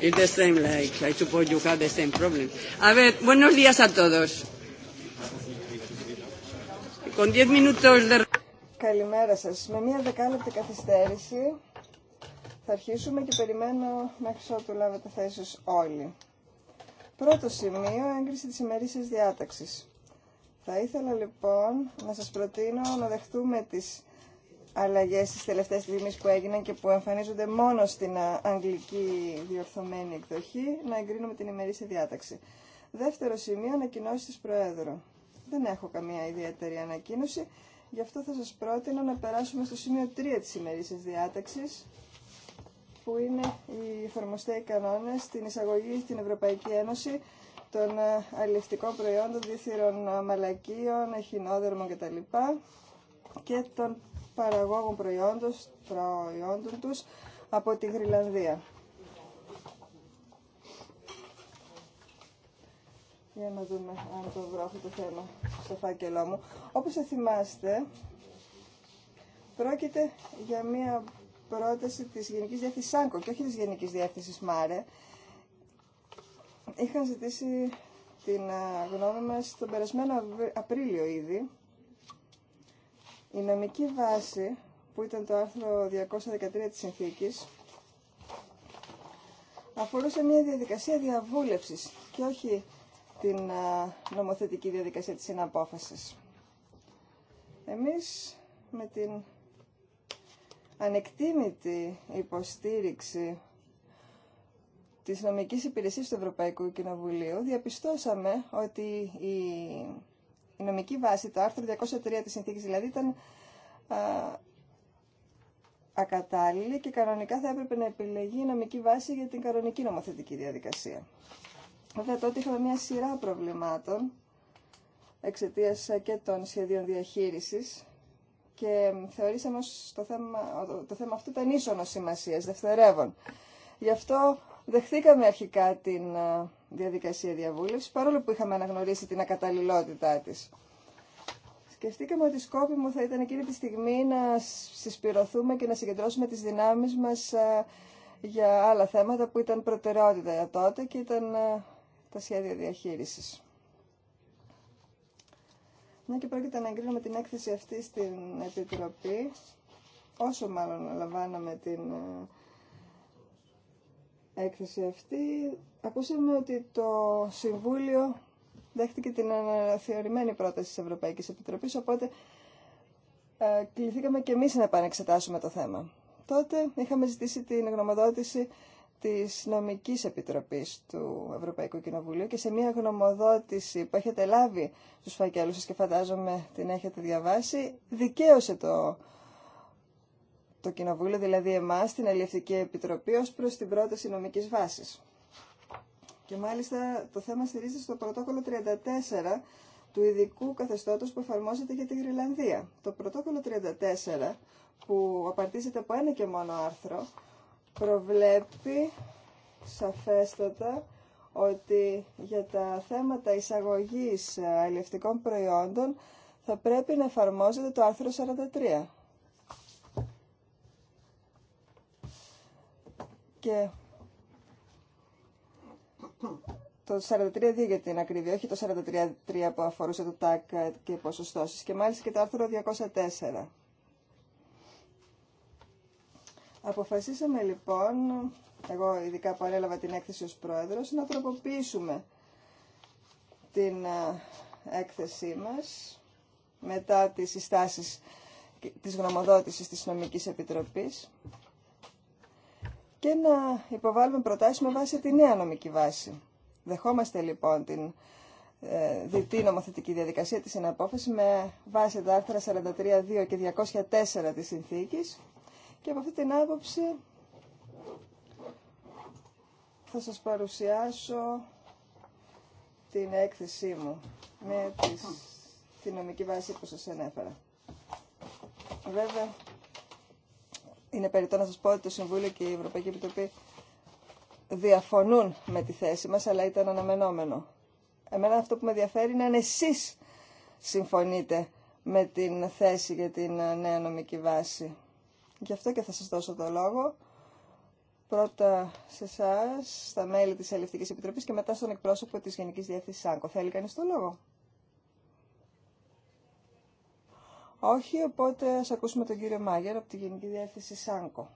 It's the same, like, I suppose you have the same problem. A ver, buenos días a todos. Con 10 minutos de... Καλημέρα σας. Με μία δεκάλεπτη καθυστέρηση θα αρχίσουμε και περιμένω μέχρι ότου λάβετε θέσεις όλοι. Πρώτο σημείο, έγκριση της ημερήσιας διάταξης. Θα ήθελα λοιπόν να σας προτείνω να δεχτούμε τις Αλλαγέ στι τελευταίε στιγμές που έγιναν και που εμφανίζονται μόνο στην αγγλική διορθωμένη εκδοχή, να εγκρίνουμε την ημερήσια διάταξη. Δεύτερο σημείο, ανακοινώσει τη Προέδρου. Δεν έχω καμία ιδιαίτερη ανακοίνωση, γι' αυτό θα σα πρότεινα να περάσουμε στο σημείο 3 τη ημερήσια διάταξη, που είναι οι εφαρμοστέοι κανόνε στην εισαγωγή στην Ευρωπαϊκή Ένωση των ε, αλληλευτικών προϊόντων, δίθυρων ε, μαλακίων, εχινόδερμων κτλ. και των παραγόγων προϊόντων, προϊόντων τους από τη Γρυλανδία. Για να δούμε αν το βρω το θέμα στο φάκελό μου. Όπως θα θυμάστε, πρόκειται για μία πρόταση της Γενικής Διεύθυνσης ΣΑΝΚΟ και όχι της Γενικής Διεύθυνσης ΜΑΡΕ. Είχαν ζητήσει την ε, γνώμη μας τον περασμένο Απρίλιο ήδη η νομική βάση που ήταν το άρθρο 213 της συνθήκης αφορούσε μια διαδικασία διαβούλευσης και όχι την νομοθετική διαδικασία της συναπόφασης. Εμείς με την ανεκτήμητη υποστήριξη της νομικής υπηρεσίας του Ευρωπαϊκού Κοινοβουλίου διαπιστώσαμε ότι η η νομική βάση, το άρθρο 203 της συνθήκης δηλαδή, ήταν α, ακατάλληλη και κανονικά θα έπρεπε να επιλεγεί η νομική βάση για την κανονική νομοθετική διαδικασία. Βέβαια τότε είχαμε μια σειρά προβλημάτων εξαιτία και των σχεδίων διαχείρισης και θεωρήσαμε ως το θέμα, το θέμα αυτό ήταν ίσονο σημασίας, δευτερεύον. Γι' αυτό δεχθήκαμε αρχικά την διαδικασία διαβούλευση, παρόλο που είχαμε αναγνωρίσει την ακαταλληλότητά τη. Σκεφτήκαμε ότι μου θα ήταν εκείνη τη στιγμή να συσπηρωθούμε και να συγκεντρώσουμε τις δυνάμεις μας ε, για άλλα θέματα που ήταν προτεραιότητα για τότε και ήταν ε, τα σχέδια διαχείρισης. Μια και πρόκειται να εγκρίνουμε την έκθεση αυτή στην Επιτροπή, όσο μάλλον λαμβάναμε την ε, έκθεση αυτή. Ακούσαμε ότι το Συμβούλιο δέχτηκε την αναθεωρημένη πρόταση της Ευρωπαϊκής Επιτροπής, οπότε ε, κληθήκαμε και εμείς να επανεξετάσουμε το θέμα. Τότε είχαμε ζητήσει την γνωμοδότηση της Νομικής Επιτροπής του Ευρωπαϊκού Κοινοβουλίου και σε μια γνωμοδότηση που έχετε λάβει τους φακέλους σας και φαντάζομαι την έχετε διαβάσει, δικαίωσε το το Κοινοβούλιο, δηλαδή εμάς, την Αλληλευτική Επιτροπή, ως προς την πρόταση νομικής βάσης. Και μάλιστα το θέμα στηρίζεται στο πρωτόκολλο 34 του ειδικού καθεστώτος που εφαρμόζεται για τη Γρυλανδία. Το πρωτόκολλο 34, που απαρτίζεται από ένα και μόνο άρθρο, προβλέπει σαφέστατα ότι για τα θέματα εισαγωγής αλληλευτικών προϊόντων θα πρέπει να εφαρμόζεται το άρθρο 43. Και το 43 για την ακρίβεια, όχι το 43.3 που αφορούσε το ΤΑΚ και ποσοστώσεις. Και μάλιστα και το άρθρο 204. Αποφασίσαμε λοιπόν, εγώ ειδικά που ανέλαβα την έκθεση ως πρόεδρος, να τροποποιήσουμε την έκθεσή μας μετά τις συστάσεις της γνωμοδότησης της Νομικής Επιτροπής και να υποβάλουμε προτάσεις με βάση τη νέα νομική βάση. Δεχόμαστε λοιπόν την ε, διτή νομοθετική διαδικασία της συναπόφασης με βάση τα άρθρα 43.2 και 204 της συνθήκης και από αυτή την άποψη θα σας παρουσιάσω την έκθεσή μου με τη νομική βάση που σας ανέφερα. Βέβαια, είναι περιττό να σας πω ότι το Συμβούλιο και η Ευρωπαϊκή Επιτροπή διαφωνούν με τη θέση μας, αλλά ήταν αναμενόμενο. Εμένα αυτό που με ενδιαφέρει είναι αν εσείς συμφωνείτε με την θέση για την νέα νομική βάση. Γι' αυτό και θα σας δώσω το λόγο. Πρώτα σε εσά, στα μέλη της Ελληνικής Επιτροπής και μετά στον εκπρόσωπο της Γενικής Διεύθυνσης ΣΑΝΚΟ. Θέλει κανείς το λόγο. Όχι, οπότε ας ακούσουμε τον κύριο Μάγερ από τη Γενική Διεύθυνση ΣΑΝΚΟ.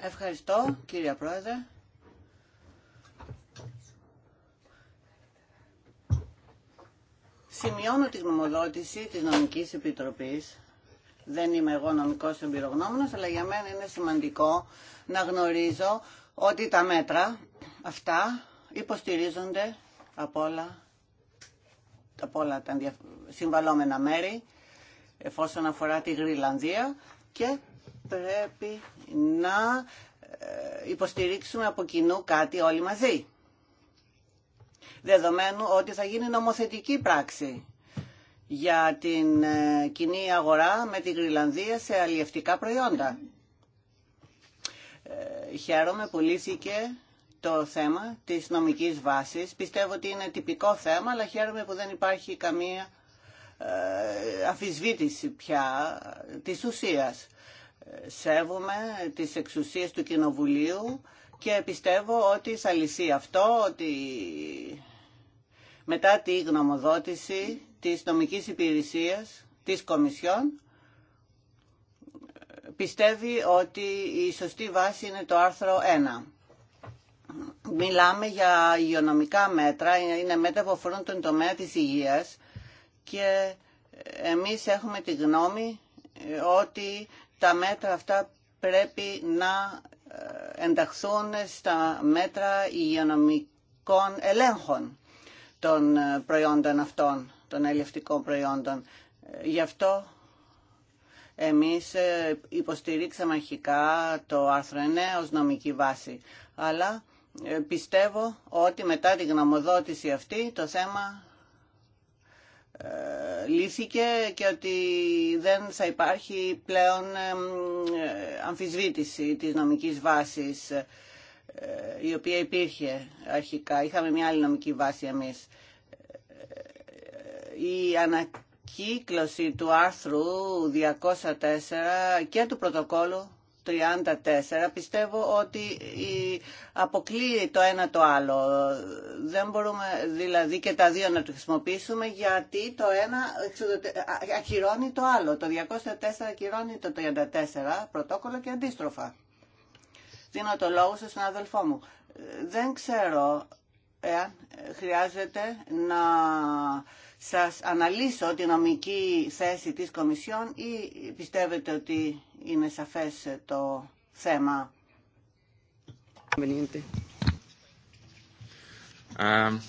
Ευχαριστώ, κύριε Πρόεδρε. Σημειώνω τη γνωμοδότηση της Νομικής Επιτροπής. Δεν είμαι εγώ νομικός εμπειρογνώμονας, αλλά για μένα είναι σημαντικό να γνωρίζω ότι τα μέτρα αυτά υποστηρίζονται από όλα από όλα τα συμβαλόμενα μέρη εφόσον αφορά τη Γρυλανδία και πρέπει να ε, υποστηρίξουμε από κοινού κάτι όλοι μαζί. Δεδομένου ότι θα γίνει νομοθετική πράξη για την ε, κοινή αγορά με τη Γρυλανδία σε αλλιευτικά προϊόντα. Ε, χαίρομαι που λύθηκε το θέμα της νομικής βάσης. Πιστεύω ότι είναι τυπικό θέμα, αλλά χαίρομαι που δεν υπάρχει καμία ε, αφισβήτηση πια της ουσίας. Σέβομαι τις εξουσίες του Κοινοβουλίου και πιστεύω ότι θα λυθεί αυτό, ότι μετά τη γνωμοδότηση της νομικής υπηρεσίας της Κομισιόν πιστεύει ότι η σωστή βάση είναι το άρθρο 1. Μιλάμε για υγειονομικά μέτρα, είναι μέτρα που αφορούν τον τομέα της υγείας και εμείς έχουμε τη γνώμη ε, ότι τα μέτρα αυτά πρέπει να ε, ενταχθούν στα μέτρα υγειονομικών ελέγχων των ε, προϊόντων αυτών, των ελευτικών προϊόντων. Γι' αυτό εμείς υποστηρίξαμε αρχικά το άρθρο 9 ως νομική βάση, αλλά ε, πιστεύω ότι μετά την γνωμοδότηση αυτή το θέμα ε, λύθηκε και ότι δεν θα υπάρχει πλέον ε, αμφισβήτηση της νομικής βάσης η οποία υπήρχε αρχικά. Είχαμε μια άλλη νομική βάση εμείς. Η ανακύκλωση του άρθρου 204 και του πρωτοκόλου 34 πιστεύω ότι αποκλείει το ένα το άλλο. Δεν μπορούμε δηλαδή και τα δύο να το χρησιμοποιήσουμε γιατί το ένα ακυρώνει το άλλο. Το 204 ακυρώνει το 34 πρωτόκολλο και αντίστροφα. Δίνω το λόγο στον αδελφό μου. Δεν ξέρω εάν χρειάζεται να σας αναλύσω τη νομική θέση της Κομισιόν ή πιστεύετε ότι είναι σαφές το θέμα. Um,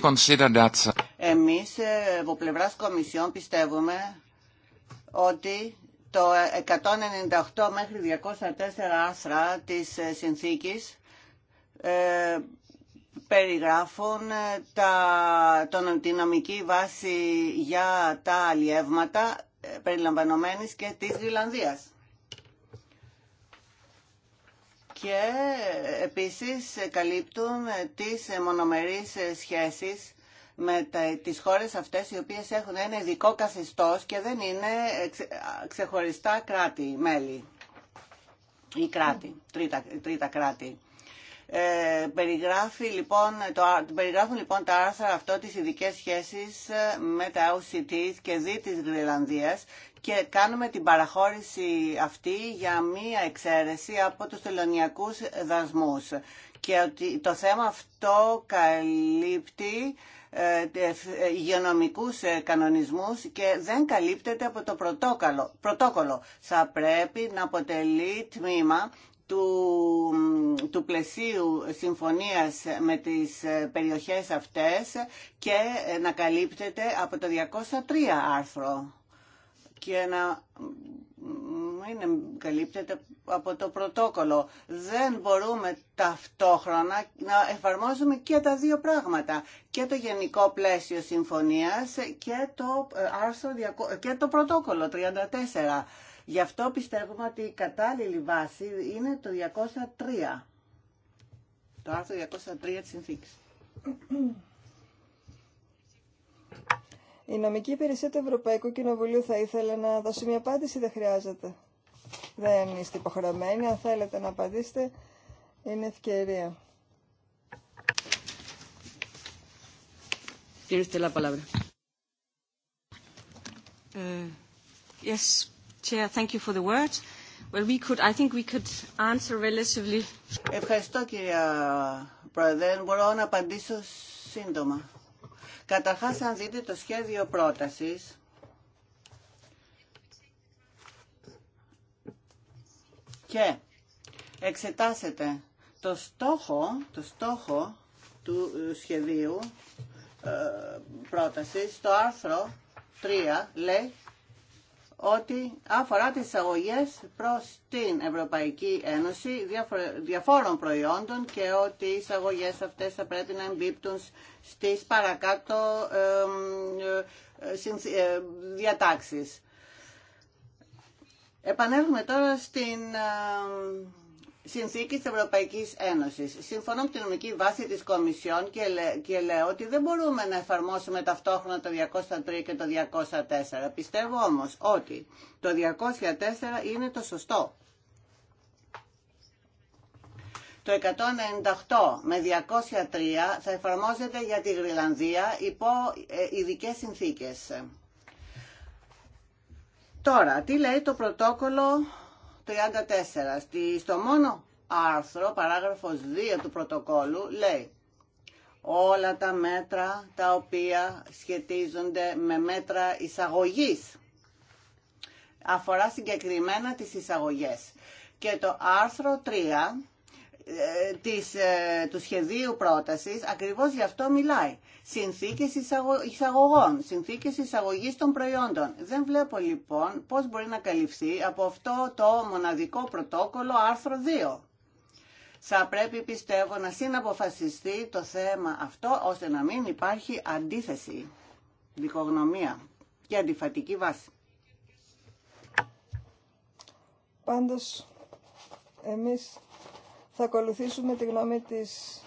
uh, Εμείς ε, από πλευράς Κομισιόν πιστεύουμε ότι το 198 μέχρι 204 άστρα της ε, συνθήκης ε, περιγράφουν ε, τα, τον, την νομική βάση για τα αλλιεύματα ε, περιλαμβανομένης και της Γρυλανδίας. Και ε, επίσης καλύπτουν τις μονομερείς σχέσεις με τα, τις χώρες αυτές οι οποίες έχουν ένα ειδικό καθεστώς και δεν είναι ξεχωριστά κράτη-μέλη ή κράτη, τρίτα, τρίτα κράτη. Ε, περιγράφει, λοιπόν, το, περιγράφουν λοιπόν τα άρθρα αυτό τις ειδικέ σχέσεις ε, με τα OCT και δι της Γρυλανδίας και κάνουμε την παραχώρηση αυτή για μία εξαίρεση από τους τελωνιακούς δασμούς. Και ότι το θέμα αυτό καλύπτει ε, ε, υγειονομικούς κανονισμούς και δεν καλύπτεται από το πρωτόκολλο. Θα πρέπει να αποτελεί τμήμα του, του πλαισίου συμφωνίας με τις περιοχές αυτές και να καλύπτεται από το 203 άρθρο και να μην καλύπτεται από το πρωτόκολλο. Δεν μπορούμε ταυτόχρονα να εφαρμόζουμε και τα δύο πράγματα. Και το γενικό πλαίσιο συμφωνίας και το, ε, άρθρο, και το πρωτόκολλο 34. Γι' αυτό πιστεύουμε ότι η κατάλληλη βάση είναι το 203. Το άρθρο 203 της συνθήκης. Η νομική υπηρεσία του Ευρωπαϊκού Κοινοβουλίου θα ήθελε να δώσει μια απάντηση, δεν χρειάζεται. Δεν είστε υποχρεωμένοι, αν θέλετε να απαντήσετε, είναι ευκαιρία. Κύριε Στέλλα, ε, yes, Ευχαριστώ κυρία Πρόεδρε. Μπορώ να απαντήσω σύντομα. Καταρχάς, αν δείτε το σχέδιο πρότασης, και εξετάσετε το στόχο, το στόχο του ε, σχεδίου πρόταση ε, πρότασης, το άρθρο 3 λέει ότι αφορά τις εισαγωγές προς την Ευρωπαϊκή Ένωση διαφόρων προϊόντων και ότι οι εισαγωγές αυτές θα πρέπει να εμπίπτουν στις παρακάτω ε, ε, διατάξεις. Επανέρχομαι τώρα στην ε, Συνθήκη τη Ευρωπαϊκή Ένωση. Συμφωνώ με την νομική βάση τη Κομισιόν και, λέω ότι δεν μπορούμε να εφαρμόσουμε ταυτόχρονα το 203 και το 204. Πιστεύω όμω ότι το 204 είναι το σωστό. Το 198 με 203 θα εφαρμόζεται για τη Γρυλανδία υπό ε, ειδικέ συνθήκες. Τώρα, τι λέει το πρωτόκολλο 34. Στο μόνο άρθρο, παράγραφος 2 του πρωτοκόλου, λέει όλα τα μέτρα τα οποία σχετίζονται με μέτρα εισαγωγής. Αφορά συγκεκριμένα τις εισαγωγές. Και το άρθρο 3 ε, της, ε, του σχεδίου πρότασης ακριβώς γι' αυτό μιλάει. Συνθήκες εισαγωγών, συνθήκες εισαγωγής των προϊόντων. Δεν βλέπω λοιπόν πώς μπορεί να καλυφθεί από αυτό το μοναδικό πρωτόκολλο άρθρο 2. Θα πρέπει πιστεύω να συναποφασιστεί το θέμα αυτό ώστε να μην υπάρχει αντίθεση, δικογνωμία και αντιφατική βάση. Πάντως, εμείς θα ακολουθήσουμε τη γνώμη της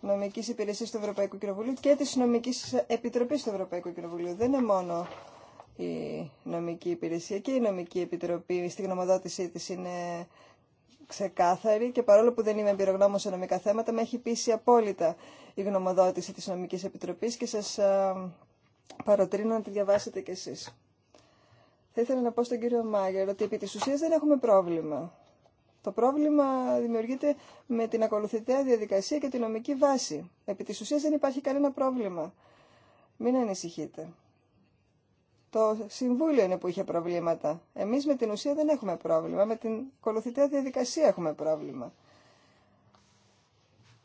νομική υπηρεσίας του Ευρωπαϊκού Κοινοβουλίου και της νομικής επιτροπή του Ευρωπαϊκού Κοινοβουλίου. Δεν είναι μόνο η νομική υπηρεσία και η νομική επιτροπή στη γνωμοδότησή της είναι ξεκάθαρη και παρόλο που δεν είμαι εμπειρογνώμων σε νομικά θέματα με έχει πείσει απόλυτα η γνωμοδότηση της νομικής επιτροπής και σας παροτρύνω να τη διαβάσετε κι εσείς. Θα ήθελα να πω στον κύριο Μάγερ ότι επί τη ουσία δεν έχουμε πρόβλημα το πρόβλημα δημιουργείται με την ακολουθητέα διαδικασία και την νομική βάση. Επί της ουσίας δεν υπάρχει κανένα πρόβλημα. Μην ανησυχείτε. Το Συμβούλιο είναι που είχε προβλήματα. Εμείς με την ουσία δεν έχουμε πρόβλημα. Με την ακολουθητέα διαδικασία έχουμε πρόβλημα.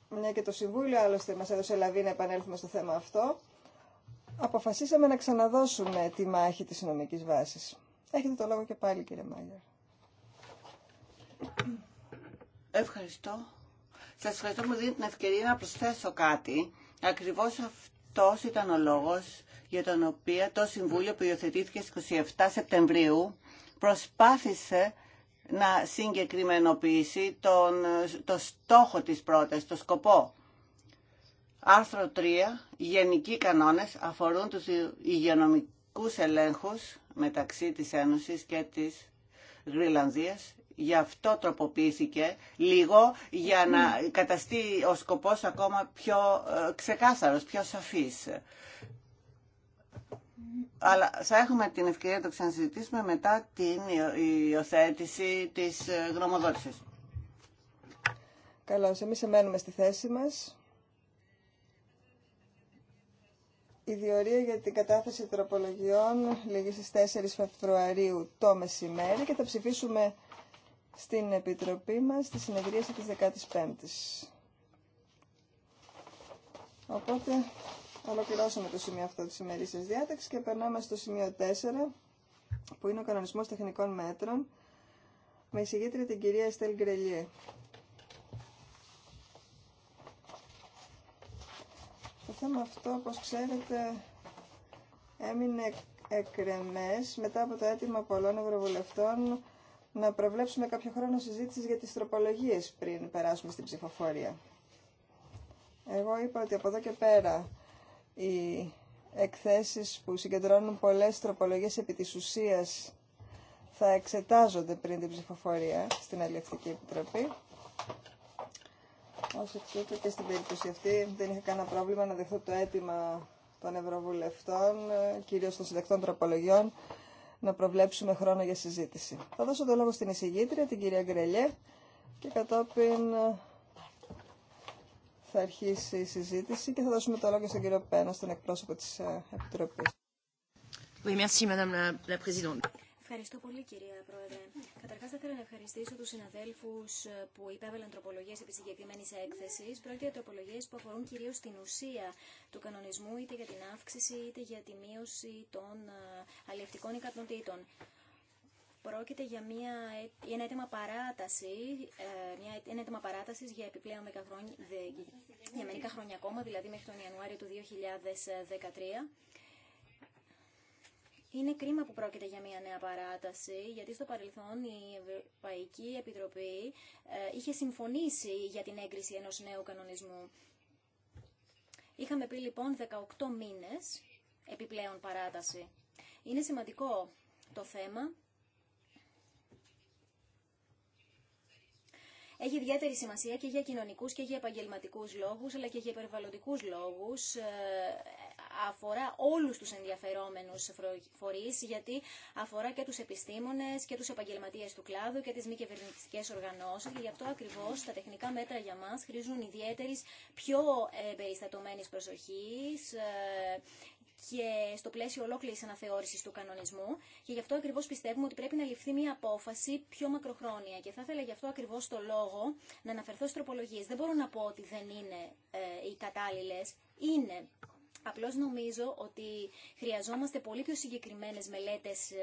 Μια ναι, και το Συμβούλιο άλλωστε μας έδωσε λαβή να επανέλθουμε στο θέμα αυτό. Αποφασίσαμε να ξαναδώσουμε τη μάχη της νομικής βάσης. Έχετε το λόγο και πάλι κύριε Μάγερ. Ευχαριστώ. Σας ευχαριστώ που μου δίνετε την ευκαιρία να προσθέσω κάτι. Ακριβώς αυτός ήταν ο λόγος για τον οποίο το Συμβούλιο που υιοθετήθηκε στις 27 Σεπτεμβρίου προσπάθησε να συγκεκριμενοποιήσει τον, το στόχο της πρότασης, το σκοπό. Άρθρο 3. Γενικοί κανόνες αφορούν τους υγειονομικούς ελέγχους μεταξύ της Ένωσης και της Γρυλανδίας Γι' αυτό τροποποιήθηκε λίγο για να καταστεί ο σκοπός ακόμα πιο ε, ξεκάθαρος, πιο σαφής. Αλλά θα έχουμε την ευκαιρία να το ξανασυζητήσουμε μετά την υιοθέτηση της ε, γνωμοδότησης. Καλώ, εμεί εμένουμε στη θέση μας. Η διορία για την κατάθεση τροπολογιών λήγει στις 4 Φεβρουαρίου το μεσημέρι και θα ψηφίσουμε στην Επιτροπή μας στη συνεδρίαση της 15ης. Οπότε ολοκληρώσαμε το σημείο αυτό της ημερήσιας διάταξη και περνάμε στο σημείο 4 που είναι ο κανονισμός τεχνικών μέτρων με εισηγήτρια την κυρία Εστέλ Γκρελιέ. Το θέμα αυτό, όπως ξέρετε, έμεινε εκρεμές μετά από το αίτημα πολλών ευρωβουλευτών να προβλέψουμε κάποιο χρόνο συζήτησης για τις τροπολογίες πριν περάσουμε στην ψηφοφορία. Εγώ είπα ότι από εδώ και πέρα οι εκθέσεις που συγκεντρώνουν πολλές τροπολογίες επί της ουσίας θα εξετάζονται πριν την ψηφοφορία στην Αλληλευτική Επιτροπή. Ως τούτου και στην περίπτωση αυτή δεν είχα κανένα πρόβλημα να δεχτώ το αίτημα των Ευρωβουλευτών, ε, κυρίως των συντακτών τροπολογιών, να προβλέψουμε χρόνο για συζήτηση. Θα δώσω το λόγο στην εισηγήτρια, την κυρία Γκρελιέ, και κατόπιν ε, θα αρχίσει η συζήτηση και θα δώσουμε το λόγο στον κύριο Πένα, στον εκπρόσωπο της ε, Επιτροπής. Oui, Madame la, Ευχαριστώ πολύ κυρία Πρόεδρε. Καταρχά θα ήθελα να ευχαριστήσω του συναδέλφου ε, που υπέβαλαν τροπολογίε επί συγκεκριμένη έκθεση. Πρόκειται για τροπολογίε που αφορούν κυρίω την ουσία του κανονισμού είτε για την αύξηση είτε για τη μείωση των ε, αλληλευτικών ικανοτήτων. Πρόκειται για μια, ε, ένα αίτημα παράταση, ένα αίτημα παράτασης για επιπλέον για μερικά χρόνια ακόμα, δηλαδή μέχρι τον Ιανουάριο του 2013 είναι κρίμα που πρόκειται για μια νέα παράταση, γιατί στο παρελθόν η Ευρωπαϊκή Επιτροπή ε, είχε συμφωνήσει για την έγκριση ενός νέου κανονισμού. Είχαμε πει λοιπόν 18 μήνες επιπλέον παράταση. Είναι σημαντικό το θέμα. Έχει ιδιαίτερη σημασία και για κοινωνικούς και για επαγγελματικούς λόγους, αλλά και για περιβαλλοντικούς λόγους. Ε, αφορά όλους τους ενδιαφερόμενους φορείς, γιατί αφορά και τους επιστήμονες και τους επαγγελματίες του κλάδου και τις μη κυβερνητικέ οργανώσεις και γι' αυτό ακριβώς τα τεχνικά μέτρα για μας χρήζουν ιδιαίτερης πιο ε, περιστατωμένης προσοχής ε, και στο πλαίσιο ολόκληρη αναθεώρηση του κανονισμού. Και γι' αυτό ακριβώ πιστεύουμε ότι πρέπει να ληφθεί μια απόφαση πιο μακροχρόνια. Και θα ήθελα γι' αυτό ακριβώ το λόγο να αναφερθώ στι τροπολογίε. Δεν μπορώ να πω ότι δεν είναι ε, οι κατάλληλε. Είναι. Απλώς νομίζω ότι χρειαζόμαστε πολύ πιο συγκεκριμένες μελέτες ε,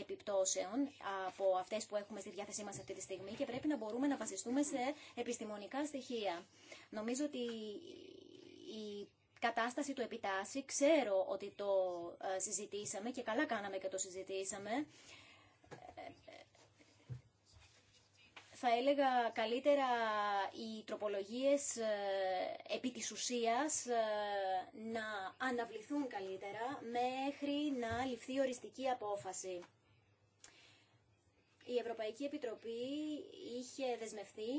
επιπτώσεων από αυτές που έχουμε στη διάθεσή μας αυτή τη στιγμή και πρέπει να μπορούμε να βασιστούμε σε επιστημονικά στοιχεία. Νομίζω ότι η κατάσταση του επιτάσσει, ξέρω ότι το ε, συζητήσαμε και καλά κάναμε και το συζητήσαμε. θα έλεγα καλύτερα οι τροπολογίες ε, επί της ουσίας ε, να αναβληθούν καλύτερα μέχρι να ληφθεί οριστική απόφαση. Η Ευρωπαϊκή Επιτροπή είχε δεσμευθεί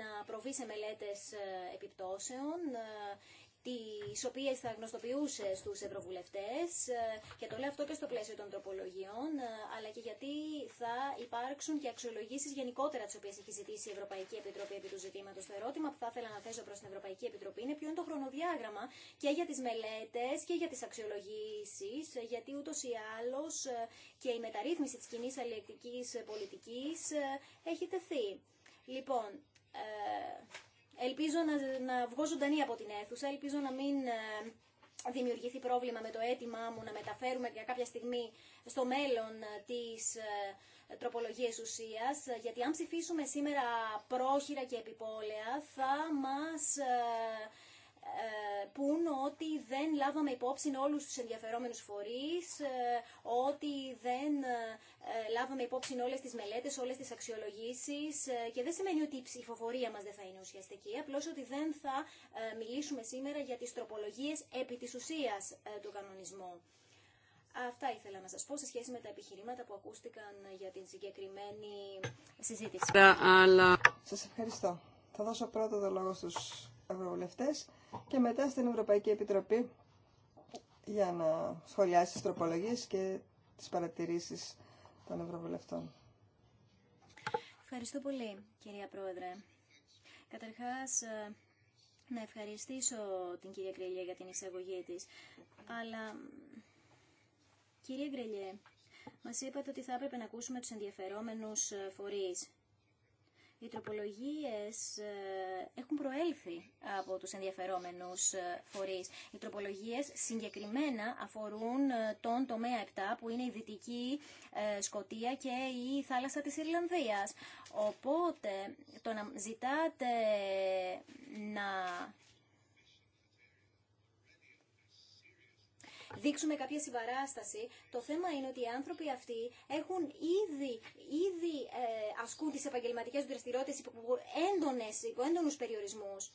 να προβεί σε μελέτες ε, επιπτώσεων τις οποίες θα γνωστοποιούσε στους ευρωβουλευτές ε, και το λέω αυτό και στο πλαίσιο των τροπολογιών ε, αλλά και γιατί θα υπάρξουν και αξιολογήσεις γενικότερα τις οποίες έχει ζητήσει η Ευρωπαϊκή Επιτροπή επί του ζητήματος. Το ερώτημα που θα ήθελα να θέσω προς την Ευρωπαϊκή Επιτροπή είναι ποιο είναι το χρονοδιάγραμμα και για τις μελέτες και για τις αξιολογήσεις ε, γιατί ούτως ή άλλως και η μεταρρύθμιση της κοινή αλληλεκτικής πολιτικής έχει τεθεί. Λοιπόν, Ελπίζω να, να βγω ζωντανή από την αίθουσα, ελπίζω να μην ε, δημιουργηθεί πρόβλημα με το αίτημά μου να μεταφέρουμε για κάποια στιγμή στο μέλλον ε, τις ε, τροπολογίες ουσίας, γιατί αν ψηφίσουμε σήμερα πρόχειρα και επιπόλαια θα μας ε, πούν ότι δεν λάβαμε υπόψη όλους τους ενδιαφερόμενους φορείς, ε, ότι δεν ε, λάβαμε υπόψη όλες τις μελέτες, όλες τις αξιολογήσεις και δεν σημαίνει ότι η ψηφοφορία μας δεν θα είναι ουσιαστική, απλώς ότι δεν θα μιλήσουμε σήμερα για τις τροπολογίες επί της ουσίας του κανονισμού. Αυτά ήθελα να σας πω σε σχέση με τα επιχειρήματα που ακούστηκαν για την συγκεκριμένη συζήτηση. Σας ευχαριστώ. Θα δώσω πρώτο το λόγο στους ευρωβουλευτές και μετά στην Ευρωπαϊκή Επιτροπή για να σχολιάσει τις τροπολογίες και τις παρατηρήσεις των Ευρωβουλευτών. Ευχαριστώ πολύ, κυρία Πρόεδρε. Καταρχάς, ε, να ευχαριστήσω την κυρία Γκρελιέ για την εισαγωγή της. Αλλά, κυρία Γκρελιέ, μας είπατε ότι θα έπρεπε να ακούσουμε τους ενδιαφερόμενους ε, φορείς. Οι τροπολογίες ε, έχουν προέλθει από τους ενδιαφερόμενους ε, φορείς. Οι τροπολογίες συγκεκριμένα αφορούν ε, τον τομέα 7 που είναι η Δυτική Σκοτία και η θάλασσα της Ιρλανδίας. Οπότε το να ζητάτε να δείξουμε κάποια συμπαράσταση. Το θέμα είναι ότι οι άνθρωποι αυτοί έχουν ήδη, ήδη ε, ασκούν τις επαγγελματικές δραστηριότητες υπό, έντονες, υπό έντονους περιορισμούς.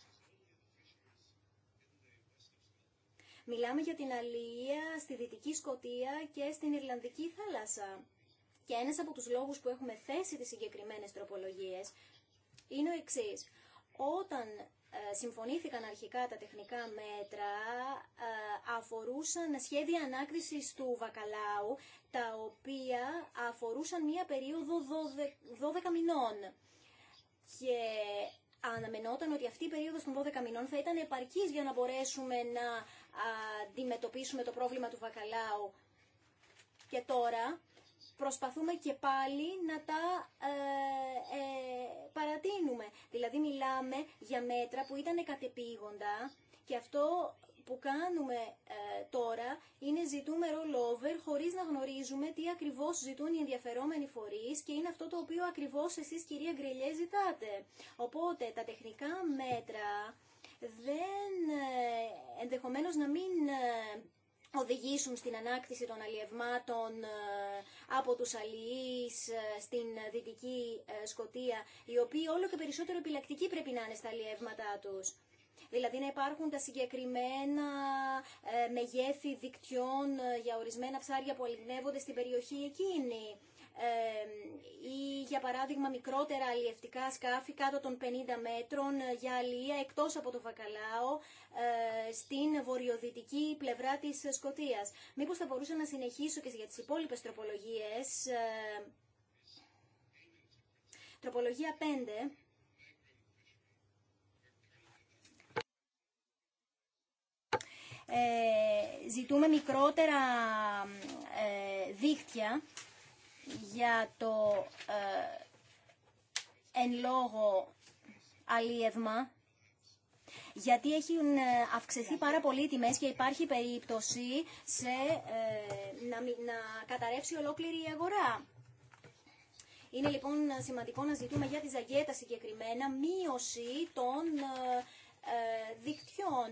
Μιλάμε για την αλληλεία στη Δυτική Σκοτία και στην Ιρλανδική θάλασσα. Και ένας από τους λόγους που έχουμε θέσει τις συγκεκριμένες τροπολογίες είναι ο εξής. Όταν ε, συμφωνήθηκαν αρχικά τα τεχνικά μέτρα ε, αφορούσαν σχέδια ανάκρισης του βακαλάου τα οποία αφορούσαν μία περίοδο 12 μηνών και αναμενόταν ότι αυτή η περίοδος των 12 μηνών θα ήταν επαρκής για να μπορέσουμε να αντιμετωπίσουμε το πρόβλημα του βακαλάου. Και τώρα προσπαθούμε και πάλι να τα ε, ε, παρατείνουμε. Δηλαδή μιλάμε για μέτρα που ήταν κατεπήγοντα και αυτό που κάνουμε ε, τώρα είναι ζητούμε rollover χωρίς να γνωρίζουμε τι ακριβώς ζητούν οι ενδιαφερόμενοι φορείς και είναι αυτό το οποίο ακριβώς εσείς κυρία Γκρελιέ ζητάτε. Οπότε τα τεχνικά μέτρα δεν ε, ενδεχομένως να μην οδηγήσουν στην ανάκτηση των αλλιευμάτων ε, από τους αλλιείς ε, στην ε, Δυτική Σκοτία, οι οποίοι όλο και περισσότερο επιλεκτικοί πρέπει να είναι στα αλλιεύματά τους. Δηλαδή να υπάρχουν τα συγκεκριμένα μεγέθη δικτυών για ορισμένα ψάρια που αλληλεύονται στην περιοχή εκείνη ή για παράδειγμα μικρότερα αλλιευτικά σκάφη κάτω των 50 μέτρων για αλληλεία εκτός από το Βακαλάο ε, στην βορειοδυτική πλευρά της Σκωτίας. Μήπως θα μπορούσα να συνεχίσω και για τις υπόλοιπες τροπολογίες. Ε, τροπολογία 5. Ε, ζητούμε μικρότερα ε, δίχτυα για το ε, εν λόγω αλίευμα γιατί έχουν ε, αυξηθεί πάρα πολύ οι τιμές και υπάρχει περίπτωση σε, ε, να, να καταρρεύσει ολόκληρη η αγορά. Είναι λοιπόν σημαντικό να ζητούμε για τη Ζαγκέτα συγκεκριμένα μείωση των ε, ε, δικτυών,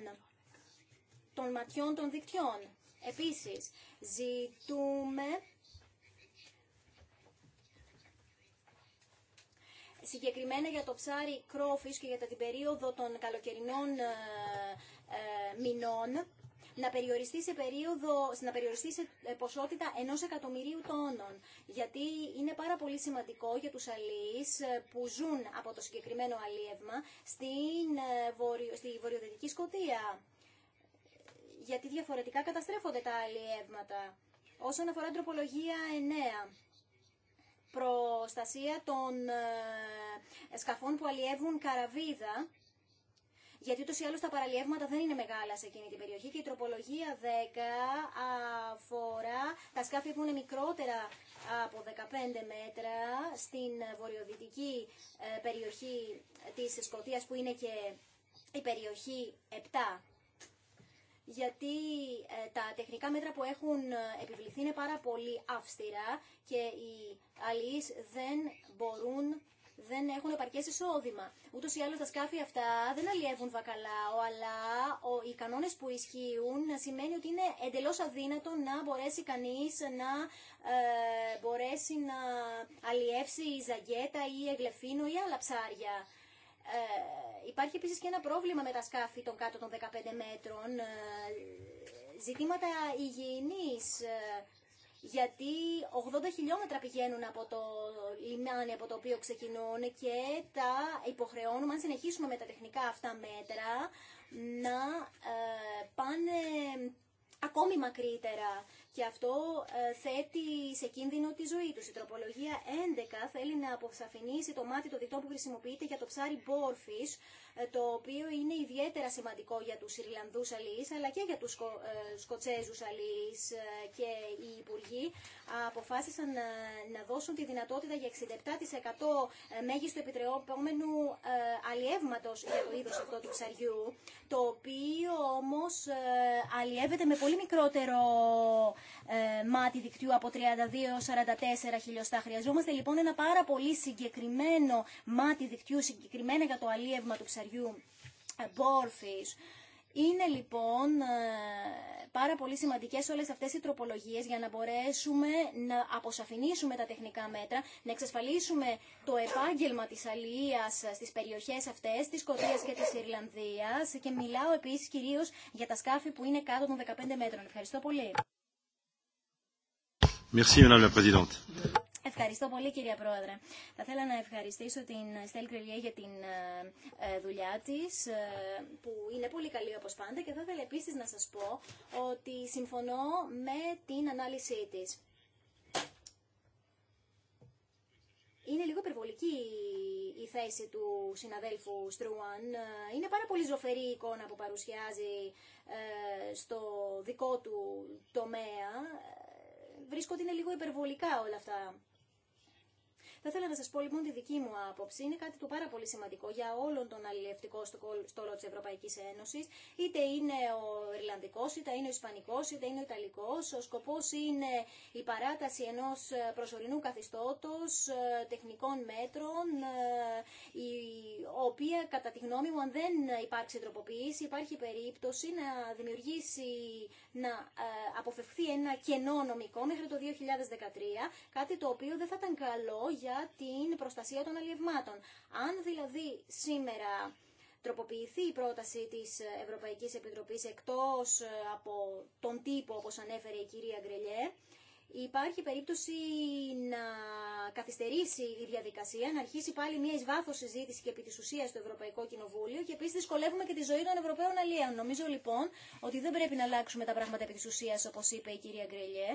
των ματιών των δικτυών. Επίσης, ζητούμε συγκεκριμένα για το ψάρι κρόφης και για την περίοδο των καλοκαιρινών ε, ε, μηνών, να περιοριστεί σε, περίοδο, να περιοριστεί σε ε, ποσότητα ενός εκατομμυρίου τόνων. Γιατί είναι πάρα πολύ σημαντικό για τους αλείς που ζουν από το συγκεκριμένο αλίευμα στην, στη βορειοδυτική σκοτία. Γιατί διαφορετικά καταστρέφονται τα αλίευματα. Όσον αφορά τροπολογία 9 προστασία των ε, σκαφών που αλλιεύουν καραβίδα γιατί ούτως ή άλλως τα παραλιεύματα δεν είναι μεγάλα σε εκείνη την περιοχή και η τροπολογία 10 αφορά τα σκάφη που είναι μικρότερα από 15 μέτρα στην βορειοδυτική ε, περιοχή της Σκοτίας που είναι και η περιοχή 7 γιατί ε, τα τεχνικά μέτρα που έχουν ε, επιβληθεί είναι πάρα πολύ αυστηρά και οι αλληλείς δεν μπορούν δεν έχουν τα σκάφη αυτά δεν αλιεύουν βακαλάο αλλά εισόδημα. εντελώς αδύνατο να μπορέσει κανείς να αλιεύσει ή αλλως τα σκάφη αυτά δεν αλλιεύουν βακαλάο, αλλά ο, οι κανονες που ισχύουν σημαίνει ότι είναι εντελως αδύνατο να μπορέσει κανεις να ε, μπορέσει να αλλιεύσει ζαγκέτα ή εγλεφίνο ή άλλα ψάρια. Υπάρχει επίσης και ένα πρόβλημα με τα σκάφη των κάτω των 15 μέτρων, ε, ζητήματα υγιεινής, ε, γιατί 80 χιλιόμετρα πηγαίνουν από το λιμάνι από το οποίο ξεκινούν και τα υποχρεώνουμε, αν συνεχίσουμε με τα τεχνικά αυτά μέτρα, να ε, πάνε ακόμη μακρύτερα και αυτό ε, θέτει σε κίνδυνο τη ζωή του. Η τροπολογία 11 θέλει να αποσαφηνίσει το μάτι το διτό που χρησιμοποιείται για το ψάρι μπόρφης ε, το οποίο είναι ιδιαίτερα σημαντικό για τους Ιρλανδούς αλληλείς, αλλά και για τους Σκο... Ε, Σκοτσέζους αλληλείς ε, και οι Υπουργοί αποφάσισαν να δώσουν τη δυνατότητα για 67% μέγιστο επιτρεόμενου αλλιεύματος για το είδος αυτό του ψαριού, το οποίο όμως αλλιεύεται με πολύ μικρότερο μάτι δικτύου από 32-44 χιλιοστά. Χρειαζόμαστε λοιπόν ένα πάρα πολύ συγκεκριμένο μάτι δικτύου συγκεκριμένα για το αλλιεύμα του ψαριού ψαριού ε, Είναι λοιπόν ε, πάρα πολύ σημαντικές όλες αυτές οι τροπολογίες για να μπορέσουμε να αποσαφηνίσουμε τα τεχνικά μέτρα, να εξασφαλίσουμε το επάγγελμα της αλληλεία στις περιοχές αυτές, της Σκοτίας και της Ιρλανδίας και μιλάω επίσης κυρίως για τα σκάφη που είναι κάτω των 15 μέτρων. Ευχαριστώ πολύ. Merci, Ευχαριστώ πολύ κυρία Πρόεδρε. Θα ήθελα να ευχαριστήσω την Στέλ για την ε, ε, δουλειά της ε, που είναι πολύ καλή όπως πάντα και θα ήθελα επίσης να σας πω ότι συμφωνώ με την ανάλυση της. Είναι λίγο υπερβολική η θέση του συναδέλφου Στρούαν. Είναι πάρα πολύ ζωφερή η εικόνα που παρουσιάζει στο δικό του τομέα. Βρίσκω ότι είναι λίγο υπερβολικά όλα αυτά. Θα ήθελα να σα πω λοιπόν τη δική μου άποψη. Είναι κάτι το πάρα πολύ σημαντικό για όλον τον αλληλευτικό στόλο τη Ευρωπαϊκή Ένωση. Είτε είναι ο Ιρλανδικό, είτε είναι ο Ισπανικό, είτε είναι ο Ιταλικό. Ο σκοπό είναι η παράταση ενό προσωρινού καθιστώτο ε, τεχνικών μέτρων, ε, η οποία κατά τη γνώμη μου, αν δεν υπάρξει τροποποίηση, υπάρχει περίπτωση να δημιουργήσει, να ε, αποφευχθεί ένα κενό νομικό μέχρι το 2013, κάτι το οποίο δεν θα ήταν καλό για την προστασία των αλλιευμάτων. Αν δηλαδή σήμερα τροποποιηθεί η πρόταση της Ευρωπαϊκής Επιτροπής εκτός ε, από τον τύπο όπως ανέφερε η κυρία Γκρελιέ, υπάρχει περίπτωση να καθυστερήσει η διαδικασία, να αρχίσει πάλι μια εις συζήτηση και επί της ουσίας στο Ευρωπαϊκό Κοινοβούλιο και επίσης δυσκολεύουμε και τη ζωή των Ευρωπαίων αλλιέων. Νομίζω λοιπόν ότι δεν πρέπει να αλλάξουμε τα πράγματα επί της ουσίας όπως είπε η κυρία Γκρελιέ.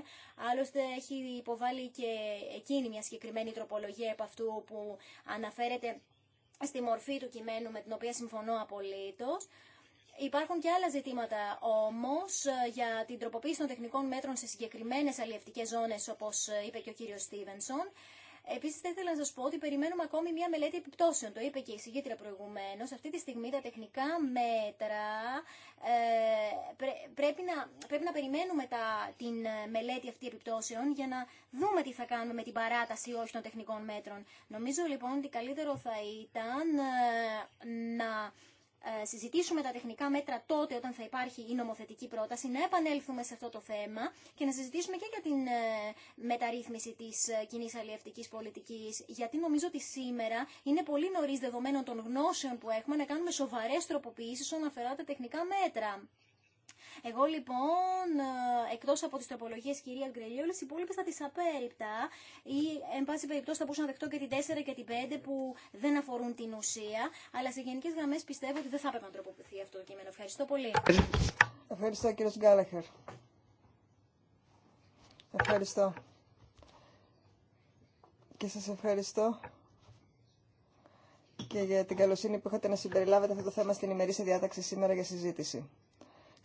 Άλλωστε έχει υποβάλει και εκείνη μια συγκεκριμένη τροπολογία από αυτού που αναφέρεται στη μορφή του κειμένου με την οποία συμφωνώ απολύτως. Υπάρχουν και άλλα ζητήματα όμω ε, για την τροποποίηση των τεχνικών μέτρων σε συγκεκριμένε αλλιευτικέ ζώνε, όπω ε, είπε και ο κύριο Στίβενσον. Επίση, θα ήθελα να σα πω ότι περιμένουμε ακόμη μια μελέτη επιπτώσεων. Το είπε και η συγκήτρια προηγουμένω. Αυτή τη στιγμή τα τεχνικά μέτρα ε, πρέπει, να, πρέπει να περιμένουμε τα, την μελέτη αυτή επιπτώσεων για να δούμε τι θα κάνουμε με την παράταση όχι των τεχνικών μέτρων. Νομίζω λοιπόν ότι καλύτερο θα ήταν να ε, συζητήσουμε τα τεχνικά μέτρα τότε όταν θα υπάρχει η νομοθετική πρόταση, να επανέλθουμε σε αυτό το θέμα και να συζητήσουμε και για την ε, μεταρρύθμιση της ε, κοινή αλλιευτικής πολιτικής. Γιατί νομίζω ότι σήμερα είναι πολύ νωρί δεδομένων των γνώσεων που έχουμε να κάνουμε σοβαρές τροποποιήσεις όσον αφορά τα τεχνικά μέτρα. Εγώ λοιπόν, ε, εκτό από τι τροπολογίε κυρία Γκρελίου, όλες οι υπόλοιπε θα τις απέριπτα ή εν πάση περιπτώσει θα μπορούσα να δεχτώ και την 4 και την 5 που δεν αφορούν την ουσία, αλλά σε γενικέ γραμμέ πιστεύω ότι δεν θα έπρεπε να τροποποιηθεί αυτό το κείμενο. Ευχαριστώ πολύ. Ευχαριστώ κύριο Γκάλαχερ. Ευχαριστώ. Και σας ευχαριστώ και για την καλοσύνη που είχατε να συμπεριλάβετε αυτό το θέμα στην ημερήσια διάταξη σήμερα για συζήτηση.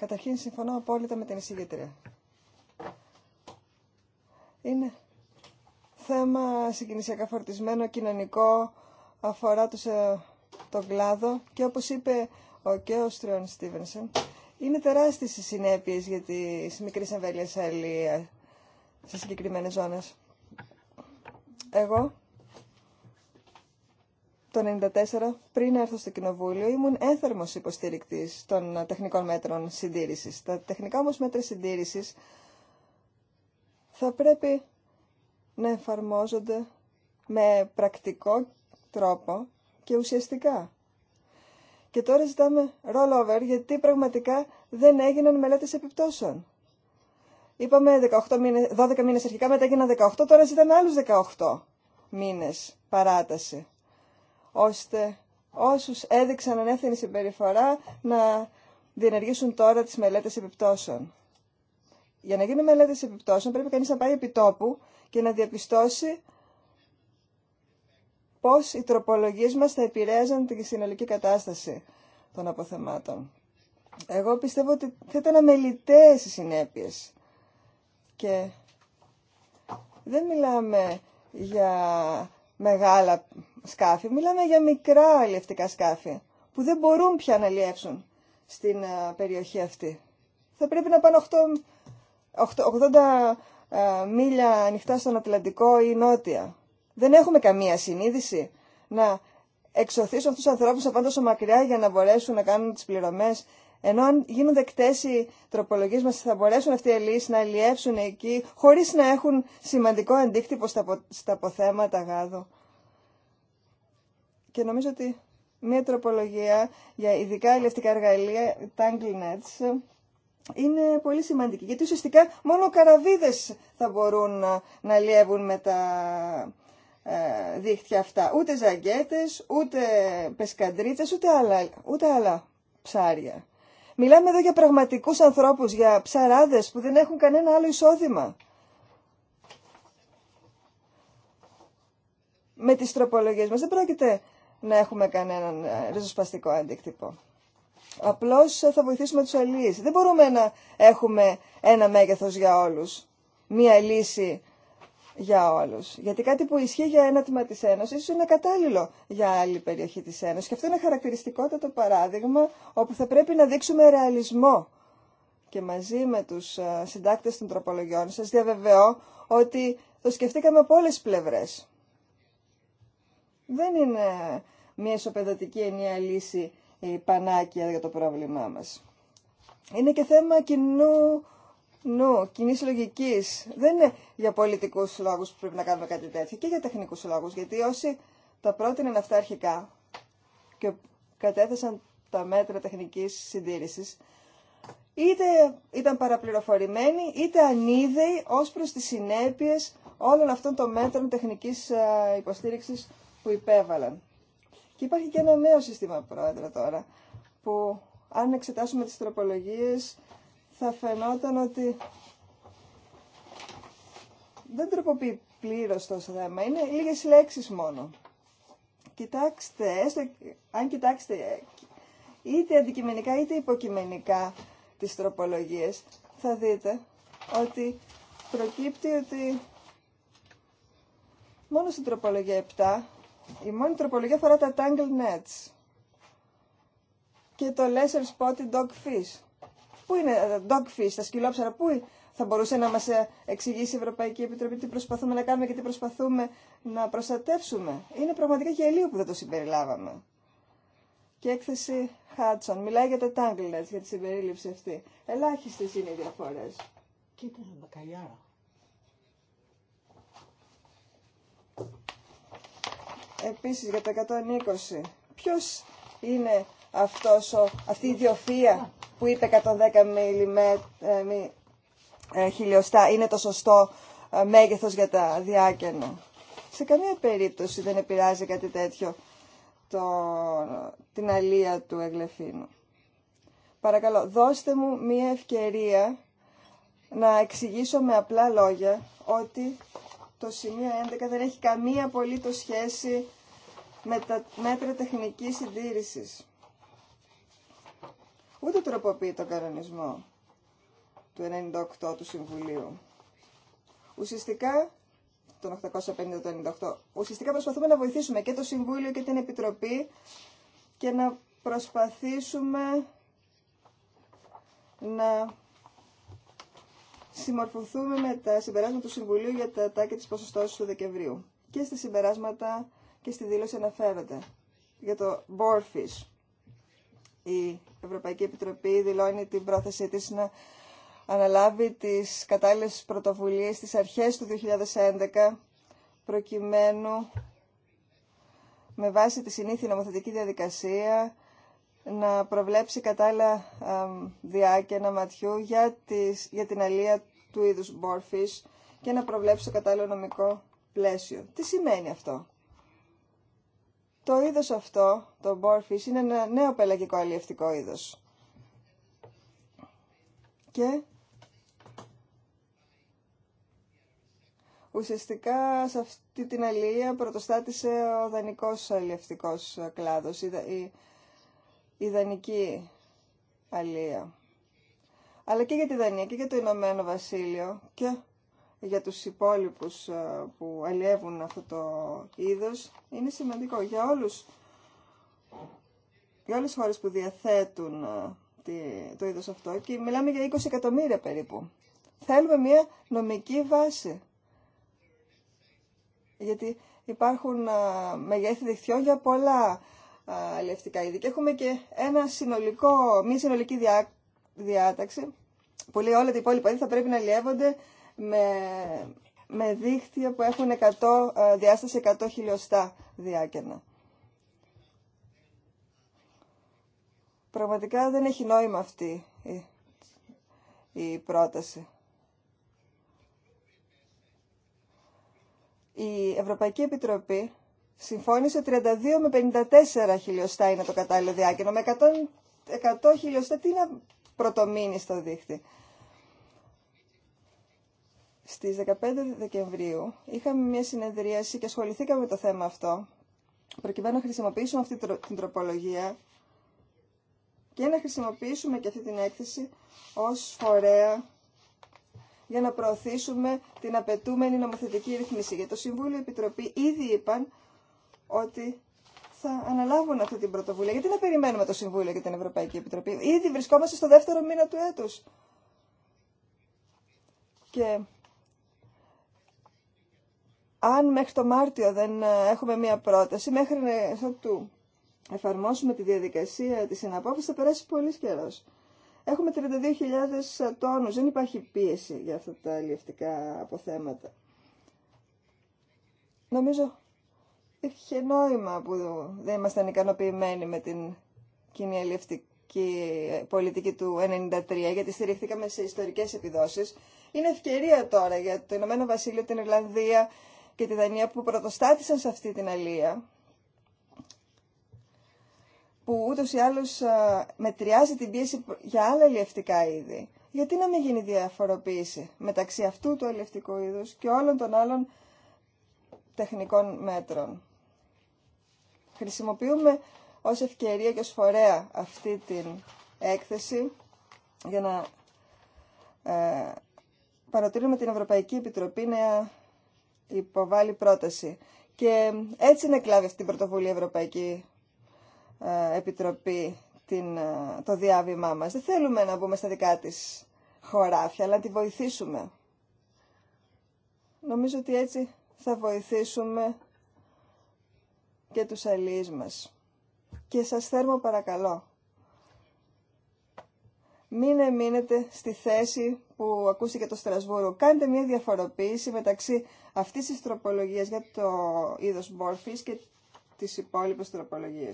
Καταρχήν συμφωνώ απόλυτα με την εισηγήτρια. Είναι θέμα συγκινησιακά φορτισμένο, κοινωνικό, αφορά τους, ε, τον κλάδο και όπως είπε ο και ο Στριόν Στίβενσον, είναι τεράστιες οι συνέπειες για τις μικρές εμβέλειες σε συγκεκριμένες ζώνες. Εγώ το 1994, πριν έρθω στο Κοινοβούλιο, ήμουν ένθερμο υποστηρικτή των τεχνικών μέτρων συντήρηση. Τα τεχνικά όμω μέτρα συντήρησης θα πρέπει να εφαρμόζονται με πρακτικό τρόπο και ουσιαστικά. Και τώρα ζητάμε rollover γιατί πραγματικά δεν έγιναν μελέτες επιπτώσεων. Είπαμε 18 μήνες, 12 μήνες αρχικά, μετά έγιναν 18, τώρα ζητάμε άλλους 18 μήνες παράταση ώστε όσους έδειξαν ανεύθυνη συμπεριφορά να διενεργήσουν τώρα τις μελέτες επιπτώσεων. Για να γίνουν μελέτες επιπτώσεων πρέπει κανείς να πάει επί τόπου και να διαπιστώσει πώς οι τροπολογίες μας θα επηρέαζαν την συνολική κατάσταση των αποθεμάτων. Εγώ πιστεύω ότι θα ήταν αμεληταίες οι συνέπειες. Και δεν μιλάμε για μεγάλα σκάφη, μιλάμε για μικρά αλλιευτικά σκάφη που δεν μπορούν πια να αλλιεύσουν στην ε, περιοχή αυτή. Θα πρέπει να πάνε 80 ε, μίλια ανοιχτά στον Ατλαντικό ή Νότια. Δεν έχουμε καμία συνείδηση να εξωθήσουν αυτούς τους ανθρώπους από τόσο μακριά για να μπορέσουν να κάνουν τις πληρωμές ενώ αν γίνουν δεκτέ οι τροπολογίε μα, θα μπορέσουν αυτοί οι να αλλιεύσουν εκεί, χωρί να έχουν σημαντικό αντίκτυπο στα αποθέματα γάδου. Και νομίζω ότι μια τροπολογία για ειδικά αλλιευτικά εργαλεία, tangle nets, είναι πολύ σημαντική. Γιατί ουσιαστικά μόνο καραβίδες θα μπορούν να, να αλλιεύουν με τα ε, δίχτυα αυτά. Ούτε ζαγκέτες, ούτε πεσκαντρίτσες, ούτε ούτε άλλα ψάρια. Μιλάμε εδώ για πραγματικούς ανθρώπους, για ψαράδες που δεν έχουν κανένα άλλο εισόδημα. Με τις τροπολογίες μας δεν πρόκειται να έχουμε κανέναν ε, ριζοσπαστικό αντίκτυπο. Απλώς ε, θα βοηθήσουμε τους αλληλείς. Δεν μπορούμε να έχουμε ένα μέγεθος για όλους. Μία λύση για όλους. Γιατί κάτι που ισχύει για ένα τμήμα της Ένωσης είναι κατάλληλο για άλλη περιοχή της Ένωσης. Και αυτό είναι χαρακτηριστικότατο παράδειγμα όπου θα πρέπει να δείξουμε ρεαλισμό. Και μαζί με τους ε, συντάκτες των τροπολογιών σας διαβεβαιώ ότι το σκεφτήκαμε από όλες τις πλευρές. Δεν είναι μια ισοπεδωτική ενιαία λύση η πανάκια για το πρόβλημά μας. Είναι και θέμα κοινού νου, κοινή λογική. Δεν είναι για πολιτικού λόγου που πρέπει να κάνουμε κάτι τέτοιο και για τεχνικού λόγου. Γιατί όσοι τα πρότειναν αυτά αρχικά και κατέθεσαν τα μέτρα τεχνική συντήρηση, είτε ήταν παραπληροφορημένοι, είτε ανίδεοι ω προς τι συνέπειε όλων αυτών των μέτρων τεχνικής ε, υποστήριξη που υπέβαλαν. Και υπάρχει και ένα νέο σύστημα, Πρόεδρε, τώρα, που αν εξετάσουμε τις τροπολογίες θα φαινόταν ότι δεν τροποποιεί πλήρω το θέμα. Είναι λίγες λέξεις μόνο. Κοιτάξτε, αν κοιτάξετε είτε αντικειμενικά είτε υποκειμενικά τις τροπολογίες, θα δείτε ότι προκύπτει ότι μόνο στην τροπολογία 7, η μόνη τροπολογία φορά τα tangled nets και το lesser spotted dog Πού είναι τα ε, dogfish, τα σκυλόψαρα, πού θα μπορούσε να μας ε, εξηγήσει η Ευρωπαϊκή Επιτροπή τι προσπαθούμε να κάνουμε και τι προσπαθούμε να προστατεύσουμε. Είναι πραγματικά γελίο που δεν το συμπεριλάβαμε. Και έκθεση Hudson. Μιλάει για τα τάγκλινετς, για τη συμπερίληψη αυτή. Ελάχιστες είναι οι διαφορές. Κοίτα Επίσης για τα 120. Ποιος είναι αυτός ο, αυτή η διοφία που είπε 110 mm, ε, ε, χιλιοστά είναι το σωστό ε, μέγεθος για τα διάκαινα. Σε καμία περίπτωση δεν επηρεάζει κάτι τέτοιο το, την αλία του εγλεφίνου. Παρακαλώ, δώστε μου μία ευκαιρία να εξηγήσω με απλά λόγια ότι το σημείο 11 δεν έχει καμία απολύτως σχέση με τα μέτρα τεχνικής συντήρησης ούτε τροποποιεί τον κανονισμό του 98 του Συμβουλίου. Ουσιαστικά, τον 850-98, ουσιαστικά προσπαθούμε να βοηθήσουμε και το Συμβούλιο και την Επιτροπή και να προσπαθήσουμε να συμμορφωθούμε με τα συμπεράσματα του Συμβουλίου για τα τάκια της ποσοστώσης του Δεκεμβρίου. Και στα συμπεράσματα και στη δήλωση αναφέρονται για το Borefish η Ευρωπαϊκή Επιτροπή δηλώνει την πρόθεσή της να αναλάβει τις κατάλληλες πρωτοβουλίες στις αρχές του 2011 προκειμένου με βάση τη συνήθεια νομοθετική διαδικασία να προβλέψει κατάλληλα διάκαινα ματιού για, τις, για την αλία του είδους μπόρφης και να προβλέψει το κατάλληλο νομικό πλαίσιο. Τι σημαίνει αυτό. Το είδος αυτό, το Borfish, είναι ένα νέο πελαγικό αλλιευτικό είδος. Και ουσιαστικά σε αυτή την αλληλεία πρωτοστάτησε ο δανικός αλλιευτικός κλάδος, η, η, δανική αλληλεία. Αλλά και για τη Δανία και για το Ηνωμένο Βασίλειο και για τους υπόλοιπους ε, που αλλιεύουν αυτό το είδος είναι σημαντικό για όλους για όλες τις χώρες που διαθέτουν ε, το είδος αυτό και μιλάμε για 20 εκατομμύρια περίπου. Θέλουμε μια νομική βάση. Γιατί υπάρχουν ε, μεγέθη δικτυό για πολλά αλλιευτικά είδη και έχουμε και ένα συνολικό, μια συνολική διάταξη που λέει όλα τα υπόλοιπα είδη θα πρέπει να αλλιεύονται με, με δίχτυα που έχουν 100, ε, διάσταση 100 χιλιοστά διάκαινα. Πραγματικά δεν έχει νόημα αυτή η, πρόταση. Η Ευρωπαϊκή Επιτροπή συμφώνησε 32 με 54 χιλιοστά είναι το κατάλληλο διάκαινο. Με 100, 100 χιλιοστά τι να πρωτομείνει στο δίχτυ. Στις 15 Δεκεμβρίου είχαμε μια συνεδρίαση και ασχοληθήκαμε με το θέμα αυτό, προκειμένου να χρησιμοποιήσουμε αυτή την τροπολογία και να χρησιμοποιήσουμε και αυτή την έκθεση ως φορέα για να προωθήσουμε την απαιτούμενη νομοθετική ρυθμίση. Για το Συμβούλιο Επιτροπή ήδη είπαν ότι θα αναλάβουν αυτή την πρωτοβουλία. Γιατί να περιμένουμε το Συμβούλιο και την Ευρωπαϊκή Επιτροπή. Ήδη βρισκόμαστε στο δεύτερο μήνα του έτους αν μέχρι το Μάρτιο δεν ε, έχουμε μία πρόταση, μέχρι να εφαρμόσουμε τη διαδικασία της συναπόφασης θα περάσει πολύ καιρό. Έχουμε 32.000 τόνους, δεν υπάρχει πίεση για αυτά τα αλλιευτικά αποθέματα. Νομίζω είχε νόημα που δεν ήμασταν ικανοποιημένοι με την κοινή αλληλευτική πολιτική του 1993, γιατί στηριχθήκαμε σε ιστορικές επιδόσεις. Είναι ευκαιρία τώρα για το Ηνωμένο Βασίλειο, την Ιρλανδία, και τη Δανία που πρωτοστάτησαν σε αυτή την αλία που ούτως ή άλλως μετριάζει την πίεση για άλλα αλευτικά είδη. Γιατί να μην γίνει διαφοροποίηση μεταξύ αυτού του αλευτικού είδους και όλων των άλλων τεχνικών μέτρων. Χρησιμοποιούμε ως ευκαιρία και ως φορέα αυτή την έκθεση για να ε, την Ευρωπαϊκή Επιτροπή υποβάλει πρόταση. Και έτσι είναι κλάβει αυτή την πρωτοβουλία Ευρωπαϊκή ε, Επιτροπή την, ε, το διάβημά μας. Δεν θέλουμε να μπούμε στα δικά της χωράφια, αλλά να τη βοηθήσουμε. Νομίζω ότι έτσι θα βοηθήσουμε και τους αλληλείς μας. Και σας θέρμο παρακαλώ. Μην εμείνετε στη θέση που ακούστηκε το Στρασβούργο. Κάντε μια διαφοροποίηση μεταξύ αυτής της τροπολογία για το είδο Μόρφη και τι υπόλοιπε τροπολογίε.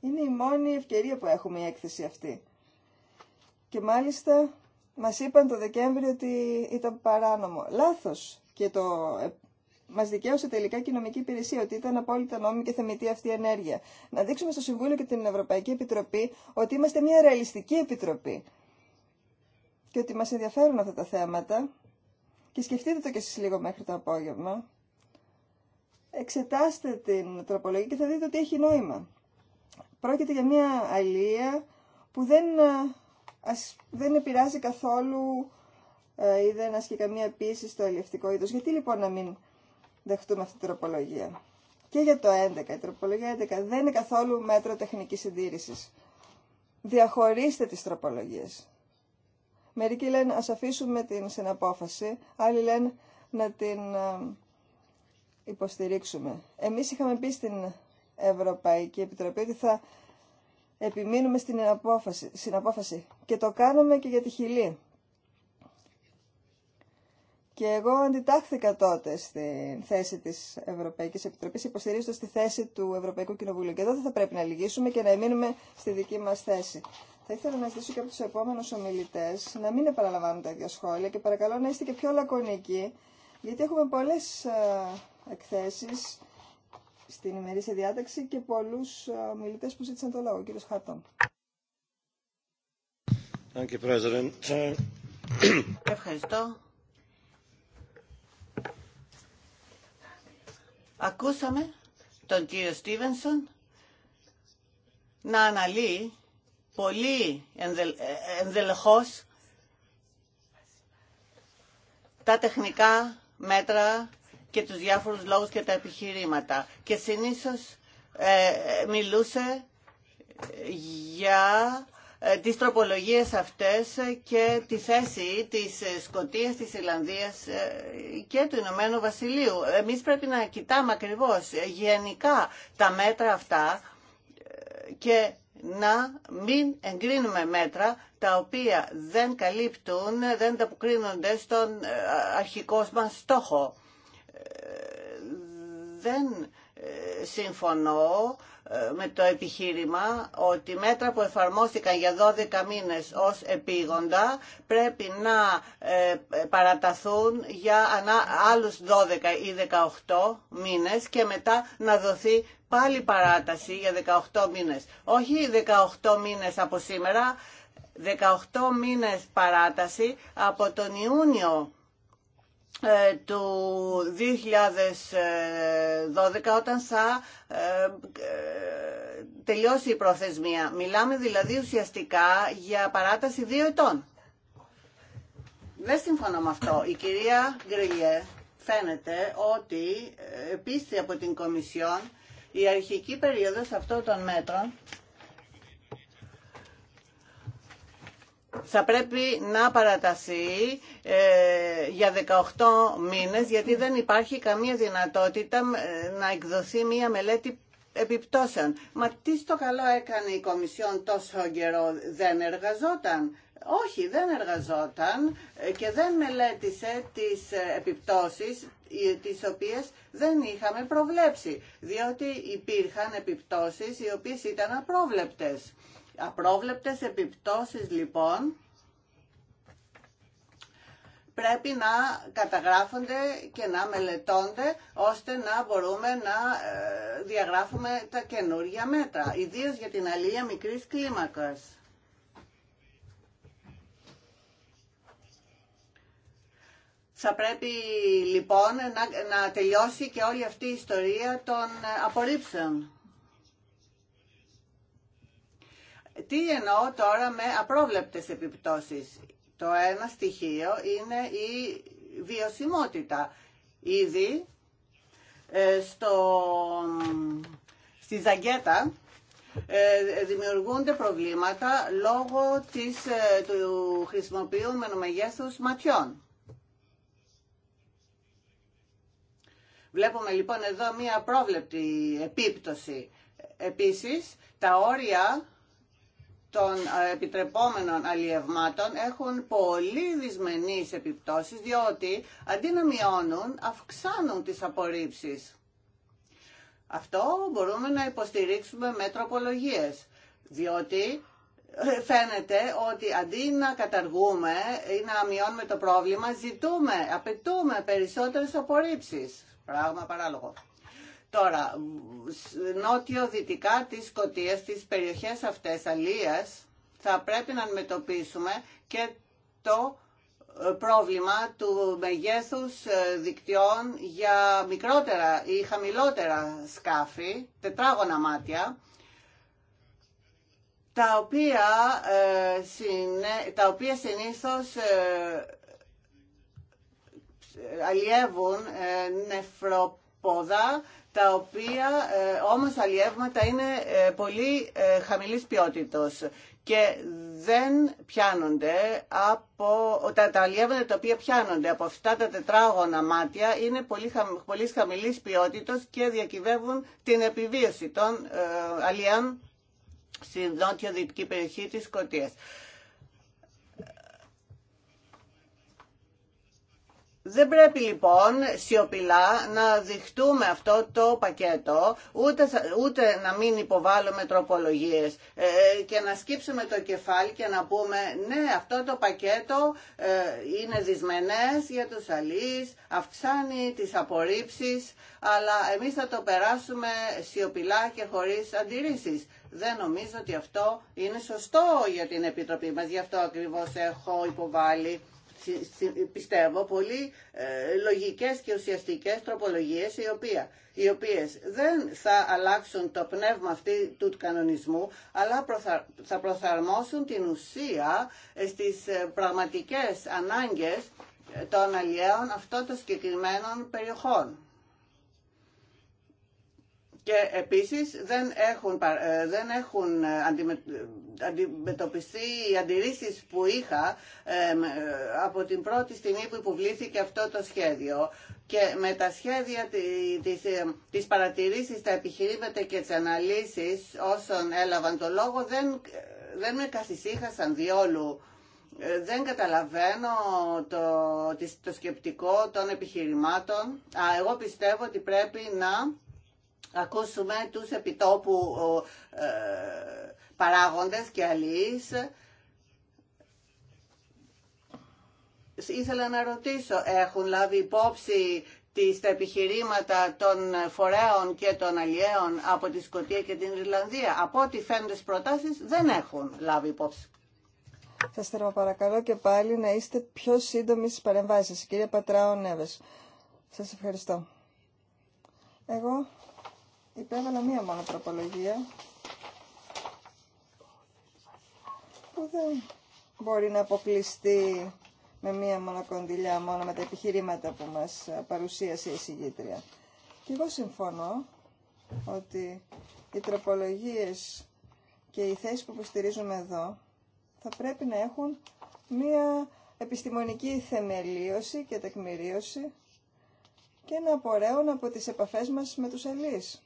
Είναι η μόνη ευκαιρία που έχουμε η έκθεση αυτή. Και μάλιστα μας είπαν το Δεκέμβριο ότι ήταν παράνομο. Λάθος. Και το... Ε, Μα δικαίωσε τελικά και η νομική υπηρεσία ότι ήταν απόλυτα νόμιμη και θεμητή αυτή η ενέργεια. Να δείξουμε στο Συμβούλιο και την Ευρωπαϊκή Επιτροπή ότι είμαστε μια ρεαλιστική επιτροπή και ότι μας ενδιαφέρουν αυτά τα θέματα και σκεφτείτε το και εσείς λίγο μέχρι το απόγευμα. Εξετάστε την τροπολογία και θα δείτε ότι έχει νόημα. Πρόκειται για μια αλία που δεν, ε, δεν επηρεάζει καθόλου ε, ή δεν ασκεί καμία πίεση στο αλληλευτικό είδος. Γιατί λοιπόν να μην δεχτούμε αυτή την τροπολογία. Και για το 11, η τροπολογία 11 δεν είναι καθόλου μέτρο τεχνικής συντήρησης. Διαχωρίστε τις τροπολογίες. Μερικοί λένε ας αφήσουμε την συναπόφαση, άλλοι λένε να την ε, υποστηρίξουμε. Εμείς είχαμε πει στην Ευρωπαϊκή Επιτροπή ότι θα επιμείνουμε στην απόφαση, Συναπόφαση. Και το κάνουμε και για τη Χιλή. Και εγώ αντιτάχθηκα τότε στην θέση της Ευρωπαϊκής Επιτροπής, υποστηρίζοντας τη θέση του Ευρωπαϊκού Κοινοβουλίου. Και εδώ θα πρέπει να λυγίσουμε και να εμείνουμε στη δική μας θέση. Θα ήθελα να ζητήσω και από του επόμενου ομιλητέ να μην επαναλαμβάνουν τα ίδια σχόλια και παρακαλώ να είστε και πιο λακωνικοί, γιατί έχουμε πολλέ ε, εκθέσει στην ημερήσια διάταξη και πολλού ε, ομιλητέ που ζήτησαν το λόγο. Κύριο Χαρτόν. Ευχαριστώ. Ακούσαμε τον κύριο Στίβενσον να αναλύει πολύ ε, ε, ενδελεχώς τα τεχνικά μέτρα και τους διάφορους λόγους και τα επιχειρήματα. Και συνήθως ε, μιλούσε για τις τροπολογίες αυτές και τη θέση της Σκοτίας, της Ιλλανδίας και του Ηνωμένου Βασιλείου. Εμείς πρέπει να κοιτάμε ακριβώς γενικά τα μέτρα αυτά και να μην εγκρίνουμε μέτρα τα οποία δεν καλύπτουν, δεν αποκρίνονται στον ε, αρχικό μας στόχο. Ε, δεν συμφωνώ ε, με το επιχείρημα ότι μέτρα που εφαρμόστηκαν για 12 μήνες ως επίγοντα πρέπει να ε, παραταθούν για άλλους 12 ή 18 μήνες και μετά να δοθεί πάλι παράταση για 18 μήνες. Όχι 18 μήνες από σήμερα, 18 μήνες παράταση από τον Ιούνιο ε, του 2012 όταν θα ε, ε, τελειώσει η προθεσμία. Μιλάμε δηλαδή ουσιαστικά για παράταση δύο ετών. Δεν συμφωνώ με αυτό. Η κυρία Γκριλιέ φαίνεται ότι επίσης από την Κομισιόν η αρχική περίοδος αυτών των μέτρων θα πρέπει να παραταθεί ε, για 18 μήνες γιατί δεν υπάρχει καμία δυνατότητα ε, να εκδοθεί μία μελέτη επιπτώσεων. Μα τι στο καλό έκανε η Κομισιόν τόσο καιρό δεν εργαζόταν. Όχι, δεν εργαζόταν ε, και δεν μελέτησε τις επιπτώσεις τις οποίες δεν είχαμε προβλέψει, διότι υπήρχαν επιπτώσεις οι οποίες ήταν απρόβλεπτες απρόβλεπτες επιπτώσεις λοιπόν πρέπει να καταγράφονται και να μελετώνται ώστε να μπορούμε να ε, διαγράφουμε τα καινούργια μέτρα, ιδίως για την αλλήλεια μικρής κλίμακας. Θα πρέπει λοιπόν να, να τελειώσει και όλη αυτή η ιστορία των ε, απορρίψεων. Τι εννοώ τώρα με απρόβλεπτες επιπτώσεις. Το ένα στοιχείο είναι η βιωσιμότητα. Ήδη ε, στο, στη Ζαγκέτα ε, δημιουργούνται προβλήματα λόγω της, ε, του χρησιμοποιούμενου μεγέθους ματιών. Βλέπουμε λοιπόν εδώ μία απρόβλεπτη επίπτωση. Επίσης, τα όρια των ε, επιτρεπόμενων αλλιευμάτων έχουν πολύ δυσμενείς επιπτώσεις διότι αντί να μειώνουν αυξάνουν τις απορρίψεις. Αυτό μπορούμε να υποστηρίξουμε με τροπολογίες διότι ε, φαίνεται ότι αντί να καταργούμε ή να μειώνουμε το πρόβλημα ζητούμε, απαιτούμε περισσότερες απορρίψεις. Πράγμα παράλογο. Τώρα, νότιο-δυτικά της σκοτίες, τις περιοχές αυτές αλίας, θα πρέπει να αντιμετωπίσουμε και το ε, πρόβλημα του μεγέθους ε, δικτυών για μικρότερα ή χαμηλότερα σκάφη, τετράγωνα μάτια, τα οποία, ε, τα οποία συνήθως αλλιεύουν νεφροπλοεία πόδα, τα οποία ε, όμως τα αλλιεύματα είναι ε, πολύ ε, χαμηλής ποιότητος και δεν πιάνονται από... Τα, τα αλλιεύματα τα οποία πιάνονται από αυτά τα τετράγωνα μάτια είναι πολύ, πολύ χαμηλής ποιότητος και διακυβεύουν την επιβίωση των ε, αλλιών στην νότιο-δυτική περιοχή της Σκοτίας. Δεν πρέπει λοιπόν σιωπηλά να δειχτούμε αυτό το πακέτο, ούτε, να μην υποβάλλουμε τροπολογίες ε, και να σκύψουμε το κεφάλι και να πούμε ναι αυτό το πακέτο ε, είναι δυσμενές για τους αλείς, αυξάνει τις απορρίψεις, αλλά εμείς θα το περάσουμε σιωπηλά και χωρίς αντιρρήσεις. Δεν νομίζω ότι αυτό είναι σωστό για την Επιτροπή μας, γι' αυτό ακριβώς έχω υποβάλει πιστεύω, πολύ ε, λογικές και ουσιαστικές τροπολογίες οι, οποία, οι οποίες δεν θα αλλάξουν το πνεύμα αυτή του κανονισμού, αλλά θα προσαρμόσουν την ουσία ε, στις ε, πραγματικές ανάγκες των αλλιέων αυτών των συγκεκριμένων περιοχών και επίσης δεν έχουν, ε, δεν έχουν ε, ε, αντιμετωπιστεί οι αντιρρήσεις που είχα από την πρώτη στιγμή που υποβλήθηκε αυτό το σχέδιο και με τα σχέδια της, της παρατηρήσεις, τα επιχειρήματα και τις αναλύσεις όσων έλαβαν το λόγο δεν, δεν με καθησύχασαν διόλου. Δεν καταλαβαίνω το, το σκεπτικό των επιχειρημάτων. Α, εγώ πιστεύω ότι πρέπει να ακούσουμε τους επιτόπου ε, παράγοντες και αλληλείς. Ήθελα να ρωτήσω, έχουν λάβει υπόψη τις, τα επιχειρήματα των φορέων και των αλλιέων από τη Σκωτία και την Ιρλανδία. Από ό,τι φαίνονται στις προτάσεις δεν έχουν λάβει υπόψη. Σας παρακαλώ και πάλι να είστε πιο σύντομοι στις παρεμβάσεις. Κύριε Πατράο Νέβες, σας ευχαριστώ. Εγώ υπέβαλα μία μόνο τροπολογία που δεν μπορεί να αποκλειστεί με μία μόνο κοντιλιά, μόνο με τα επιχειρήματα που μας παρουσίασε η συγγήτρια. Και εγώ συμφωνώ ότι οι τροπολογίες και οι θέσεις που υποστηρίζουμε εδώ θα πρέπει να έχουν μία επιστημονική θεμελίωση και τεκμηρίωση και να απορρέουν από τις επαφές μας με τους αλείς.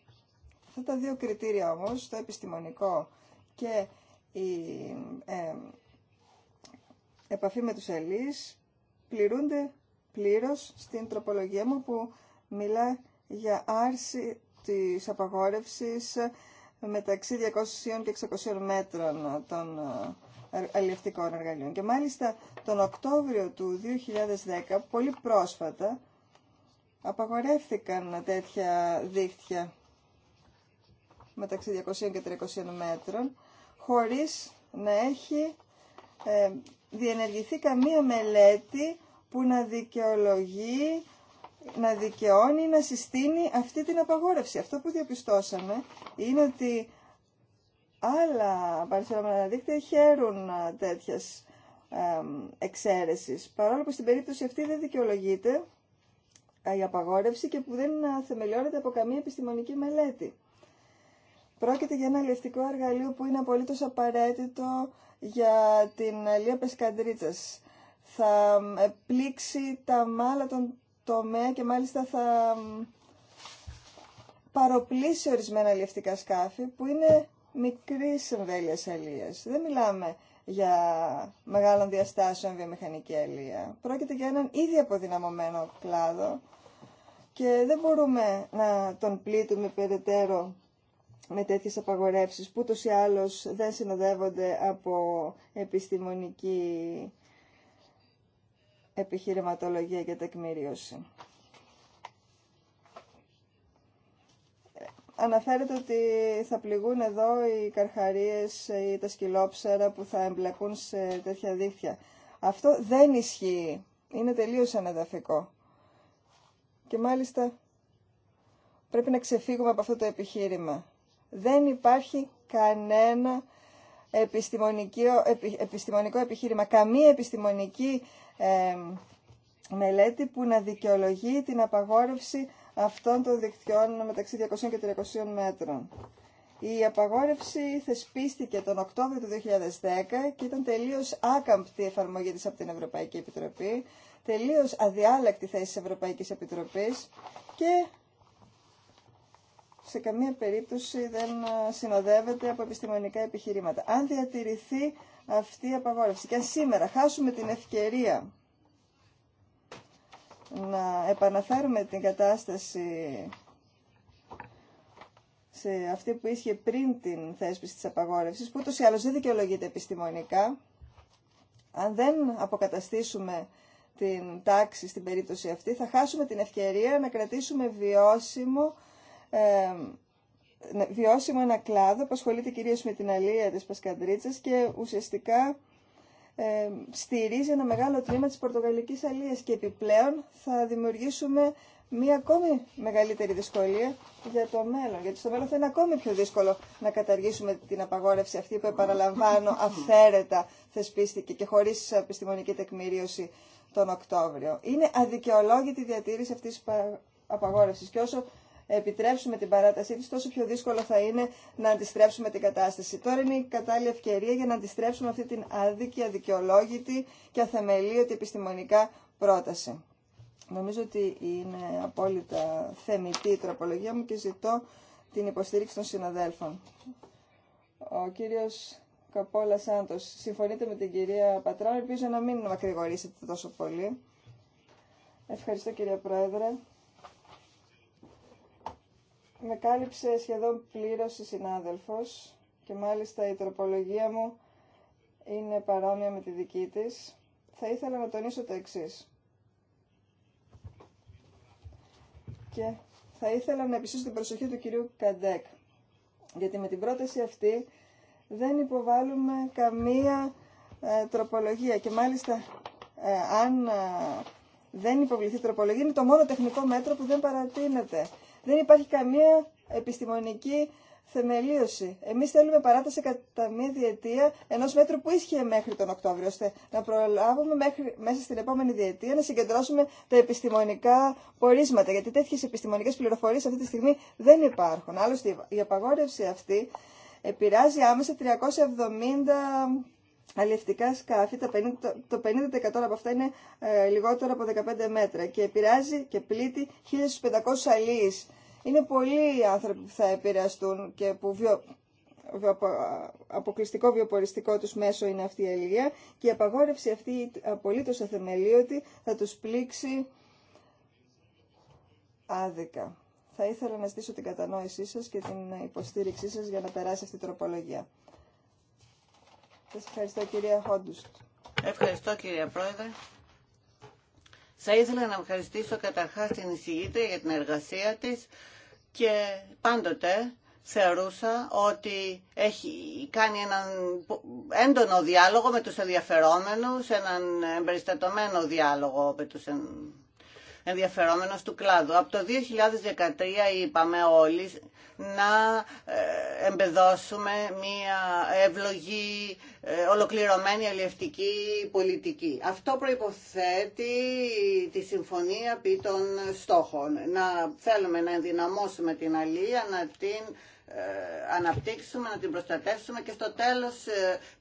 Αυτά τα δύο κριτήρια όμως, το επιστημονικό και η ε, επαφή με τους ελείς, πληρούνται πλήρως στην τροπολογία μου που μιλά για άρση της απαγόρευσης μεταξύ 200 και 600 μέτρων των ε, αλληλευτικών εργαλείων. Και μάλιστα τον Οκτώβριο του 2010, πολύ πρόσφατα, απαγορεύθηκαν τέτοια δίχτυα μεταξύ 200 και 300 μέτρων, χωρίς να έχει ε, διενεργηθεί καμία μελέτη που να δικαιολογεί, να δικαιώνει, να συστήνει αυτή την απαγόρευση. Αυτό που διαπιστώσαμε είναι ότι άλλα παρελθόμενα δίκτυα χαίρουν ε, τέτοια ε, εξαίρεση. Παρόλο που στην περίπτωση αυτή δεν δικαιολογείται η απαγόρευση και που δεν ε, θεμελιώνεται από καμία επιστημονική μελέτη. Πρόκειται για ένα αλληλευτικό εργαλείο που είναι απολύτως απαραίτητο για την αλληλεία πεσκαντρίτσας. Θα ε, πλήξει τα μάλα των τομέα και μάλιστα θα παροπλήσει ορισμένα αλληλευτικά σκάφη που είναι μικρής εμβέλειας αλίας. Δεν μιλάμε για μεγάλων διαστάσεων βιομηχανική αλία. Πρόκειται για έναν ήδη αποδυναμωμένο κλάδο και δεν μπορούμε να τον πλήττουμε περαιτέρω με τέτοιες απαγορεύσεις που ούτως ή άλλως δεν συνοδεύονται από επιστημονική επιχειρηματολογία και τεκμηρίωση. Αναφέρεται ότι θα πληγούν εδώ οι καρχαρίες ή τα σκυλόψερα που θα εμπλακούν σε τέτοια δίχτυα. Αυτό δεν ισχύει. Είναι τελείως αναδαφικό. Και μάλιστα πρέπει να ξεφύγουμε από αυτό το επιχείρημα. Δεν υπάρχει κανένα επιστημονικό επιχείρημα, καμία επιστημονική μελέτη που να δικαιολογεί την απαγόρευση αυτών των δικτυών μεταξύ 200 και 300 μέτρων. Η απαγόρευση θεσπίστηκε τον Οκτώβριο του 2010 και ήταν τελείως άκαμπτη η εφαρμογή της από την Ευρωπαϊκή Επιτροπή, τελείως αδιάλεκτη θέση της Ευρωπαϊκής Επιτροπής και σε καμία περίπτωση δεν ε, συνοδεύεται από επιστημονικά επιχειρήματα. Αν διατηρηθεί αυτή η απαγόρευση και αν σήμερα χάσουμε την ευκαιρία να επαναφέρουμε την κατάσταση σε αυτή που ήσχε πριν την θέσπιση της απαγόρευσης, που ούτως ή άλλως δεν δικαιολογείται επιστημονικά, αν δεν αποκαταστήσουμε την τάξη στην περίπτωση αυτή, θα χάσουμε την ευκαιρία να κρατήσουμε βιώσιμο βιώσιμο ένα κλάδο που ασχολείται κυρίως με την αλία της Πασκαντρίτσας και ουσιαστικά ε, στηρίζει ένα μεγάλο τμήμα της πορτογαλικής αλίας και επιπλέον θα δημιουργήσουμε μία ακόμη μεγαλύτερη δυσκολία για το μέλλον. Γιατί στο μέλλον θα είναι ακόμη πιο δύσκολο να καταργήσουμε την απαγόρευση αυτή που, επαναλαμβάνω, αυθαίρετα θεσπίστηκε και χωρίς επιστημονική τεκμηρίωση τον Οκτώβριο. Είναι αδικαιολόγητη διατήρηση αυτής της απαγόρευσης και όσο επιτρέψουμε την παράτασή τη τόσο πιο δύσκολο θα είναι να αντιστρέψουμε την κατάσταση. Τώρα είναι η κατάλληλη ευκαιρία για να αντιστρέψουμε αυτή την άδικη, αδικαιολόγητη και αθεμελίωτη επιστημονικά πρόταση. Νομίζω ότι είναι απόλυτα θεμητή η τροπολογία μου και ζητώ την υποστήριξη των συναδέλφων. Ο κύριος Καπόλα Σάντος, συμφωνείτε με την κυρία Πατράου, ελπίζω να μην μακρηγορήσετε τόσο πολύ. Ευχαριστώ κυρία Πρόεδρε. Με κάλυψε σχεδόν πλήρως η συνάδελφος και μάλιστα η τροπολογία μου είναι παρόμοια με τη δική της. Θα ήθελα να τονίσω το εξή. Και θα ήθελα να επιστήσω την προσοχή του κυρίου Καντέκ. Γιατί με την πρόταση αυτή δεν υποβάλλουμε καμία ε, τροπολογία. Και μάλιστα ε, αν ε, δεν υποβληθεί τροπολογία είναι το μόνο τεχνικό μέτρο που δεν παρατείνεται. Δεν υπάρχει καμία επιστημονική θεμελίωση. Εμεί θέλουμε παράταση κατά μία διετία ενό μέτρου που ίσχυε μέχρι τον Οκτώβριο, ώστε να προλάβουμε μέχρι, μέσα στην επόμενη διετία να συγκεντρώσουμε τα επιστημονικά πορίσματα. Γιατί τέτοιε επιστημονικέ πληροφορίε αυτή τη στιγμή δεν υπάρχουν. Άλλωστε, η απαγόρευση αυτή επηρεάζει άμεσα 370 αλληλευτικά σκάφη, το 50%, το 50 από αυτά είναι ε, λιγότερο από 15 μέτρα και επηρεάζει και πλήττει 1.500 αλίες. Είναι πολλοί οι άνθρωποι που θα επηρεαστούν και που βιο, αποκλειστικό βιοποριστικό τους μέσο είναι αυτή η αλληλεία και η απαγόρευση αυτή απολύτως αθεμελίωτη θα τους πλήξει άδικα. Θα ήθελα να στήσω την κατανόησή σας και την υποστήριξή σας για να περάσει αυτή η τροπολογία. Σας ευχαριστώ κυρία Χόντουστ. Ευχαριστώ κυρία Πρόεδρε. Θα ήθελα να ευχαριστήσω καταρχάς την εισηγήτρια για την εργασία της και πάντοτε θεωρούσα ότι έχει κάνει έναν έντονο διάλογο με τους ενδιαφερόμενους, έναν εμπεριστατωμένο διάλογο με τους ενδιαφερόμενος του κλάδου. Από το 2013 είπαμε όλοι να ε, εμπεδώσουμε μια ευλογή, ε, ολοκληρωμένη αλληλευτική πολιτική. Αυτό προϋποθέτει τη συμφωνία επί των στόχων. Να θέλουμε να ενδυναμώσουμε την αλληλεία, να την ε, αναπτύξουμε, να την προστατεύσουμε και στο τέλος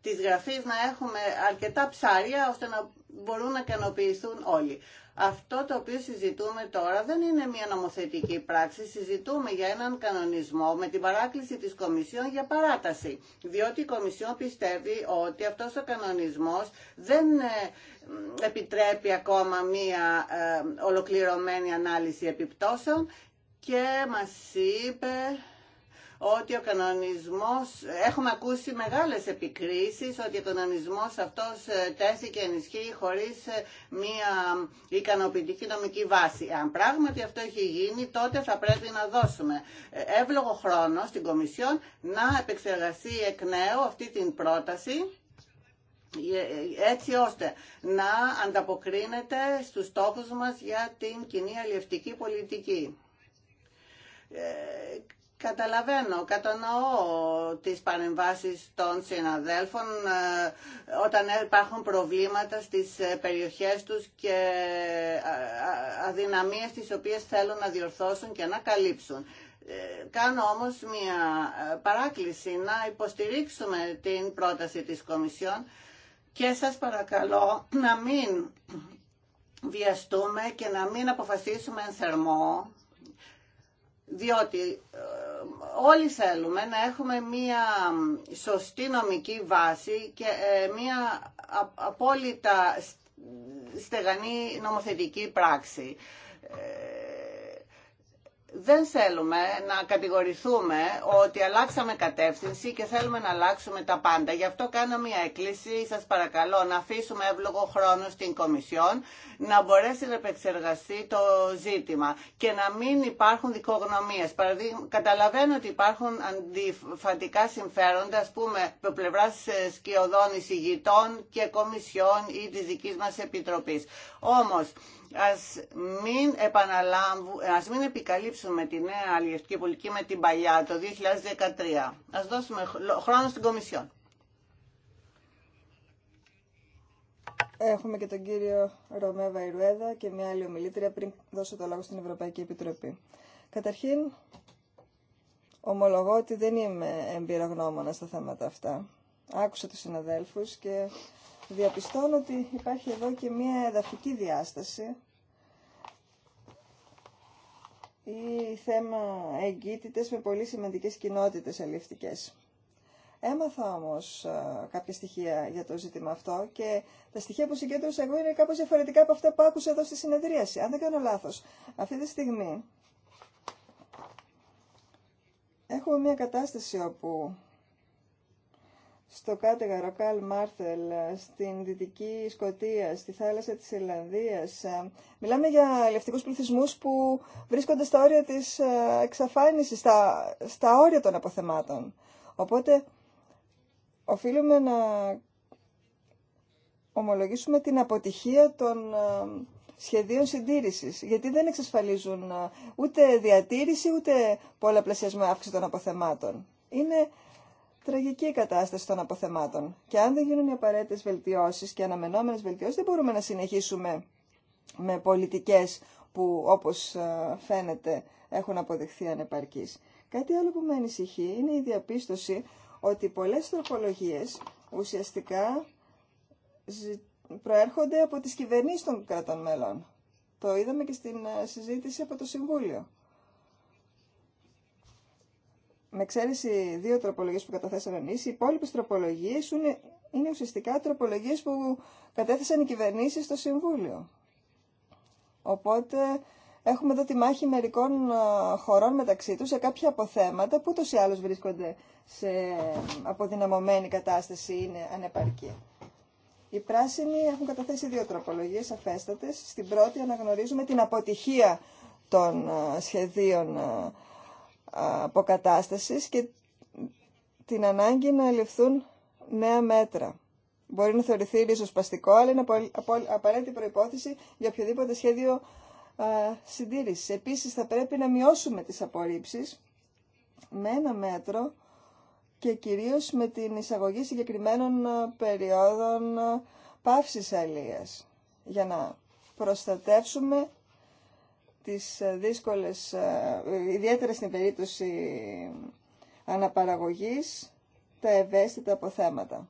της γραφής να έχουμε αρκετά ψάρια ώστε να μπορούν να κανοποιηθούν όλοι. Αυτό το οποίο συζητούμε τώρα δεν είναι μια νομοθετική πράξη, συζητούμε για έναν κανονισμό με την παράκληση της Κομισιόν για παράταση. Διότι η Κομισιόν πιστεύει ότι αυτός ο κανονισμός δεν ε, επιτρέπει ακόμα μια ε, ολοκληρωμένη ανάλυση επιπτώσεων και μας είπε ότι ο κανονισμός, έχουμε ακούσει μεγάλες επικρίσεις ότι ο κανονισμός αυτός ε, τέθηκε ενισχύει χωρίς ε, μία ικανοποιητική νομική βάση. Αν πράγματι αυτό έχει γίνει, τότε θα πρέπει να δώσουμε ε, εύλογο χρόνο στην Κομισιόν να επεξεργαστεί εκ νέου αυτή την πρόταση έτσι ώστε να ανταποκρίνεται στους στόχους μας για την κοινή αλλιευτική πολιτική Καταλαβαίνω, κατανοώ τις παρεμβάσεις των συναδέλφων ε, όταν υπάρχουν προβλήματα στις ε, περιοχές τους και ε, αδυναμίες τις οποίες θέλουν να διορθώσουν και να καλύψουν. Κάνω όμως μια παράκληση να υποστηρίξουμε την πρόταση της Κομισιόν και σας παρακαλώ να μην βιαστούμε και να μην αποφασίσουμε εν θερμό διότι ε, όλοι θέλουμε να έχουμε μία σωστή νομική βάση και ε, μία απόλυτα στεγανή νομοθετική πράξη. Ε, δεν θέλουμε να κατηγορηθούμε ότι αλλάξαμε κατεύθυνση και θέλουμε να αλλάξουμε τα πάντα. Γι' αυτό κάνω μια έκκληση, σας παρακαλώ, να αφήσουμε εύλογο χρόνο στην Κομισιόν, να μπορέσει να επεξεργαστεί το ζήτημα και να μην υπάρχουν δικογνωμίες. Παραδείγμα, καταλαβαίνω ότι υπάρχουν αντιφατικά συμφέροντα, ας πούμε, από πλευρά ε, σκιωδών εισηγητών και Κομισιόν ή της δικής μας Επιτροπής. Όμως, Ας μην, ας μην επικαλύψουμε τη νέα αλληλευτική πολιτική με την παλιά το 2013. Ας δώσουμε χρόνο στην Κομισιόν. Έχουμε και τον κύριο Ρωμέ Βαϊρουέδα και μια άλλη ομιλήτρια πριν δώσω το λόγο στην Ευρωπαϊκή Επιτροπή. Καταρχήν, ομολογώ ότι δεν είμαι εμπειρογνώμονα στα θέματα αυτά. Άκουσα τους συναδέλφους και διαπιστώνω ότι υπάρχει εδώ και μια εδαφική διάσταση ή θέμα εγκύτητες με πολύ σημαντικές κοινότητες αλήφτικες. Έμαθα όμως ε, κάποια στοιχεία για το ζήτημα αυτό και τα στοιχεία που συγκέντρωσα εγώ είναι κάπως διαφορετικά από αυτά που άκουσα εδώ στη συνεδρίαση. Αν δεν κάνω λάθος, αυτή τη στιγμή έχουμε μια κατάσταση όπου στο Κάτεγα, Καλ Μάρθελ, στην Δυτική Σκοτία, στη θάλασσα της Ιρλανδίας. Μιλάμε για ελευτικούς πληθυσμούς που βρίσκονται στα όρια της ε, εξαφάνισης, στα, στα όρια των αποθεμάτων. Οπότε, οφείλουμε να ομολογήσουμε την αποτυχία των ε, σχεδίων συντήρησης, γιατί δεν εξασφαλίζουν ε, ούτε διατήρηση, ούτε πολλαπλασιασμό αύξηση των αποθεμάτων. Είναι τραγική κατάσταση των αποθεμάτων. Και αν δεν γίνουν οι απαραίτητες βελτιώσεις και αναμενόμενες βελτιώσεις, δεν μπορούμε να συνεχίσουμε με πολιτικές που όπως ε, φαίνεται έχουν αποδειχθεί ανεπαρκείς. Κάτι άλλο που με ανησυχεί είναι η διαπίστωση ότι πολλές τροπολογίες ουσιαστικά προέρχονται από τις κυβερνήσεις των κρατών μέλων. Το είδαμε και στην ε, συζήτηση από το Συμβούλιο με εξαίρεση δύο τροπολογίε που καταθέσαν οι υπόλοιπε τροπολογίε είναι, είναι ουσιαστικά τροπολογίε που κατέθεσαν οι κυβερνήσει στο Συμβούλιο. Οπότε έχουμε εδώ τη μάχη μερικών χωρών μεταξύ τους σε κάποια αποθέματα που ούτω ή άλλως βρίσκονται σε αποδυναμωμένη κατάσταση ή είναι ανεπαρκή. Οι πράσινοι έχουν καταθέσει δύο τροπολογίε αφέστατε. Στην πρώτη αναγνωρίζουμε την αποτυχία των σχεδίων αποκατάστασης και την ανάγκη να ληφθούν νέα μέτρα. Μπορεί να θεωρηθεί ριζοσπαστικό, αλλά είναι απαραίτητη προϋπόθεση για οποιοδήποτε σχέδιο συντήρησης. Επίσης, θα πρέπει να μειώσουμε τις απορρίψεις με ένα μέτρο και κυρίως με την εισαγωγή συγκεκριμένων περιόδων παύσης αλίας για να προστατεύσουμε τις ε, δύσκολες, ε, ιδιαίτερα στην περίπτωση αναπαραγωγής, τα ευαίσθητα αποθέματα.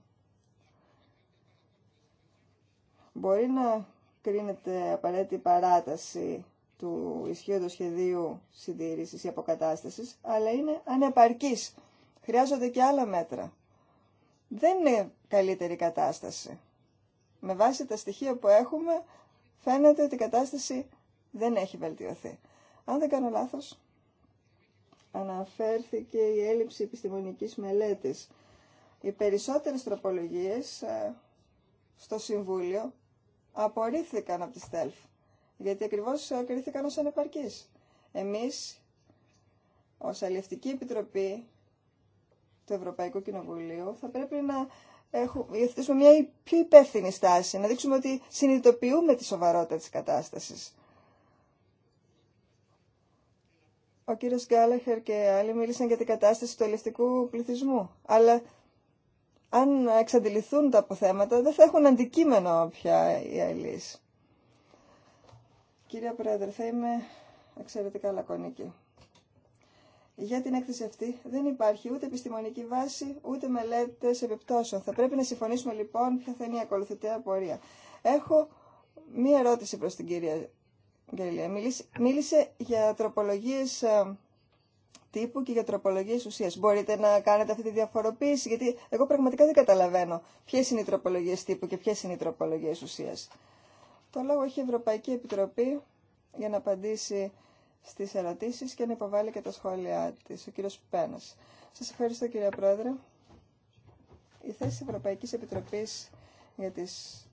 Μπορεί να κρίνεται απαραίτητη παράταση του ισχύοντος σχεδίου συντήρησης ή αποκατάστασης, αλλά είναι ανεπαρκής. Χρειάζονται και άλλα μέτρα. Δεν είναι καλύτερη κατάσταση. Με βάση τα στοιχεία που έχουμε, φαίνεται ότι η κατάσταση δεν έχει βελτιωθεί. Αν δεν κάνω λάθος, αναφέρθηκε η έλλειψη επιστημονικής μελέτης. Οι περισσότερες τροπολογίες ε, στο Συμβούλιο απορρίφθηκαν από τη ΣΤΕΛΦ, γιατί ακριβώς κρίθηκαν ως ανεπαρκείς. Εμείς, ως Αλληλευτική Επιτροπή του Ευρωπαϊκού Κοινοβουλίου, θα πρέπει να έχουμε, υιοθετήσουμε μια πιο υπεύθυνη στάση, να δείξουμε ότι συνειδητοποιούμε τη σοβαρότητα της κατάστασης. Ο κύριος Γκάλαχερ και άλλοι μίλησαν για την κατάσταση του ελευτικού πληθυσμού. Αλλά αν εξαντληθούν τα αποθέματα, δεν θα έχουν αντικείμενο πια οι αιλείς. Κύριε Πρόεδρε, θα είμαι εξαιρετικά λακωνική. Για την έκθεση αυτή δεν υπάρχει ούτε επιστημονική βάση, ούτε μελέτες επιπτώσεων. Θα πρέπει να συμφωνήσουμε λοιπόν ποια θα είναι η ακολουθητέα πορεία. Έχω μία ερώτηση προς την κυρία Μίλησε για τροπολογίε ε, τύπου και για τροπολογίε ουσία. Μπορείτε να κάνετε αυτή τη διαφοροποίηση, γιατί εγώ πραγματικά δεν καταλαβαίνω ποιε είναι οι τροπολογίε τύπου και ποιε είναι οι τροπολογίε ουσία. Το λόγο έχει η Ευρωπαϊκή Επιτροπή για να απαντήσει στις ερωτήσει και να υποβάλει και τα σχόλιά τη. Ο κύριο Πένα. Σα ευχαριστώ, κύριε Πρόεδρε. Η θέση Ευρωπαϊκή Επιτροπή για τις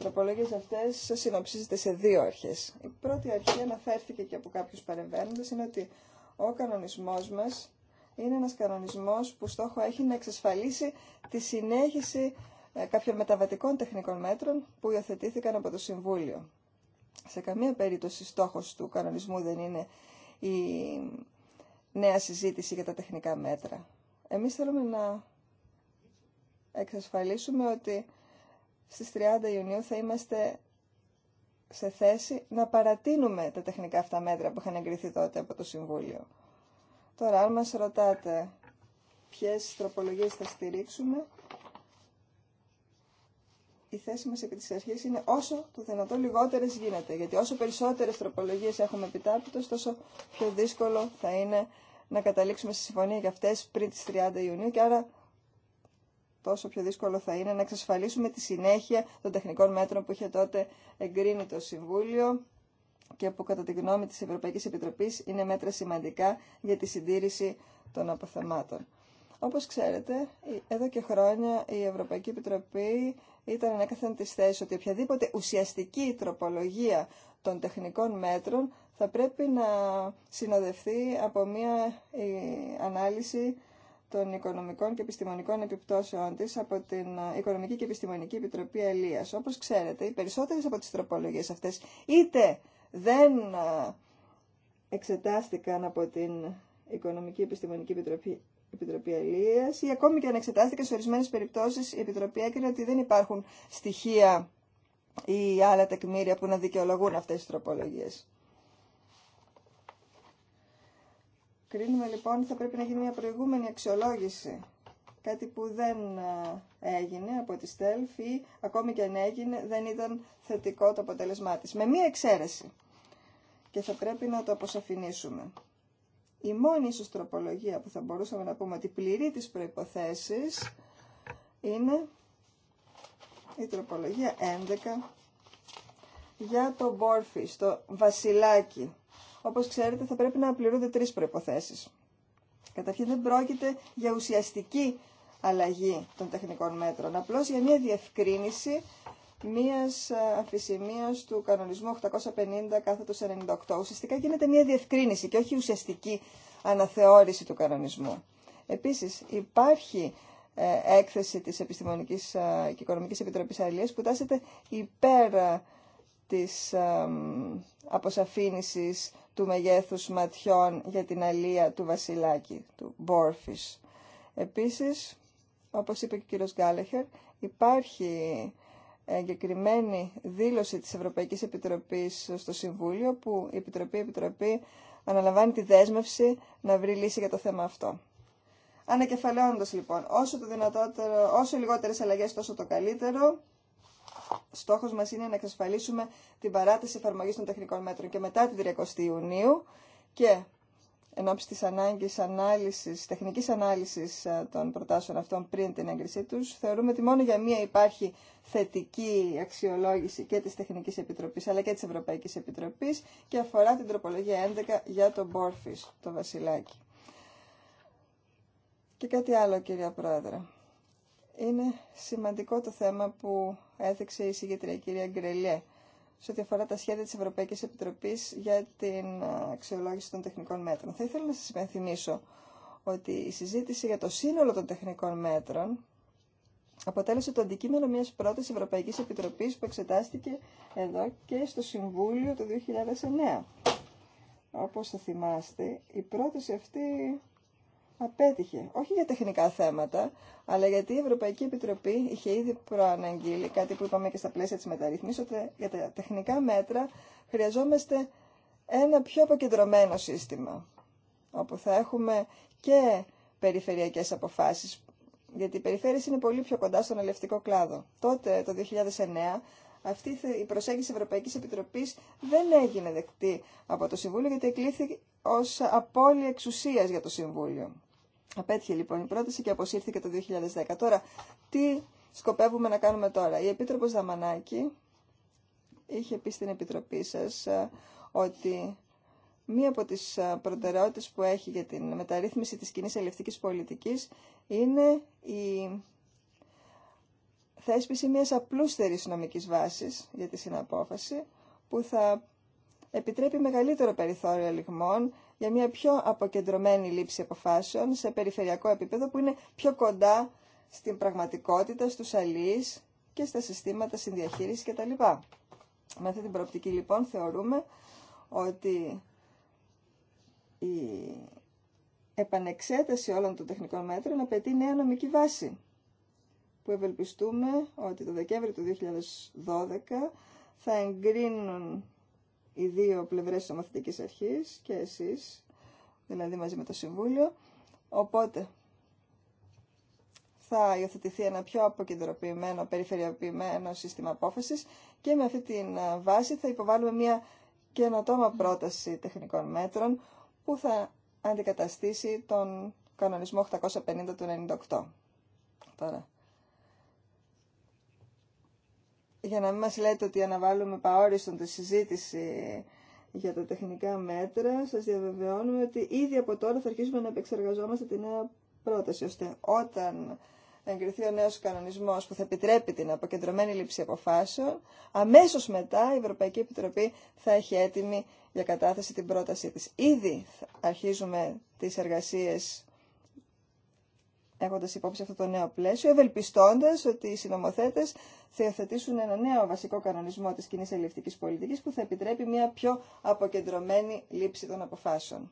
τροπολογίε αυτέ συνοψίζεται σε δύο αρχέ. Η πρώτη αρχή αναφέρθηκε και από κάποιου παρεμβαίνοντε είναι ότι ο κανονισμό μας είναι ένα κανονισμό που στόχο έχει να εξασφαλίσει τη συνέχιση ε, κάποιων μεταβατικών τεχνικών μέτρων που υιοθετήθηκαν από το Συμβούλιο. Σε καμία περίπτωση στόχος του κανονισμού δεν είναι η νέα συζήτηση για τα τεχνικά μέτρα. Εμείς θέλουμε να εξασφαλίσουμε ότι στις 30 Ιουνίου θα είμαστε σε θέση να παρατείνουμε τα τεχνικά αυτά μέτρα που είχαν εγκριθεί τότε από το Συμβούλιο. Τώρα, αν μας ρωτάτε ποιες τροπολογίες θα στηρίξουμε, η θέση μας επί της αρχής είναι όσο το δυνατό λιγότερες γίνεται. Γιατί όσο περισσότερες τροπολογίες έχουμε επιτάπητος, τόσο πιο δύσκολο θα είναι να καταλήξουμε στη συμφωνία για αυτές πριν τις 30 Ιουνίου και άρα τόσο πιο δύσκολο θα είναι να εξασφαλίσουμε τη συνέχεια των τεχνικών μέτρων που είχε τότε εγκρίνει το Συμβούλιο και που κατά τη γνώμη της Ευρωπαϊκής Επιτροπής είναι μέτρα σημαντικά για τη συντήρηση των αποθεμάτων. Όπως ξέρετε, εδώ και χρόνια η Ευρωπαϊκή Επιτροπή ήταν ανέκαθεν τη θέση ότι οποιαδήποτε ουσιαστική τροπολογία των τεχνικών μέτρων θα πρέπει να συνοδευτεί από μια ε, ανάλυση των οικονομικών και επιστημονικών επιπτώσεων τη από την Οικονομική και Επιστημονική Επιτροπή Ελίας. Όπω ξέρετε, οι περισσότερε από τι τροπολογίε αυτέ, είτε δεν ε, εξετάστηκαν από την Οικονομική Επιστημονική Επιτροπή Επιτροπή Ελίας ή ακόμη και αν εξετάστηκε σε ορισμένε περιπτώσει, η Επιτροπή έκρινε ότι δεν υπάρχουν στοιχεία ή άλλα τεκμήρια που να δικαιολογούν αυτέ τι τροπολογίε. Κρίνουμε λοιπόν ότι θα πρέπει να γίνει μια προηγούμενη αξιολόγηση. Κάτι που δεν ε, έγινε από τη ΣΤΕΛΦ ή ακόμη και αν έγινε δεν ήταν θετικό το αποτέλεσμά της. Με μία εξαίρεση. Και θα πρέπει να το αποσαφηνίσουμε. Η μόνη ίσως τροπολογία που θα μπορούσαμε να πούμε ότι πληρεί τις προϋποθέσεις είναι η τροπολογία 11 για το Μπόρφι, το βασιλάκι όπως ξέρετε θα πρέπει να πληρούνται τρεις προϋποθέσεις. Καταρχήν δεν πρόκειται για ουσιαστική αλλαγή των τεχνικών μέτρων, απλώς για μια διευκρίνηση μίας ε, αφησημίας του κανονισμού 850 κάθετος 98. Ουσιαστικά γίνεται μια διευκρίνηση και όχι ουσιαστική αναθεώρηση του κανονισμού. Επίσης υπάρχει ε, έκθεση της Επιστημονικής ε, και Οικονομικής Επιτροπής Αλίας που τάσεται υπέρ της αποσαφήνισης του μεγέθους ματιών για την αλία του βασιλάκη, του Μπόρφης. Επίσης, όπως είπε και ο κύριος Γκάλεχερ, υπάρχει εγκεκριμένη δήλωση της Ευρωπαϊκής Επιτροπής στο Συμβούλιο που η Επιτροπή, Επιτροπή αναλαμβάνει τη δέσμευση να βρει λύση για το θέμα αυτό. Ανακεφαλαιώνοντας λοιπόν, όσο, το δυνατότερο, όσο λιγότερες αλλαγές τόσο το καλύτερο, Στόχο μα είναι να εξασφαλίσουμε την παράταση εφαρμογή των τεχνικών μέτρων και μετά την 30 Ιουνίου και εν ώψη της ανάγκης ανάλυση, τεχνικής ανάλυσης ε, των προτάσεων αυτών πριν την έγκρισή του. θεωρούμε ότι μόνο για μία υπάρχει θετική αξιολόγηση και τη τεχνική επιτροπή αλλά και τη Ευρωπαϊκή Επιτροπή και αφορά την τροπολογία 11 για τον Μπόρφη, το βασιλάκι. Και κάτι άλλο, κυρία Πρόεδρε. Είναι σημαντικό το θέμα που έθεξε η Συγγετρία κυρία Γκρελιέ σε ό,τι αφορά τα σχέδια της Ευρωπαϊκής Επιτροπής για την ε, αξιολόγηση των τεχνικών μέτρων. Θα ήθελα να σας υπενθυμίσω ότι η συζήτηση για το σύνολο των τεχνικών μέτρων αποτέλεσε το αντικείμενο μιας πρώτης Ευρωπαϊκής Επιτροπής που εξετάστηκε εδώ και στο Συμβούλιο το 2009. Όπως θα θυμάστε, η πρόταση αυτή απέτυχε. Όχι για τεχνικά θέματα, αλλά γιατί η Ευρωπαϊκή Επιτροπή είχε ήδη προαναγγείλει κάτι που είπαμε και στα πλαίσια τη μεταρρύθμιση, ότι για τα τεχνικά μέτρα χρειαζόμαστε ένα πιο αποκεντρωμένο σύστημα, όπου θα έχουμε και περιφερειακές αποφάσεις, γιατί οι περιφέρειες είναι πολύ πιο κοντά στον ελευτικό κλάδο. Τότε, το 2009, αυτή η προσέγγιση Ευρωπαϊκής Επιτροπής δεν έγινε δεκτή από το Συμβούλιο, γιατί εκλήθηκε ως απώλεια εξουσίας για το Συμβούλιο. Απέτυχε λοιπόν η πρόταση και αποσύρθηκε το 2010. Τώρα, τι σκοπεύουμε να κάνουμε τώρα. Η Επίτροπος Δαμανάκη είχε πει στην Επιτροπή σας ε, ότι μία από τις ε, προτεραιότητε που έχει για την μεταρρύθμιση της κοινή ελευτικής πολιτική είναι η θέσπιση μια απλούστερης νομική βάσης για τη συναπόφαση που θα επιτρέπει μεγαλύτερο περιθώριο ελιγμών για μια πιο αποκεντρωμένη λήψη αποφάσεων σε περιφερειακό επίπεδο που είναι πιο κοντά στην πραγματικότητα, στους αλείς και στα συστήματα συνδιαχείρισης κτλ. Με αυτή την προοπτική λοιπόν θεωρούμε ότι η επανεξέταση όλων των τεχνικών μέτρων απαιτεί νέα νομική βάση που ευελπιστούμε ότι το Δεκέμβριο του 2012 θα εγκρίνουν οι δύο πλευρές της ομοθετικής αρχής και εσείς, δηλαδή μαζί με το Συμβούλιο. Οπότε θα υιοθετηθεί ένα πιο αποκεντρωποιημένο, περιφερειοποιημένο σύστημα απόφασης και με αυτή τη ε, βάση θα υποβάλουμε μια καινοτόμα πρόταση τεχνικών μέτρων που θα αντικαταστήσει τον κανονισμό 850 του 98. Τώρα, για να μην μας λέτε ότι αναβάλουμε παόριστον τη συζήτηση για τα τεχνικά μέτρα, σας διαβεβαιώνουμε ότι ήδη από τώρα θα αρχίσουμε να επεξεργαζόμαστε τη νέα πρόταση, ώστε όταν εγκριθεί ο νέος κανονισμός που θα επιτρέπει την αποκεντρωμένη λήψη αποφάσεων, αμέσως μετά η Ευρωπαϊκή Επιτροπή θα έχει έτοιμη για κατάθεση την πρότασή της. Ήδη αρχίζουμε τις εργασίες έχοντα υπόψη αυτό το νέο πλαίσιο, ευελπιστώντα ότι οι συνομοθέτε θα υιοθετήσουν ένα νέο βασικό κανονισμό τη κοινή ελληνική πολιτική που θα επιτρέπει μια πιο αποκεντρωμένη λήψη των αποφάσεων.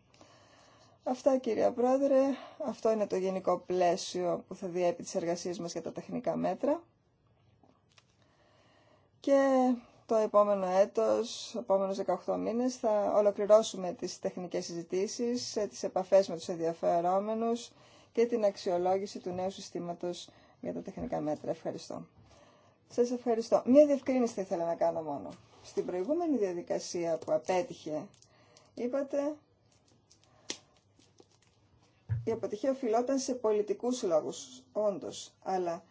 Αυτά κυρία Πρόεδρε, αυτό είναι το γενικό πλαίσιο που θα διέπει τις εργασίες μας για τα τεχνικά μέτρα. Και το επόμενο έτος, επόμενους 18 μήνες, θα ολοκληρώσουμε τις τεχνικές συζητήσεις, τις επαφές με τους ενδιαφερόμενους και την αξιολόγηση του νέου συστήματος για τα τεχνικά μέτρα. Ευχαριστώ. Σας ευχαριστώ. Μία διευκρίνηση θα ήθελα να κάνω μόνο. Στην προηγούμενη διαδικασία που απέτυχε, είπατε η αποτυχία οφειλόταν σε πολιτικούς λόγους, όντως, αλλά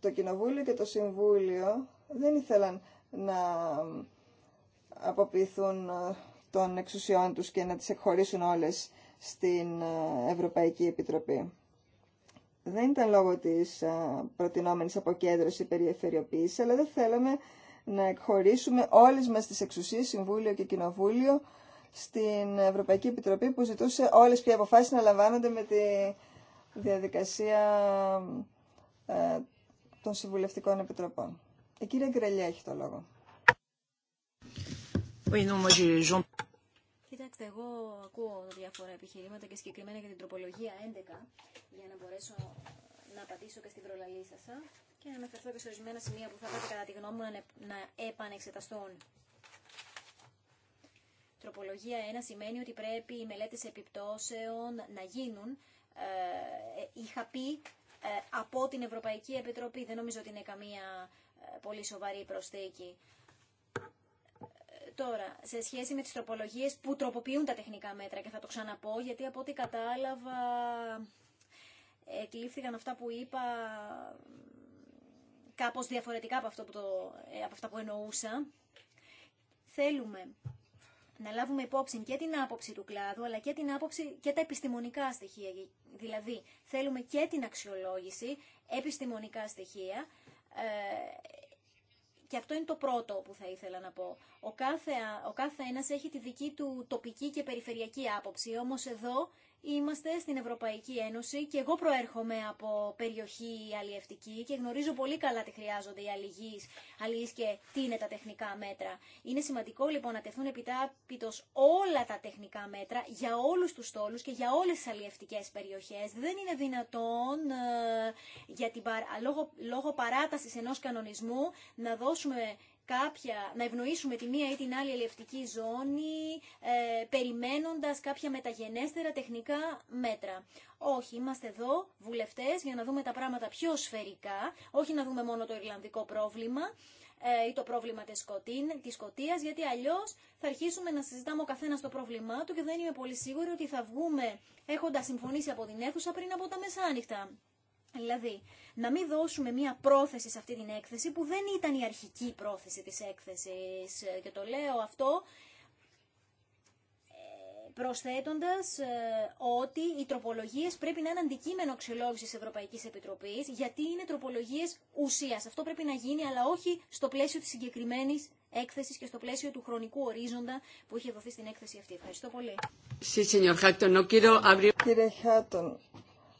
το Κοινοβούλιο και το Συμβούλιο δεν ήθελαν να αποποιηθούν ε, των εξουσιών τους και να τις εκχωρήσουν όλες στην ε, Ευρωπαϊκή Επιτροπή. Δεν ήταν λόγω της ε, προτινόμενης αποκέντρωση περιεφερειοποίησης, αλλά δεν θέλαμε να εκχωρήσουμε όλες μας τις εξουσίες, Συμβούλιο και Κοινοβούλιο, στην Ευρωπαϊκή Επιτροπή που ζητούσε όλες πια αποφάσεις να λαμβάνονται με τη διαδικασία ε, των Συμβουλευτικών Επιτροπών. Η κυρία Γκρελιά έχει το λόγο. Oui, non, moi Κοιτάξτε, εγώ ακούω διάφορα επιχειρήματα και συγκεκριμένα για την τροπολογία 11 για να μπορέσω να απαντήσω και στην προλαλή σα και να αναφερθώ και σε ορισμένα σημεία που θα πρέπει κατά τη γνώμη μου να επανεξεταστούν. Τροπολογία 1 σημαίνει ότι πρέπει οι μελέτες επιπτώσεων να γίνουν. Ε, ε είχα πει ε, από την Ευρωπαϊκή Επιτροπή, δεν νομίζω ότι είναι καμία ε, πολύ σοβαρή προσθήκη. Τώρα, σε σχέση με τις τροπολογίες που τροποποιούν τα τεχνικά μέτρα και θα το ξαναπώ γιατί από ό,τι κατάλαβα εκλήφθηκαν αυτά που είπα κάπως διαφορετικά από, αυτό που το, ε, από αυτά που εννοούσα. Θέλουμε να λάβουμε υπόψη και την άποψη του κλάδου, αλλά και την άποψη και τα επιστημονικά στοιχεία. Δηλαδή, θέλουμε και την αξιολόγηση, επιστημονικά στοιχεία, ε, και αυτό είναι το πρώτο που θα ήθελα να πω. Ο κάθε, ο κάθε ένας έχει τη δική του τοπική και περιφερειακή άποψη, όμως εδώ Είμαστε στην Ευρωπαϊκή Ένωση και εγώ προέρχομαι από περιοχή αλλιευτική και γνωρίζω πολύ καλά τι χρειάζονται οι αλληλείς και τι είναι τα τεχνικά μέτρα. Είναι σημαντικό λοιπόν να τεθούν επιτάπητος όλα τα τεχνικά μέτρα για όλους τους στόλους και για όλες τις αλλιευτικές περιοχές. Δεν είναι δυνατόν ε, για λόγω, λόγω παράτασης ενός κανονισμού να δώσουμε κάποια, να ευνοήσουμε τη μία ή την άλλη ελευτική ζώνη, ε, περιμένοντας κάποια μεταγενέστερα τεχνικά μέτρα. Όχι, είμαστε εδώ βουλευτές για να δούμε τα πράγματα πιο σφαιρικά, όχι να δούμε μόνο το Ιρλανδικό πρόβλημα ε, ή το πρόβλημα της, Σκοτίν, της Σκοτίας, γιατί αλλιώς θα αρχίσουμε να συζητάμε ο καθένας το πρόβλημά του και δεν είμαι πολύ σίγουρη ότι θα βγούμε έχοντας συμφωνήσει από την αίθουσα πριν από τα μεσάνυχτα. Δηλαδή, να μην δώσουμε μία πρόθεση σε αυτή την έκθεση που δεν ήταν η αρχική πρόθεση της έκθεσης. Ε, και το λέω αυτό ε, προσθέτοντας ε, ότι οι τροπολογίες πρέπει να είναι αντικείμενο αξιολόγησης Ευρωπαϊκής Επιτροπής, γιατί είναι τροπολογίες ουσίας. Αυτό πρέπει να γίνει, αλλά όχι στο πλαίσιο της συγκεκριμένη έκθεσης και στο πλαίσιο του χρονικού ορίζοντα που είχε δοθεί στην έκθεση αυτή. Ευχαριστώ πολύ. Κύριε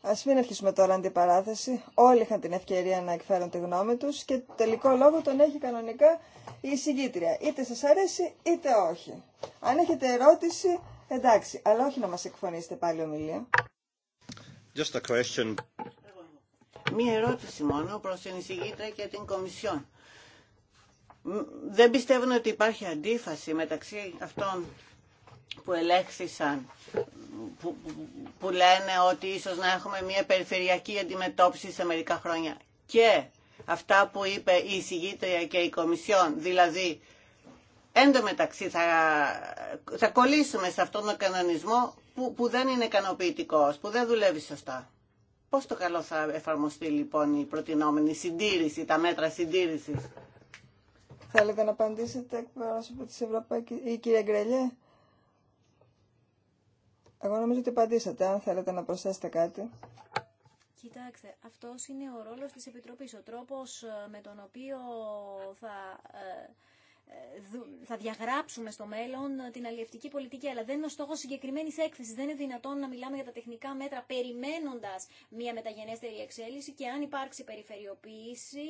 Α μην αρχίσουμε τώρα αντιπαράθεση. Όλοι είχαν την ευκαιρία να εκφέρουν τη γνώμη του και τελικό λόγο τον έχει κανονικά η εισηγήτρια. Είτε σας αρέσει είτε όχι. Αν έχετε ερώτηση, εντάξει, αλλά όχι να μας εκφωνήσετε πάλι ομιλία. Just a question. Μία ερώτηση μόνο προς την εισηγήτρια και την Κομισιόν. Δεν πιστεύουν ότι υπάρχει αντίφαση μεταξύ αυτών που ελέγχθησαν, που, που, λένε ότι ίσως να έχουμε μια περιφερειακή αντιμετώπιση σε μερικά χρόνια. Και αυτά που είπε η εισηγήτρια και η Κομισιόν, δηλαδή Εν τω μεταξύ θα, θα κολλήσουμε σε αυτόν τον κανονισμό που, που δεν είναι ικανοποιητικό, που δεν δουλεύει σωστά. Πώς το καλό θα εφαρμοστεί λοιπόν η προτινόμενη συντήρηση, τα μέτρα συντήρησης. Θέλετε να απαντήσετε εκ από Η κυρία Γκρελιέ. Εγώ νομίζω ότι απαντήσατε, αν θέλετε να προσθέσετε κάτι. Κοιτάξτε, αυτό είναι ο ρόλος της Επιτροπής, ο τρόπος ε, με τον οποίο θα, ε, ε, θα διαγράψουμε στο μέλλον την αλληλευτική πολιτική, αλλά δεν είναι ο στόχος συγκεκριμένης έκθεσης. Δεν είναι δυνατόν να μιλάμε για τα τεχνικά μέτρα περιμένοντας μια μεταγενέστερη εξέλιξη και αν υπάρξει περιφερειοποίηση,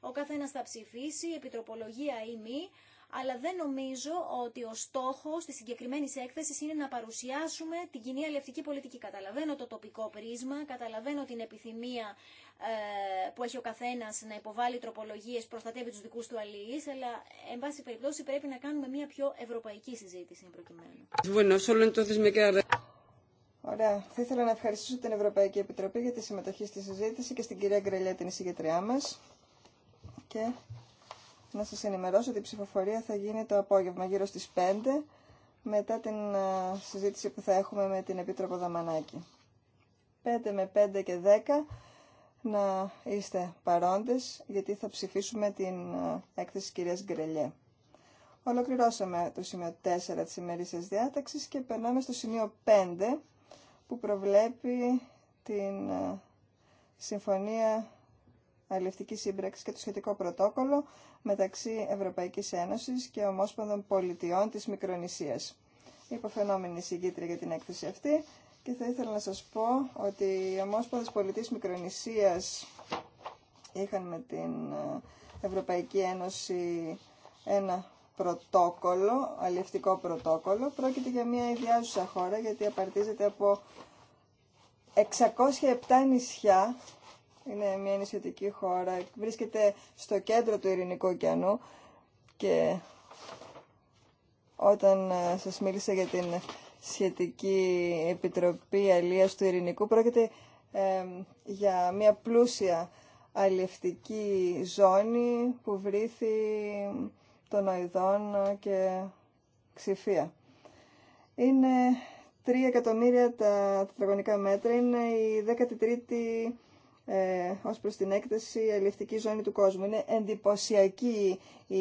ο καθένας θα ψηφίσει, επιτροπολογία ή μη, αλλά δεν νομίζω ότι ο στόχο τη συγκεκριμένη έκθεση είναι να παρουσιάσουμε την κοινή αλληλευτική πολιτική. Καταλαβαίνω το τοπικό πρίσμα, καταλαβαίνω την επιθυμία ε, που έχει ο καθένα να υποβάλει τροπολογίε προστατεύει τους δικούς του αλληλεί, αλλά εν πάση περιπτώσει πρέπει να κάνουμε μια πιο ευρωπαϊκή συζήτηση προκειμένου. Ωραία. Θα ήθελα να ευχαριστήσω την Ευρωπαϊκή Επιτροπή για τη συμμετοχή στη συζήτηση και στην κυρία Γκρελιά, την εισηγητριά μα να σας ενημερώσω ότι η ψηφοφορία θα γίνει το απόγευμα γύρω στις 5 μετά την ε, συζήτηση που θα έχουμε με την Επίτροπο Δαμανάκη. 5 με 5 και 10 να είστε παρόντες γιατί θα ψηφίσουμε την ε, έκθεση της κυρίας Γκρελιέ. Ολοκληρώσαμε το σημείο 4 της ημερήσιας διάταξης και περνάμε στο σημείο 5 που προβλέπει την ε, συμφωνία αλληλευτική σύμπραξη και το σχετικό πρωτόκολλο μεταξύ Ευρωπαϊκής Ένωσης και Ομόσπονδων Πολιτειών της Μικρονησίας. Υποφαινόμενη συγκίτρια για την έκθεση αυτή και θα ήθελα να σας πω ότι οι Ομόσπονδες Πολιτείς Μικρονησίας είχαν με την ε, Ευρωπαϊκή Ένωση ένα πρωτόκολλο, αλληλευτικό πρωτόκολλο. Πρόκειται για μια ιδιάζουσα χώρα γιατί απαρτίζεται από 607 νησιά είναι μια νησιωτική χώρα, βρίσκεται στο κέντρο του Ειρηνικού ωκεανού και όταν ε, σας μίλησα για την σχετική επιτροπή αλίας του Ειρηνικού πρόκειται για μια πλούσια αλληλευτική ζώνη που βρήθη των οειδών και ξηφία. Είναι 3 εκατομμύρια τα τετραγωνικά μέτρα, είναι η 13η ε, ως προς την έκταση αλληλευτική ζώνη του κόσμου. Είναι εντυπωσιακή η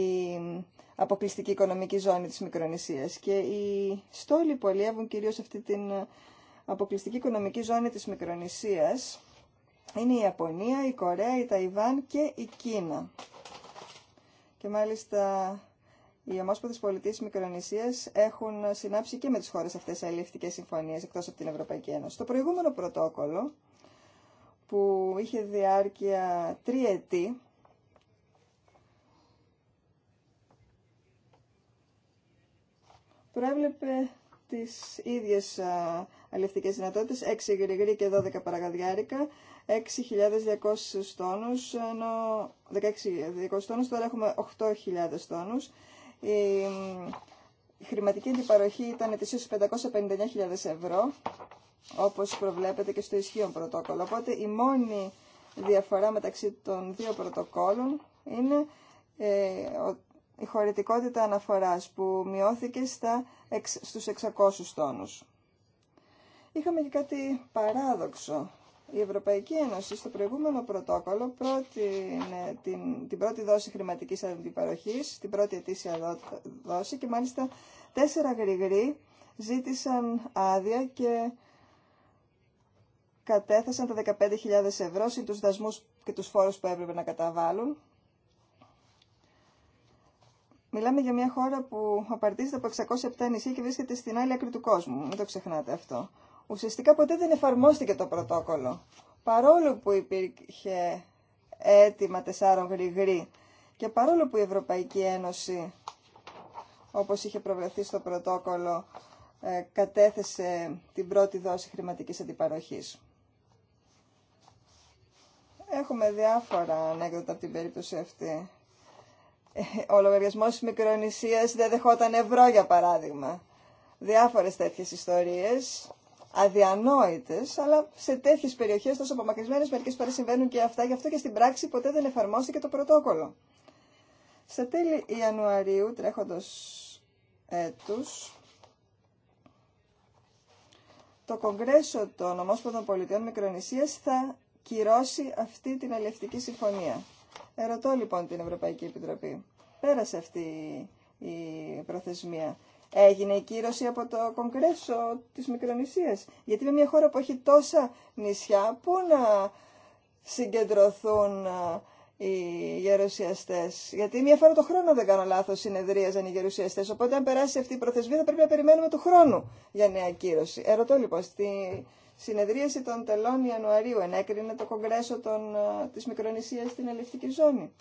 αποκλειστική οικονομική ζώνη της Μικρονησίας και οι στόλοι που αλλιεύουν κυρίως αυτή την αποκλειστική οικονομική ζώνη της Μικρονησίας είναι η Ιαπωνία, η Κορέα, η Ταϊβάν και η Κίνα. Και μάλιστα οι ομόσπονδες πολιτείες Μικρονησίας έχουν συνάψει και με τις χώρες αυτές αλληλευτικές συμφωνίες εκτός από την Ευρωπαϊκή Ένωση. Το προηγούμενο πρωτόκολλο που είχε διάρκεια τριετή προέβλεπε τις ίδιες αλληλευτικές δυνατότητες, 6 γρηγροί και 12 παραγαδιάρικα, 6.200 τόνους, ενώ 16.200 τόνους, τώρα έχουμε 8.000 τόνους. Η χρηματική αντιπαροχή ήταν ετησίως 559.000 ευρώ όπως προβλέπεται και στο ισχύον πρωτόκολλο. Οπότε η μόνη διαφορά μεταξύ των δύο πρωτοκόλων είναι ε, η χωρητικότητα αναφοράς που μειώθηκε στα, στους 600 τόνους. Είχαμε και κάτι παράδοξο. Η Ευρωπαϊκή Ένωση στο προηγούμενο πρωτόκολλο πρότεινε την, την πρώτη δόση χρηματικής αντιπαροχής, την πρώτη ετήσια δόση και μάλιστα τέσσερα γρηγροί ζήτησαν άδεια και κατέθεσαν τα 15.000 ευρώ συν τους δασμούς και τους φόρους που έπρεπε να καταβάλουν. Μιλάμε για μια χώρα που απαρτίζεται από 607 νησί και βρίσκεται στην άλλη άκρη του κόσμου. Μην το ξεχνάτε αυτό. Ουσιαστικά ποτέ δεν εφαρμόστηκε το πρωτόκολλο. Παρόλο που υπήρχε αίτημα τεσσάρων γρηγρή και παρόλο που η Ευρωπαϊκή Ένωση, όπως είχε προβλεφθεί στο πρωτόκολλο, ε, κατέθεσε την πρώτη δόση χρηματικής αντιπαροχής. Έχουμε διάφορα ανέκδοτα από την περίπτωση αυτή. Ε, ο λογαριασμό τη Μικρονησία δεν δεχόταν ευρώ, για παράδειγμα. Διάφορε τέτοιε ιστορίε, αδιανόητε, αλλά σε τέτοιε περιοχέ τόσο απομακρυσμένε μερικέ φορέ συμβαίνουν και αυτά, γι' αυτό και στην πράξη ποτέ δεν εφαρμόστηκε το πρωτόκολλο. Στα τέλη Ιανουαρίου τρέχοντο έτου, το Κογκρέσο των Ομόσπονδων Πολιτειών Μικρονησία θα κυρώσει αυτή την αλληλευτική συμφωνία. Ερωτώ λοιπόν την Ευρωπαϊκή Επιτροπή. Πέρασε αυτή η προθεσμία. Έγινε η κύρωση από το Κογκρέσο της Μικρονησίας. Γιατί με μια χώρα που έχει τόσα νησιά, πού να συγκεντρωθούν οι γερουσιαστέ. Γιατί μία φορά το χρόνο, δεν κάνω λάθο, συνεδρίαζαν οι γερουσιαστέ. Οπότε, αν περάσει αυτή η προθεσμία, θα πρέπει να περιμένουμε του χρόνου για νέα κύρωση. Ερωτώ λοιπόν συνεδρίαση των τελών Ιανουαρίου ενέκρινε το Κογκρέσο των, ε, της Μικρονησίας στην ελληνική Ζώνη.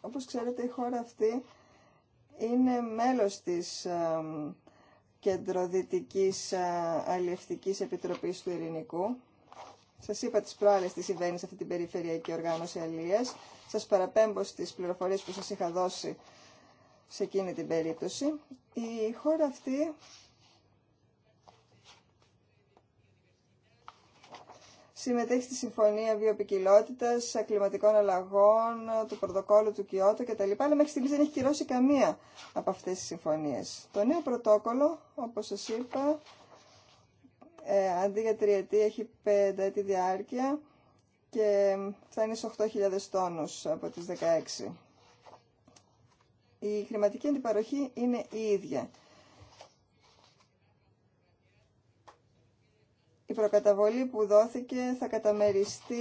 Όπως ξέρετε η χώρα αυτή είναι μέλος της α, ε, Κεντροδυτικής ε, Αλληλευτικής Επιτροπής του Ειρηνικού. Σας είπα τις προάλλες τι συμβαίνει σε αυτή την περιφερειακή οργάνωση αλληλείας. Σας παραπέμπω στις πληροφορίες που σας είχα δώσει σε εκείνη την περίπτωση. Η χώρα αυτή συμμετέχει στη Συμφωνία Βιοπικιλότητα, Κλιματικών Αλλαγών, του Πρωτοκόλλου του Κιώτο κτλ. Αλλά μέχρι στιγμή δεν έχει κυρώσει καμία από αυτές τις συμφωνίες. Το νέο πρωτόκολλο, όπως σα είπα, ε, αντί για τριετή έχει πενταετή διάρκεια και φτάνει σε 8.000 τόνους από τις 16. Η χρηματική αντιπαροχή είναι η ίδια. η προκαταβολή που δόθηκε θα καταμεριστεί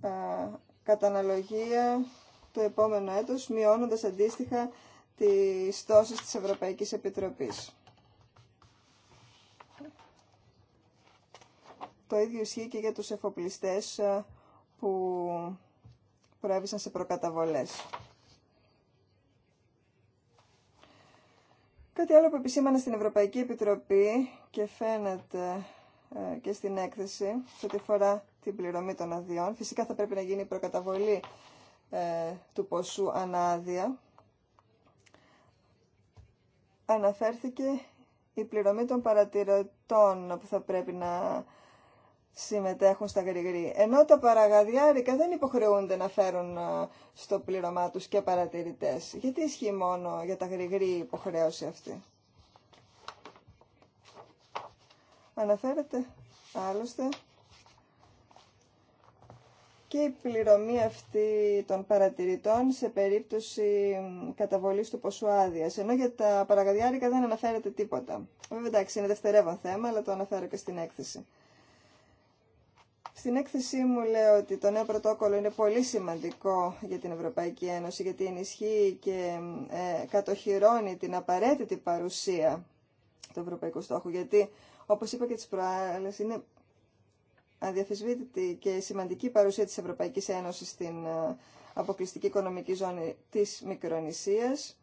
καταναλογία κατά αναλογία του επόμενου έτους, μειώνοντας αντίστοιχα τις τόσες της Ευρωπαϊκής Επιτροπής. Το ίδιο ισχύει και για τους εφοπλιστές που προέβησαν σε προκαταβολές. Κάτι άλλο που επισήμανε στην Ευρωπαϊκή Επιτροπή και φαίνεται ε, και στην έκθεση σε ό,τι φορά την πληρωμή των αδειών. Φυσικά θα πρέπει να γίνει η προκαταβολή ε, του ποσού άδεια. Αναφέρθηκε η πληρωμή των παρατηρωτών που θα πρέπει να συμμετέχουν στα γρηγρή. Ενώ τα παραγαδιάρικα δεν υποχρεούνται να φέρουν στο πλήρωμά τους και παρατηρητές. Γιατί ισχύει μόνο για τα γρηγρή η υποχρέωση αυτή. Αναφέρεται άλλωστε και η πληρωμή αυτή των παρατηρητών σε περίπτωση καταβολής του ποσού άδεια. Ενώ για τα παραγαδιάρικα δεν αναφέρεται τίποτα. Βέβαια εντάξει είναι δευτερεύον θέμα αλλά το αναφέρω και στην έκθεση. Στην έκθεσή μου λέω ότι το νέο πρωτόκολλο είναι πολύ σημαντικό για την Ευρωπαϊκή Ένωση γιατί ενισχύει και ε, κατοχυρώνει την απαραίτητη παρουσία του Ευρωπαϊκού Στόχου γιατί όπως είπα και τις προάλλες είναι αδιαφεσβήτητη και σημαντική παρουσία της Ευρωπαϊκής Ένωσης στην ε, αποκλειστική οικονομική ζώνη της Μικρονησίας.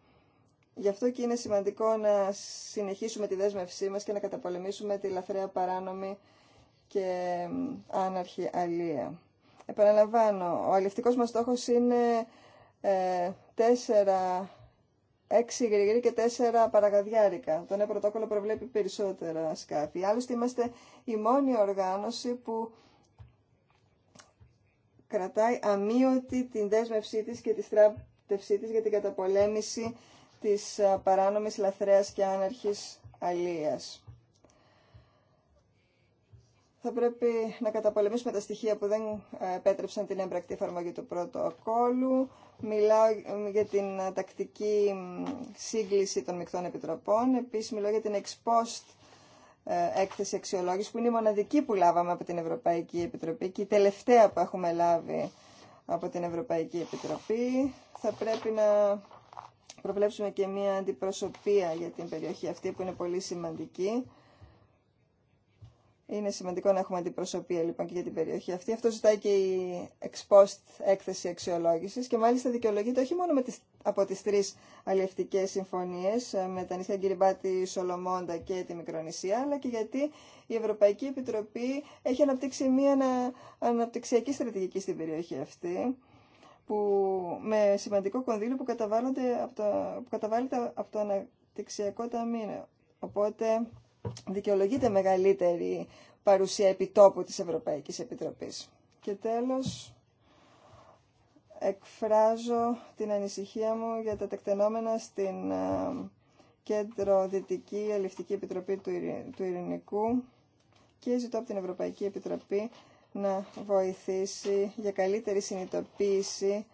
Γι' αυτό και είναι σημαντικό να συνεχίσουμε τη δέσμευσή μας και να καταπολεμήσουμε τη λαθρέα παράνομη και άναρχη αλία. Επαναλαμβάνω, ο αληφτικός μας στόχος είναι ε, τέσσερα, έξι γρηγοροί και τέσσερα παραγαδιάρικα. Το νέο πρωτόκολλο προβλέπει περισσότερα σκάφη. Άλλωστε είμαστε η μόνη οργάνωση που κρατάει αμύωτη την δέσμευσή της και τη στράπτευσή της για την καταπολέμηση της ε, παράνομης λαθρέας και άναρχης αλίας. Θα πρέπει να καταπολεμήσουμε τα στοιχεία που δεν ε, επέτρεψαν την έμπρακτη εφαρμογή του πρωτοκόλου. Μιλάω για την ε, τακτική σύγκληση των μεικτών επιτροπών. Επίσης μιλάω για την post ε, έκθεση αξιολόγηση που είναι η μοναδική που λάβαμε από την Ευρωπαϊκή Επιτροπή και η τελευταία που έχουμε λάβει από την Ευρωπαϊκή Επιτροπή. Θα πρέπει να προβλέψουμε και μία αντιπροσωπεία για την περιοχή αυτή που είναι πολύ σημαντική είναι σημαντικό να έχουμε αντιπροσωπεία λοιπόν και για την περιοχή αυτή. Αυτό ζητάει και η post έκθεση αξιολόγηση και μάλιστα δικαιολογείται όχι μόνο με τις, από τι τρει αλληλευτικέ συμφωνίε ε, με τα νησιά Κυριμπάτη, Σολομόντα και τη Μικρονησία αλλά και γιατί η Ευρωπαϊκή Επιτροπή έχει αναπτύξει μια αναπτυξιακή στρατηγική στην περιοχή αυτή που, με σημαντικό κονδύλιο που, από το, που καταβάλλεται από το Αναπτυξιακό Ταμείο. Οπότε δικαιολογείται μεγαλύτερη παρουσία επιτόπου της Ευρωπαϊκής Επιτροπής. Και τέλος, εκφράζω την ανησυχία μου για τα τεκτενόμενα στην ε, Κέντρο Δυτική Ελληνική Επιτροπή του Ειρηνικού και ζητώ από την Ευρωπαϊκή Επιτροπή να βοηθήσει για καλύτερη συνειδητοποίηση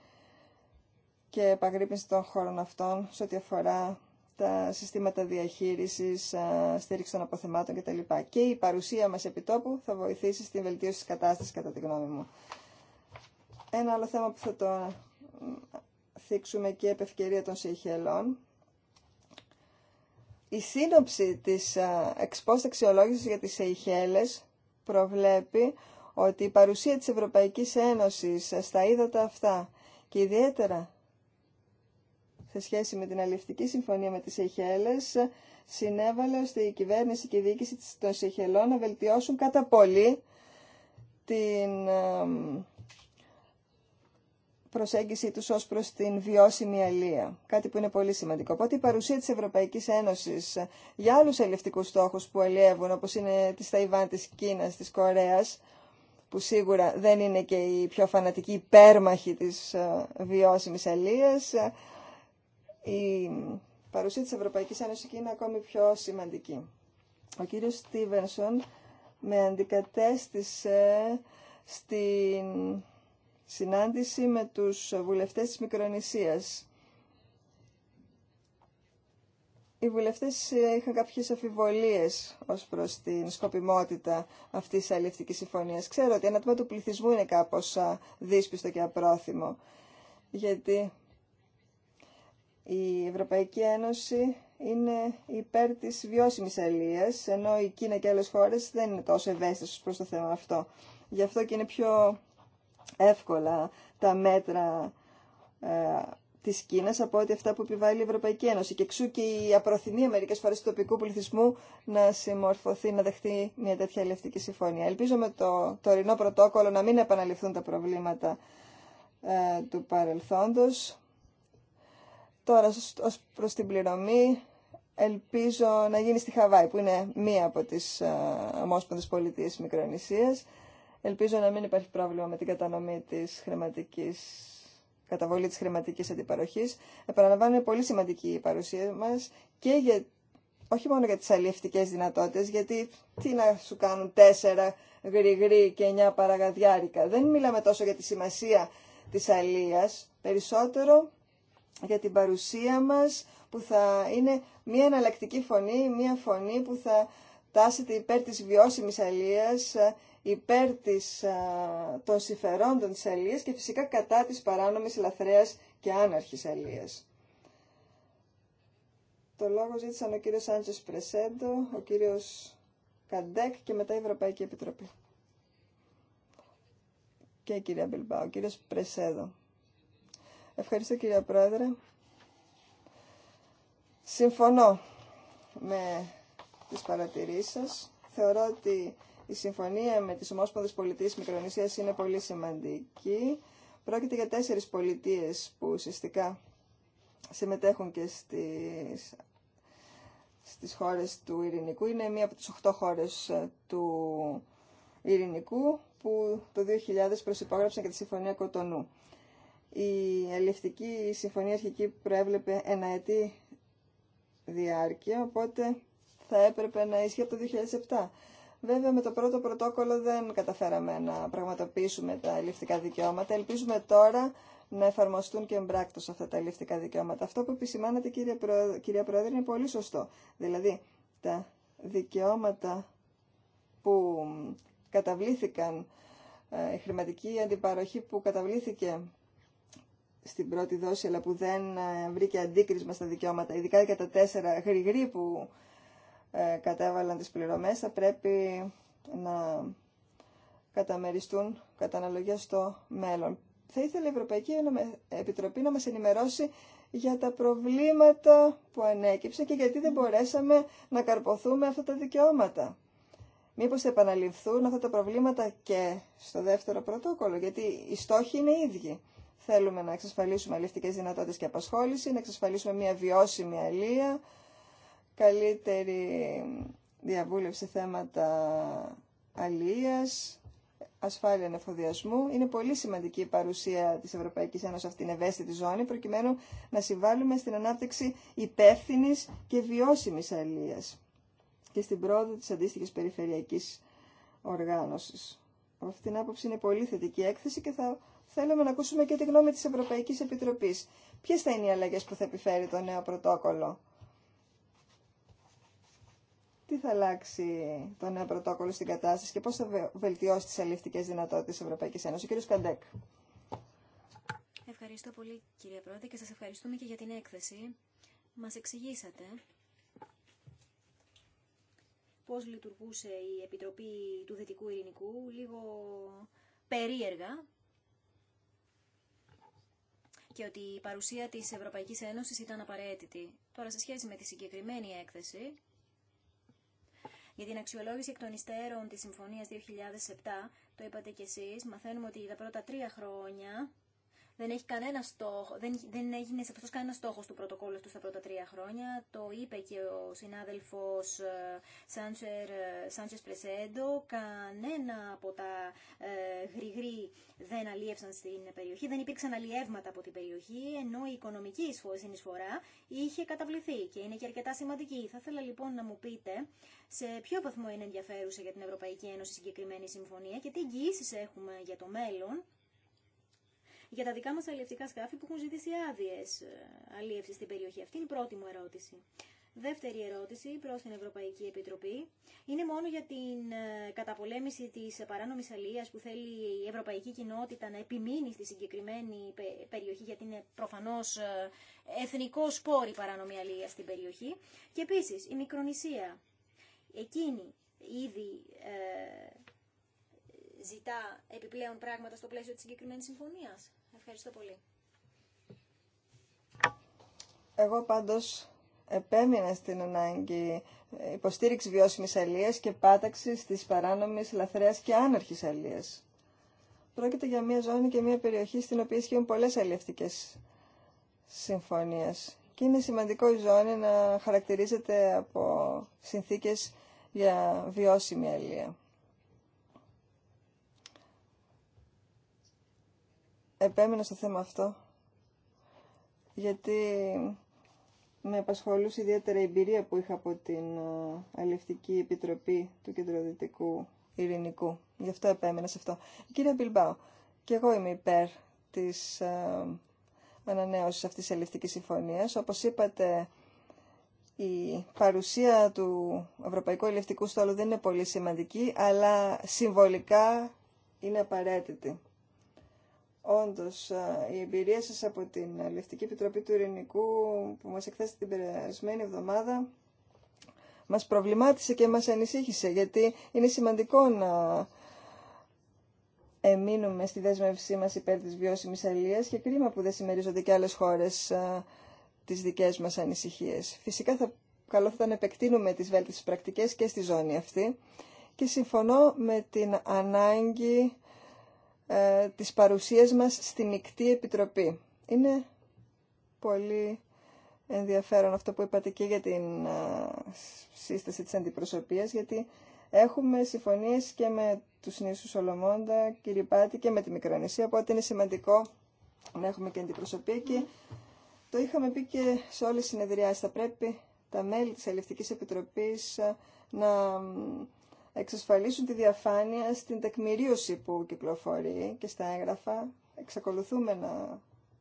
και επαγρύπνηση των χώρων αυτών σε ό,τι αφορά τα συστήματα διαχείρισης, στήριξη των αποθεμάτων κτλ. Και η παρουσία μας επιτόπου θα βοηθήσει στην βελτίωση της κατάστασης κατά τη γνώμη μου. Ένα άλλο θέμα που θα το θίξουμε και επ' ευκαιρία των Σιχελών. Η σύνοψη της εξπόστα για τις Σεϊχέλες προβλέπει ότι η παρουσία της Ευρωπαϊκής Ένωσης στα ύδατα αυτά και ιδιαίτερα σε σχέση με την αλληλευτική συμφωνία με τις Σεϊχέλες συνέβαλε ώστε η κυβέρνηση και η διοίκηση των Σεϊχελών να βελτιώσουν κατά πολύ την προσέγγιση τους ως προς την βιώσιμη αλία. Κάτι που είναι πολύ σημαντικό. Οπότε η παρουσία της Ευρωπαϊκής Ένωσης για άλλους ελευτικούς στόχους που αλλιεύουν, όπως είναι της Ταϊβάν, της Κίνας, της Κορέας, που σίγουρα δεν είναι και η πιο φανατική υπέρμαχη της ε, βιώσιμης η παρουσία της Ευρωπαϊκής Ένωσης είναι ακόμη πιο σημαντική. Ο κύριος Στίβενσον με αντικατέστησε στην συνάντηση με τους βουλευτές της Μικρονησίας. Οι βουλευτές είχαν κάποιες αφιβολίες ως προς την σκοπιμότητα αυτής της αλληλευτικής συμφωνίας. Ξέρω ότι ένα τμήμα του πληθυσμού είναι κάπως δύσπιστο και απρόθυμο, γιατί η Ευρωπαϊκή Ένωση είναι υπέρ τη βιώσιμη αλληλεία, ενώ η Κίνα και άλλε χώρε δεν είναι τόσο ευαίσθητε προ το θέμα αυτό. Γι' αυτό και είναι πιο εύκολα τα μέτρα ε, της Κίνας από ότι αυτά που επιβάλλει η Ευρωπαϊκή Ένωση. Και εξού και η απροθυμία μερικέ φορέ του τοπικού πληθυσμού να συμμορφωθεί, να δεχτεί μια τέτοια αλληλευτική συμφωνία. Ελπίζω με το τωρινό πρωτόκολλο να μην επαναληφθούν τα προβλήματα ε, του παρελθόντος Τώρα, ω προς την πληρωμή, ελπίζω να γίνει στη Χαβάη, που είναι μία από τις ε, ομόσπονδες πολιτείες Μικρονησίας. Ελπίζω να μην υπάρχει πρόβλημα με την κατανομή της χρηματικής, καταβολή της χρηματικής αντιπαροχής. Επαναλαμβάνω, είναι πολύ σημαντική η παρουσία μας και για, όχι μόνο για τις αλληλευτικές δυνατότητες, γιατί τι να σου κάνουν τέσσερα γρηγροί και εννιά παραγαδιάρικα. Δεν μιλάμε τόσο για τη σημασία της αλίας, περισσότερο για την παρουσία μας που θα είναι μια εναλλακτική φωνή, μια φωνή που θα τάσεται υπέρ της βιώσιμης αλίας, υπέρ της, των συμφερόντων της αλίας και φυσικά κατά της παράνομης λαθρέας και άναρχης αλίας. Το λόγο ζήτησαν ο κύριος Άντζες Πρεσέντο, ο κύριος Καντέκ και μετά η Ευρωπαϊκή Επιτροπή. Και η κυρία Μπιλμπά, ο κύριος Πρεσέντο. Ευχαριστώ κύριε Πρόεδρε. Συμφωνώ με τις παρατηρήσεις σας. Θεωρώ ότι η συμφωνία με τις Ομόσπονδες Πολιτείες Μικρονησίας είναι πολύ σημαντική. Πρόκειται για τέσσερις πολιτείες που ουσιαστικά συμμετέχουν και στις, στις χώρες του Ειρηνικού. Είναι μία από τις οχτώ χώρες ε, του Ειρηνικού που το 2000 προσυπόγραψαν και τη Συμφωνία Κοτονού. Η Ελευτική συμφωνία αρχική προέβλεπε ένα ετή διάρκεια, οπότε θα έπρεπε να ισχύει από το 2007. Βέβαια με το πρώτο πρωτόκολλο δεν καταφέραμε να πραγματοποιήσουμε τα ελευτικά δικαιώματα. Ελπίζουμε τώρα να εφαρμοστούν και εμπράκτως αυτά τα ελευτικά δικαιώματα. Αυτό που επισημάνατε κυρία κυρία Πρόεδρε είναι πολύ σωστό. Δηλαδή τα δικαιώματα που καταβλήθηκαν, ε, η χρηματική αντιπαροχή που καταβλήθηκε στην πρώτη δόση αλλά που δεν ε, βρήκε αντίκρισμα στα δικαιώματα, ειδικά για τα τέσσερα γρηγροί που ε, κατέβαλαν τις πληρωμές, θα πρέπει να καταμεριστούν κατά αναλογία στο μέλλον. Θα ήθελε η Ευρωπαϊκή Επιτροπή να μας ενημερώσει για τα προβλήματα που ανέκυψε και γιατί δεν μπορέσαμε να καρποθούμε αυτά τα δικαιώματα. Μήπως θα επαναληφθούν αυτά τα προβλήματα και στο δεύτερο πρωτόκολλο, γιατί οι στόχοι είναι ίδιοι. Θέλουμε να εξασφαλίσουμε αλληλευτικές δυνατότητες και απασχόληση, να εξασφαλίσουμε μια βιώσιμη αλληλεία, καλύτερη διαβούλευση θέματα αλίας, ασφάλεια νεφοδιασμού. Είναι πολύ σημαντική η παρουσία της Ευρωπαϊκής Ένωσης αυτήν την ευαίσθητη ζώνη, προκειμένου να συμβάλλουμε στην ανάπτυξη υπεύθυνη και βιώσιμης αλίας και στην πρόοδο της αντίστοιχη περιφερειακής οργάνωσης. Από αυτήν την άποψη είναι πολύ θετική έκθεση και θα θέλουμε να ακούσουμε και τη γνώμη της Ευρωπαϊκής Επιτροπής. Ποιες θα είναι οι αλλαγές που θα επιφέρει το νέο πρωτόκολλο. Τι θα αλλάξει το νέο πρωτόκολλο στην κατάσταση και πώς θα βελτιώσει τις αλληλευτικές δυνατότητες της Ευρωπαϊκής Ένωσης. Ο Καντέκ. Ευχαριστώ πολύ κύριε Πρόεδρε και σας ευχαριστούμε και για την έκθεση. Μας εξηγήσατε πώς λειτουργούσε η Επιτροπή του Δυτικού Ειρηνικού, λίγο περίεργα, και ότι η παρουσία της Ευρωπαϊκής Ένωσης ήταν απαραίτητη. Τώρα, σε σχέση με τη συγκεκριμένη έκθεση, για την αξιολόγηση εκ των υστέρων της Συμφωνίας 2007, το είπατε κι εσείς, μαθαίνουμε ότι τα πρώτα τρία χρόνια δεν, έχει κανένα στόχο, δεν, δεν έγινε κανένα στόχος του πρωτοκόλλου του στα πρώτα τρία χρόνια. Το είπε και ο συνάδελφο ε, Σάντσε ε, Πρεσέντο. Κανένα από τα ε, γρηγροί δεν αλλιεύσαν στην περιοχή. Δεν υπήρξαν αλλιεύματα από την περιοχή, ενώ η οικονομική συνεισφορά είχε καταβληθεί και είναι και αρκετά σημαντική. Θα ήθελα λοιπόν να μου πείτε σε ποιο βαθμό είναι ενδιαφέρουσα για την Ευρωπαϊκή Ένωση συγκεκριμένη συμφωνία και τι εγγυήσει έχουμε για το μέλλον για τα δικά μα αλλιευτικά σκάφη που έχουν ζητήσει άδειε αλλιεύση στην περιοχή. Αυτή είναι η πρώτη μου ερώτηση. Δεύτερη ερώτηση προ την Ευρωπαϊκή Επιτροπή. Είναι μόνο για την ε, καταπολέμηση τη παράνομη αλληλείας που θέλει η Ευρωπαϊκή Κοινότητα να επιμείνει στη συγκεκριμένη περιοχή, γιατί είναι προφανώ ε, εθνικό σπόρο η παράνομη αλληλεία στην περιοχή. Και επίση η Μικρονησία. Εκείνη ήδη ε, ζητά επιπλέον πράγματα στο πλαίσιο της συγκεκριμένης συμφωνίας. Ευχαριστώ πολύ. Εγώ πάντως επέμεινα στην ανάγκη υποστήριξη βιώσιμης αλίας και πάταξης της παράνομης, λαθρέας και άναρχης αλίας. Πρόκειται για μια ζώνη και μια περιοχή στην οποία ισχύουν πολλές αλληλευτικές συμφωνίες. Και είναι σημαντικό η ζώνη να χαρακτηρίζεται από συνθήκες για βιώσιμη αλία. επέμενα στο θέμα αυτό, γιατί με απασχολούσε ιδιαίτερα η εμπειρία που είχα από την ε, Αλληλευτική Επιτροπή του Κεντροδυτικού Ειρηνικού. Γι' αυτό επέμενα σε αυτό. Κύριε Μπιλμπάου, και εγώ είμαι υπέρ της ε, ανανέωσης αυτής της Αλληλευτικής Συμφωνίας. Όπως είπατε, η παρουσία του Ευρωπαϊκού Αλληλευτικού Στόλου δεν είναι πολύ σημαντική, αλλά συμβολικά είναι απαραίτητη. Όντως, ε, η εμπειρία σας από την Λευτική Επιτροπή του Ειρηνικού που μας εκθέσετε την περασμένη εβδομάδα μας προβλημάτισε και μας ανησύχησε, γιατί είναι σημαντικό να εμείνουμε στη δέσμευσή μας υπέρ της βιώσιμης αλληλείας και κρίμα που δεν συμμερίζονται και άλλες χώρες ε, τις δικές μας ανησυχίες. Φυσικά θα, καλό θα ήταν να επεκτείνουμε τις βέλτιστες πρακτικές και στη ζώνη αυτή και συμφωνώ με την ανάγκη ε, της παρουσίας μας στη Μικτή Επιτροπή. Είναι πολύ ενδιαφέρον αυτό που είπατε και για την ε, σύσταση της αντιπροσωπείας, γιατί έχουμε συμφωνίες και με τους νήσους Σολομώντα, Κυριπάτη και με τη Μικρονησία, οπότε είναι σημαντικό να έχουμε και αντιπροσωπεία και το είχαμε πει και σε όλες τις συνεδριάσεις. Θα πρέπει τα μέλη της Αλληλευτικής Επιτροπής ε, να εξασφαλίσουν τη διαφάνεια στην τεκμηρίωση που κυκλοφορεί και στα έγγραφα. Εξακολουθούμε να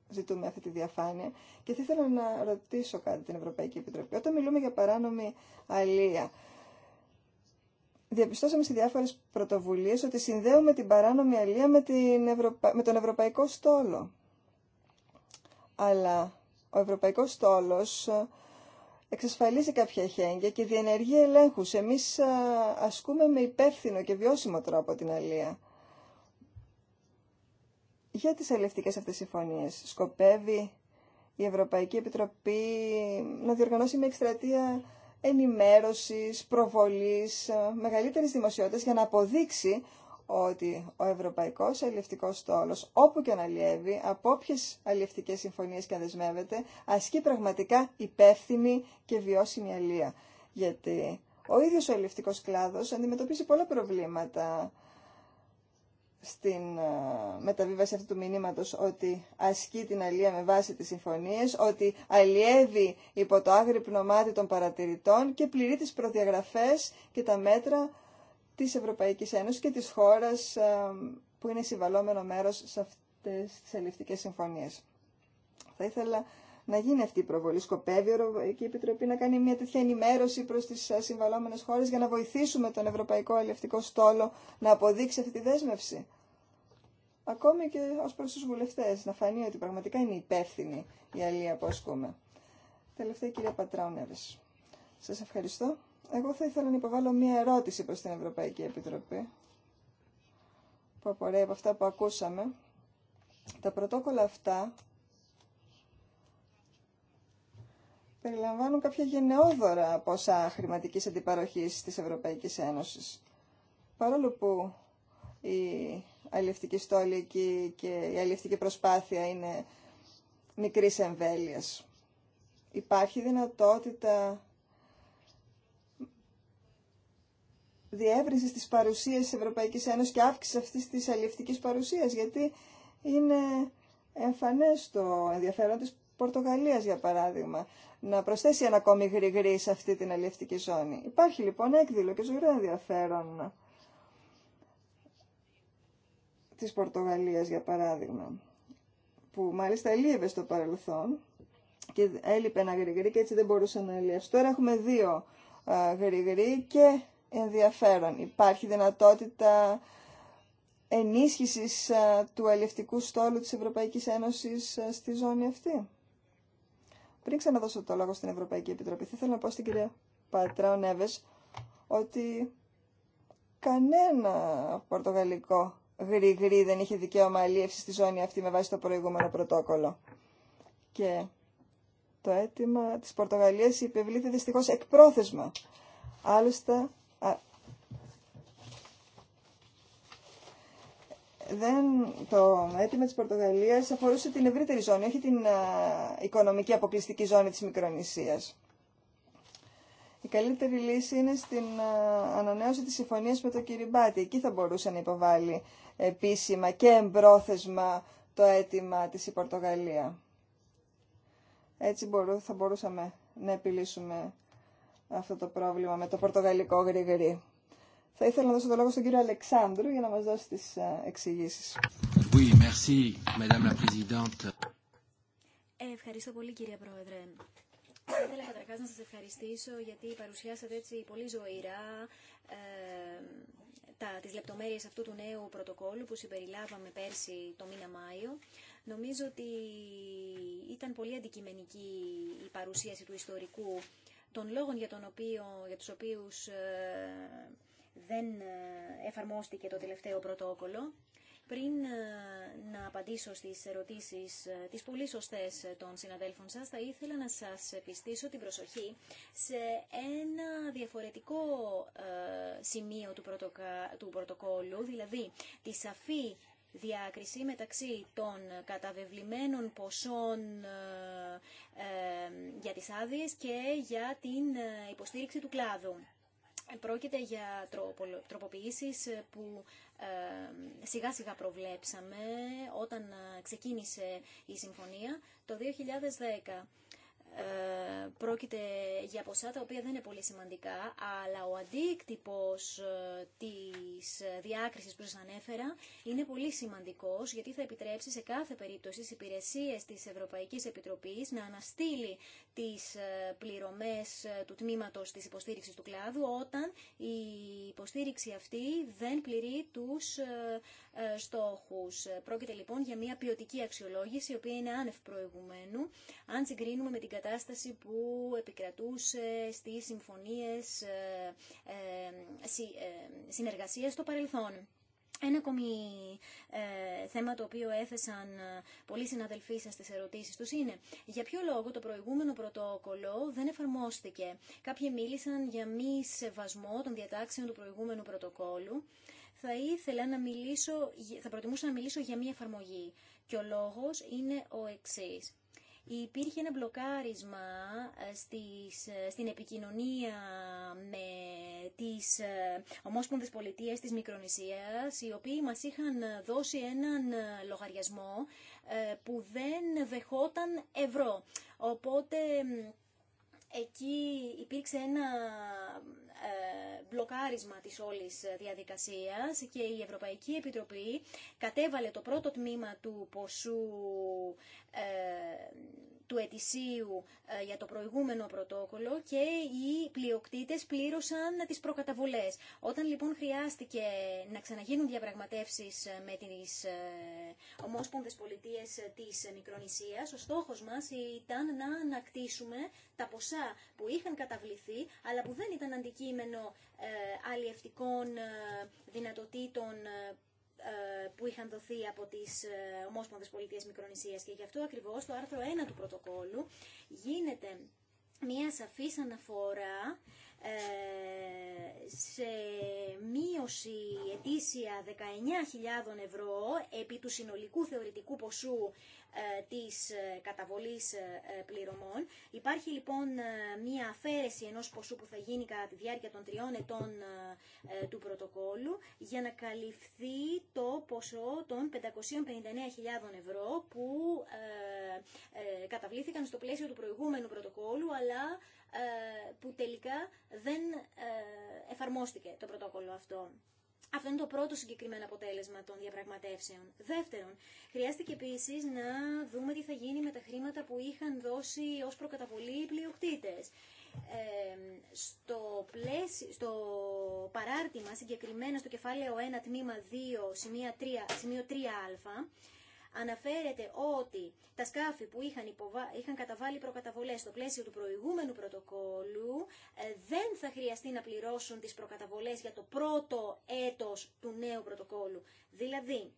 ζητούμε αυτή τη διαφάνεια. Και θα ήθελα να ρωτήσω κάτι την Ευρωπαϊκή Επιτροπή. Όταν μιλούμε για παράνομη αλία, διαπιστώσαμε σε διάφορες πρωτοβουλίες ότι συνδέουμε την παράνομη αλία με, με τον Ευρωπαϊκό Στόλο. Αλλά ο Ευρωπαϊκός Στόλος εξασφαλίσει κάποια χέγγια και διενεργεί ελέγχους. Εμείς ε, ασκούμε με υπεύθυνο και βιώσιμο τρόπο την αλία. Για τις αλληλευτικές αυτές συμφωνίες σκοπεύει η Ευρωπαϊκή Επιτροπή να διοργανώσει μια εκστρατεία ενημέρωσης, προβολής, ε, μεγαλύτερης δημοσιότητας για να αποδείξει ότι ο Ευρωπαϊκός Αλληλευτικός Στόλος, όπου και να λιεύει, από όποιε αλληλευτικές συμφωνίες και αν δεσμεύεται, ασκεί πραγματικά υπεύθυνη και βιώσιμη αλλία. Γιατί ο ίδιος ο αλληλευτικός κλάδος αντιμετωπίζει πολλά προβλήματα στην ε, μεταβίβαση αυτού του μηνύματος ότι ασκεί την αλλία με βάση τις συμφωνίες, ότι αλλιεύει υπό το άγρυπνο μάτι των παρατηρητών και πληρεί τις προδιαγραφές και τα μέτρα της Ευρωπαϊκής Ένωσης και της χώρας ε, που είναι συμβαλόμενο μέρος σε αυτές τις ελληνικές συμφωνίες. Θα ήθελα να γίνει αυτή η προβολή. Σκοπεύει η Ευρωπαϊκή Επιτροπή να κάνει μια τέτοια ενημέρωση προ τι ε, συμβαλόμενε χώρε για να βοηθήσουμε τον Ευρωπαϊκό Αλληλευτικό Στόλο να αποδείξει αυτή τη δέσμευση. Ακόμη και ω προ του βουλευτέ, να φανεί ότι πραγματικά είναι υπεύθυνη η αλληλεία που ασκούμε. Τελευταία, κυρία Πατράου Σα ευχαριστώ. Εγώ θα ήθελα να υποβάλω μία ερώτηση προς την Ευρωπαϊκή Επιτροπή που απορρέει από αυτά που ακούσαμε. Τα πρωτόκολλα αυτά περιλαμβάνουν κάποια γενναιόδωρα ποσά χρηματικής αντιπαροχής της Ευρωπαϊκής Ένωσης. Παρόλο που η αλληλευτική στόλη και η αλληλευτική προσπάθεια είναι μικρής εμβέλειας. Υπάρχει δυνατότητα διεύρυνση της παρουσίας της Ευρωπαϊκής Ένωσης και αύξηση αυτής της αλληλευτική παρουσίας, γιατί είναι εμφανές το ενδιαφέρον της Πορτογαλίας, για παράδειγμα, να προσθέσει ένα ακόμη γρηγρή σε αυτή την αλληλευτική ζώνη. Υπάρχει λοιπόν έκδηλο και ζωηρό ενδιαφέρον της Πορτογαλίας, για παράδειγμα, που μάλιστα ελίευε στο παρελθόν και έλειπε ένα γρηγρή και έτσι δεν μπορούσε να ελίευσει. Τώρα έχουμε δύο ε, γρηγρή και ενδιαφέρον. Υπάρχει δυνατότητα ενίσχυσης ε, του αλληλευτικού στόλου της Ευρωπαϊκής Ένωσης ε, στη ζώνη αυτή. Πριν ξαναδώσω το λόγο στην Ευρωπαϊκή Επιτροπή, θα ήθελα να πω στην κυρία Πατράου Νέβες ότι κανένα πορτογαλικό γρηγρή δεν είχε δικαίωμα αλλήλευση στη ζώνη αυτή με βάση το προηγούμενο πρωτόκολλο. Και το αίτημα της Πορτογαλίας υπευλήθη δυστυχώς εκπρόθεσμα. Άλλωστε, δεν, το αίτημα της Πορτογαλίας αφορούσε την ευρύτερη ζώνη, όχι την οικονομική αποκλειστική ζώνη της Μικρονησίας. Η καλύτερη λύση είναι στην ανανέωση της συμφωνίας με το Κυριμπάτι. Εκεί θα μπορούσε να υποβάλει επίσημα και εμπρόθεσμα το αίτημα της η Πορτογαλία. Έτσι θα μπορούσαμε να επιλύσουμε αυτό το πρόβλημα με το πορτογαλικό γρηγορή. Θα ήθελα να δώσω το λόγο στον κύριο Αλεξάνδρου για να μας δώσει τις ε, εξηγήσεις. Oui, merci, Madame la Présidente. Ευχαριστώ πολύ κύριε Πρόεδρε. Θα ήθελα καταρχάς να σας ευχαριστήσω γιατί παρουσιάσατε έτσι πολύ ζωηρά ε, τα, τις λεπτομέρειες αυτού του νέου πρωτοκόλλου που συμπεριλάβαμε πέρσι το μήνα Μάιο. Νομίζω ότι ήταν πολύ αντικειμενική η παρουσίαση του ιστορικού των λόγων για, τον οποίο, για τους οποίους ε, δεν ε, εφαρμόστηκε το τελευταίο πρωτόκολλο. Πριν ε, να απαντήσω στις ερωτήσεις, τις πολύ σωστές των συναδέλφων σας, θα ήθελα να σας επιστήσω την προσοχή σε ένα διαφορετικό σημείο του πρωτοκόλλου, δηλαδή τη σαφή διάκριση μεταξύ των καταβεβλημένων ποσών ε, ε, για τις άδειες και για την ε, υποστήριξη του κλάδου. Πρόκειται για τροποποιήσεις που σιγά σιγά προβλέψαμε όταν ξεκίνησε η συμφωνία το 2010. Ε, πρόκειται για ποσά τα οποία δεν είναι πολύ σημαντικά, αλλά ο αντίκτυπος ε, της διάκρισης που σας ανέφερα είναι πολύ σημαντικός, γιατί θα επιτρέψει σε κάθε περίπτωση στις υπηρεσίες της Ευρωπαϊκής Επιτροπής να αναστείλει τις ε, πληρωμές ε, του τμήματος της υποστήριξης του κλάδου όταν η υποστήριξη αυτή δεν πληρεί τους ε, στόχους. Πρόκειται λοιπόν για μια ποιοτική αξιολόγηση η οποία είναι άνευ προηγουμένου αν συγκρίνουμε με την κατάσταση που επικρατούσε στις συμφωνίες συνεργασίας στο παρελθόν. Ένα ακόμη ε, θέμα το οποίο έθεσαν ε, πολλοί συναδελφοί σας στις ερωτήσεις τους είναι για ποιο λόγο το προηγούμενο πρωτόκολλο δεν εφαρμόστηκε. Κάποιοι μίλησαν για μη σεβασμό των διατάξεων του προηγούμενου πρωτοκόλλου. Θα ήθελα να μιλήσω, θα προτιμούσα να μιλήσω για μη εφαρμογή. Και ο λόγος είναι ο εξής. Υπήρχε ένα μπλοκάρισμα ε, στις, ε, στην επικοινωνία με τις ε, ομόσπονδες πολιτείες της Μικρονησίας, οι οποίοι μας είχαν δώσει έναν λογαριασμό που δεν δεχόταν ευρώ. Οπότε εκεί υπήρξε ένα ε, μπλοκάρισμα της όλης διαδικασίας και η Ευρωπαϊκή Επιτροπή κατέβαλε το πρώτο τμήμα του ποσού ε, του ετησίου ε, για το προηγούμενο πρωτόκολλο και οι πλειοκτήτες πλήρωσαν τις προκαταβολές. Όταν λοιπόν χρειάστηκε να ξαναγίνουν διαπραγματεύσεις ε, με τις ε, ομόσπονδες πολιτείες της Μικρονησίας, ο στόχος μας ήταν να ανακτήσουμε τα ποσά που είχαν καταβληθεί, αλλά που δεν ήταν αντικείμενο αλλιευτικών δυνατοτήτων ε, που είχαν δοθεί από τις ε, Ομόσπονδες Πολιτείες Μικρονησίας και γι' αυτό ακριβώς το άρθρο 1 του πρωτοκόλου γίνεται μια σαφής αναφορά σε μείωση ετήσια 19.000 ευρώ επί του συνολικού θεωρητικού ποσού ε, της ε, καταβολής ε, πληρωμών. Υπάρχει λοιπόν μία αφαίρεση ενός ποσού που θα γίνει κατά τη διάρκεια των τριών ετών του πρωτοκόλου για να καλυφθεί το ποσό των 559.000 ευρώ που καταβλήθηκαν στο πλαίσιο του προηγούμενου πρωτοκόλου αλλά ε, που τελικά δεν ε, εφαρμόστηκε το πρωτόκολλο αυτό. Αυτό είναι το πρώτο συγκεκριμένο αποτέλεσμα των διαπραγματεύσεων. Δεύτερον, χρειάστηκε επίση να δούμε τι θα γίνει με τα χρήματα που είχαν δώσει ω προκαταβολή οι πλειοκτήτε. Ε, στο, στο παράρτημα συγκεκριμένα στο κεφάλαιο 1 τμήμα 2 σημείο 3, σημείο 3α αναφέρεται ότι τα σκάφη που είχαν, είχαν καταβάλει προκαταβολές στο πλαίσιο του προηγούμενου πρωτοκόλου ε, δεν θα χρειαστεί να πληρώσουν τις προκαταβολές για το πρώτο έτος του νέου πρωτοκόλου. Δηλαδή,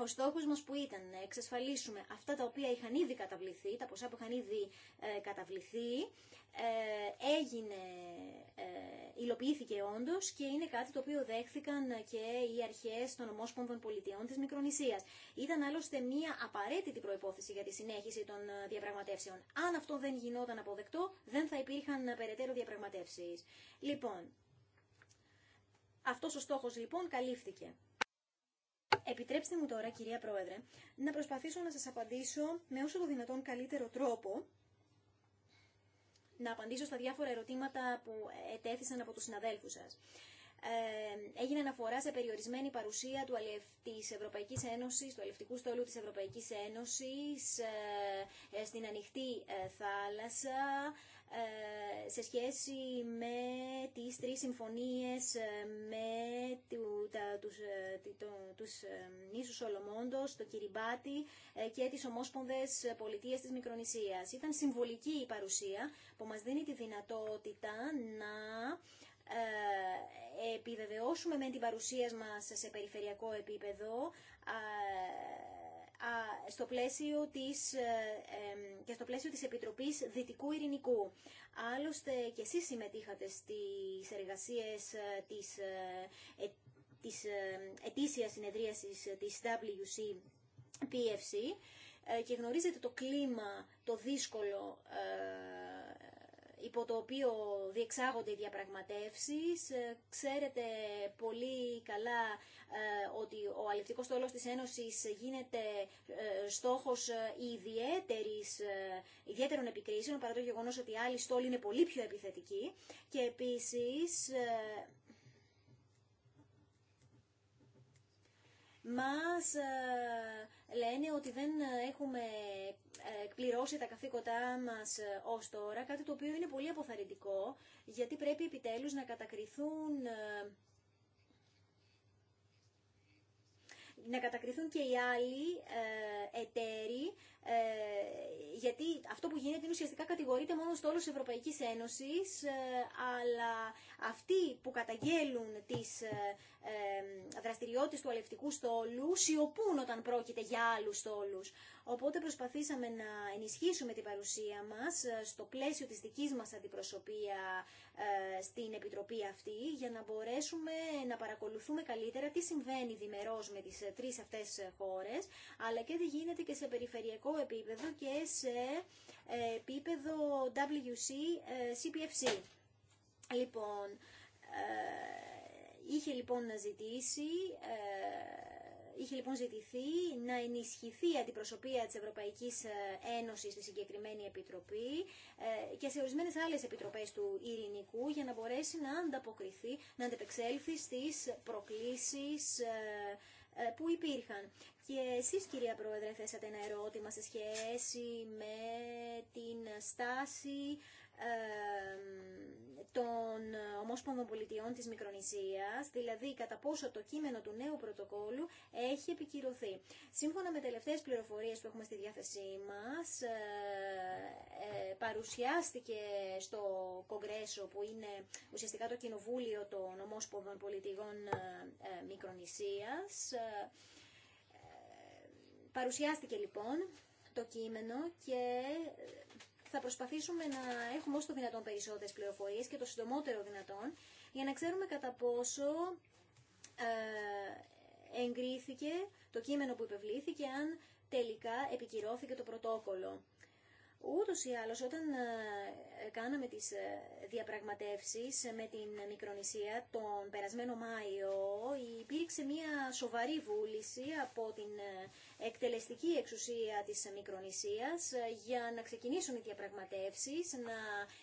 ο στόχο μας που ήταν να εξασφαλίσουμε αυτά τα οποία είχαν ήδη καταβληθεί, τα ποσά που είχαν ήδη ε, καταβληθεί, ε, έγινε, ε, υλοποιήθηκε όντω και είναι κάτι το οποίο δέχθηκαν και οι αρχές των ομόσπονδων Πολιτείων της Μικρονησίας. Ήταν άλλωστε μία απαραίτητη προπόθεση για τη συνέχιση των διαπραγματεύσεων. Αν αυτό δεν γινόταν αποδεκτό, δεν θα υπήρχαν περαιτέρω διαπραγματεύσει. Λοιπόν, αυτός ο στόχο λοιπόν καλύφθηκε. Επιτρέψτε μου τώρα, κυρία Πρόεδρε, να προσπαθήσω να σας απαντήσω με όσο το δυνατόν καλύτερο τρόπο, να απαντήσω στα διάφορα ερωτήματα που ετέθησαν από τους συναδέλφους σας. Ε, έγινε αναφορά σε περιορισμένη παρουσία του αλευ... Ευρωπαϊκής Ένωσης, του αλευτικού στόλου της Ευρωπαϊκής Ένωσης, ε, ε, στην ανοιχτή ε, θάλασσα, ε, σε σχέση με τις τρεις συμφωνίες ε, με του, τα, τους, ε, το, τους νήσους Σολομόντος, το Κυριμπάτι και τις ομόσπονδες πολιτείες της Μικρονησίας. Ήταν συμβολική η παρουσία που μας δίνει τη δυνατότητα να επιβεβαιώσουμε με την παρουσία μας σε περιφερειακό επίπεδο στο πλαίσιο της, ε, και στο πλαίσιο της Επιτροπής Δυτικού Ειρηνικού. Άλλωστε και εσείς συμμετείχατε στις εργασίες ε, της, ε, της ετήσιας συνεδρίασης της WC PFC και γνωρίζετε το κλίμα, το δύσκολο υπό το οποίο διεξάγονται οι διαπραγματεύσεις. Ε, ξέρετε πολύ καλά ε, ότι ο αληθινός στόλος της Ένωσης γίνεται ε, στόχος ιδιαίτερης, ιδιαίτερων επικρίσεων, παρά το γεγονός ότι οι άλλοι στόλοι είναι πολύ πιο επιθετικοί. Και επίσης μας ε, λένε ότι δεν έχουμε ε, εκπληρώσει τα καθήκοντά μας ε, ως τώρα, κάτι το οποίο είναι πολύ αποθαρρυντικό, γιατί πρέπει επιτέλους να κατακριθούν να κατακριθούν και οι άλλοι εταίροι ε, γιατί αυτό που γίνεται είναι ουσιαστικά κατηγορείται μόνο στο όλος της Ευρωπαϊκής Ένωσης, ε, αλλά αυτοί που καταγγέλουν τις ε, δραστηριότητες του αλευτικού στόλου σιωπούν όταν πρόκειται για άλλους στόλους. Οπότε προσπαθήσαμε να ενισχύσουμε την παρουσία μας ε, στο πλαίσιο της δικής μας αντιπροσωπεία ε, στην Επιτροπή αυτή για να μπορέσουμε να παρακολουθούμε καλύτερα τι συμβαίνει διμερώς με τις ε, τρεις αυτές χώρες αλλά και τι γίνεται και σε περιφερειακό επίπεδο και σε επίπεδο WC-CPFC. Λοιπόν, είχε λοιπόν να ζητήσει Είχε λοιπόν ζητηθεί να ενισχυθεί η αντιπροσωπεία της Ευρωπαϊκής ε, Ένωσης στη συγκεκριμένη επιτροπή ε, και σε ορισμένες άλλες επιτροπές του ειρηνικού για να μπορέσει να ανταποκριθεί, να αντεπεξέλθει στις προκλήσεις ε, που υπήρχαν. Και εσείς κυρία Πρόεδρε θέσατε ένα ερώτημα σε σχέση με την στάση ε, των Ομόσπονδων Πολιτειών της Μικρονησίας, δηλαδή κατά πόσο το κείμενο του νέου πρωτοκόλλου έχει επικυρωθεί. Σύμφωνα με τελευταίες πληροφορίες που έχουμε στη διάθεσή μας, ε, ε, παρουσιάστηκε στο Κογκρέσο, που είναι ουσιαστικά το Κοινοβούλιο των Ομόσπονδων Πολιτειών Μικρονησίας. Παρουσιάστηκε λοιπόν το κείμενο και θα προσπαθήσουμε να έχουμε όσο το δυνατόν περισσότερες πληροφορίες και το συντομότερο δυνατόν για να ξέρουμε κατά πόσο ε, εγκρίθηκε το κείμενο που υπευλήθηκε αν τελικά επικυρώθηκε το πρωτόκολλο. Ούτως ή άλλως, όταν ε, κάναμε τις ε, διαπραγματεύσεις με την Μικρονησία τον περασμένο Μάιο, υπήρξε μια σοβαρή βούληση από την ε, εκτελεστική εξουσία της Μικρονησίας για να ξεκινήσουν οι διαπραγματεύσεις, να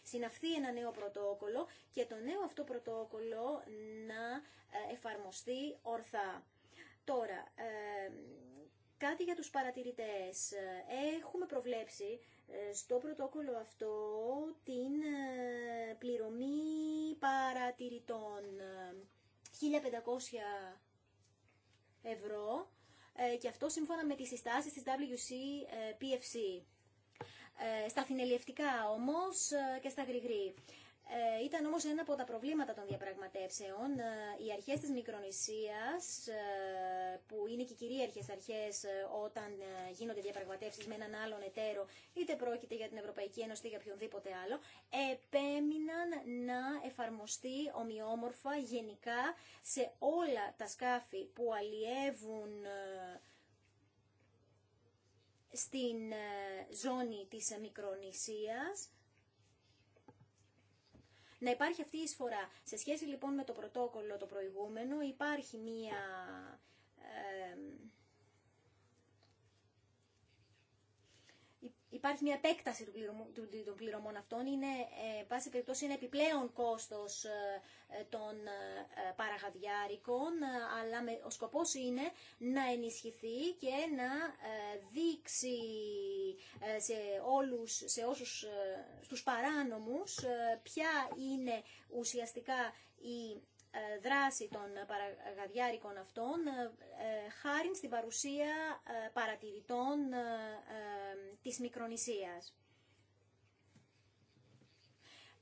συναυθεί ένα νέο πρωτόκολλο και το νέο αυτό πρωτόκολλο να εφαρμοστεί ορθά. Τώρα, κάτι για τους παρατηρητές. Έχουμε προβλέψει ε, στο πρωτόκολλο αυτό την ε, πληρωμή παρατηρητών 1500 ε, ευρώ και αυτό σύμφωνα με τις συστάσεις της WCPFC. Στα φινελιευτικά όμως και στα γρηγρή. Ε, ήταν όμως ένα από τα προβλήματα των διαπραγματεύσεων. Ε, οι αρχές της Μικρονησίας, ε, που είναι και κυρίαρχες αρχές όταν γίνονται διαπραγματεύσεις με έναν άλλον εταίρο, είτε πρόκειται για την Ευρωπαϊκή Ένωση είτε για οποιονδήποτε άλλο, επέμειναν να εφαρμοστεί ομοιόμορφα γενικά σε όλα τα σκάφη που αλλιεύουν στην ζώνη της Μικρονησίας να υπάρχει αυτή η εισφορά. Σε σχέση λοιπόν με το πρωτόκολλο το προηγούμενο υπάρχει μία ε, υπάρχει μια επέκταση των πληρωμών αυτών. Είναι, ε, πάση περιπτώσει, είναι επιπλέον κόστος ε, ε, των παραγαδιάρικων, αλλά ο σκοπός είναι να ενισχυθεί και να δείξει σε όλους, σε όσους, στους παράνομους ποια είναι ουσιαστικά η ε, δράση των παραγαδιάρικων αυτών ε, ε, χάρη στην παρουσία παρατηρητών της Μικρονησίας.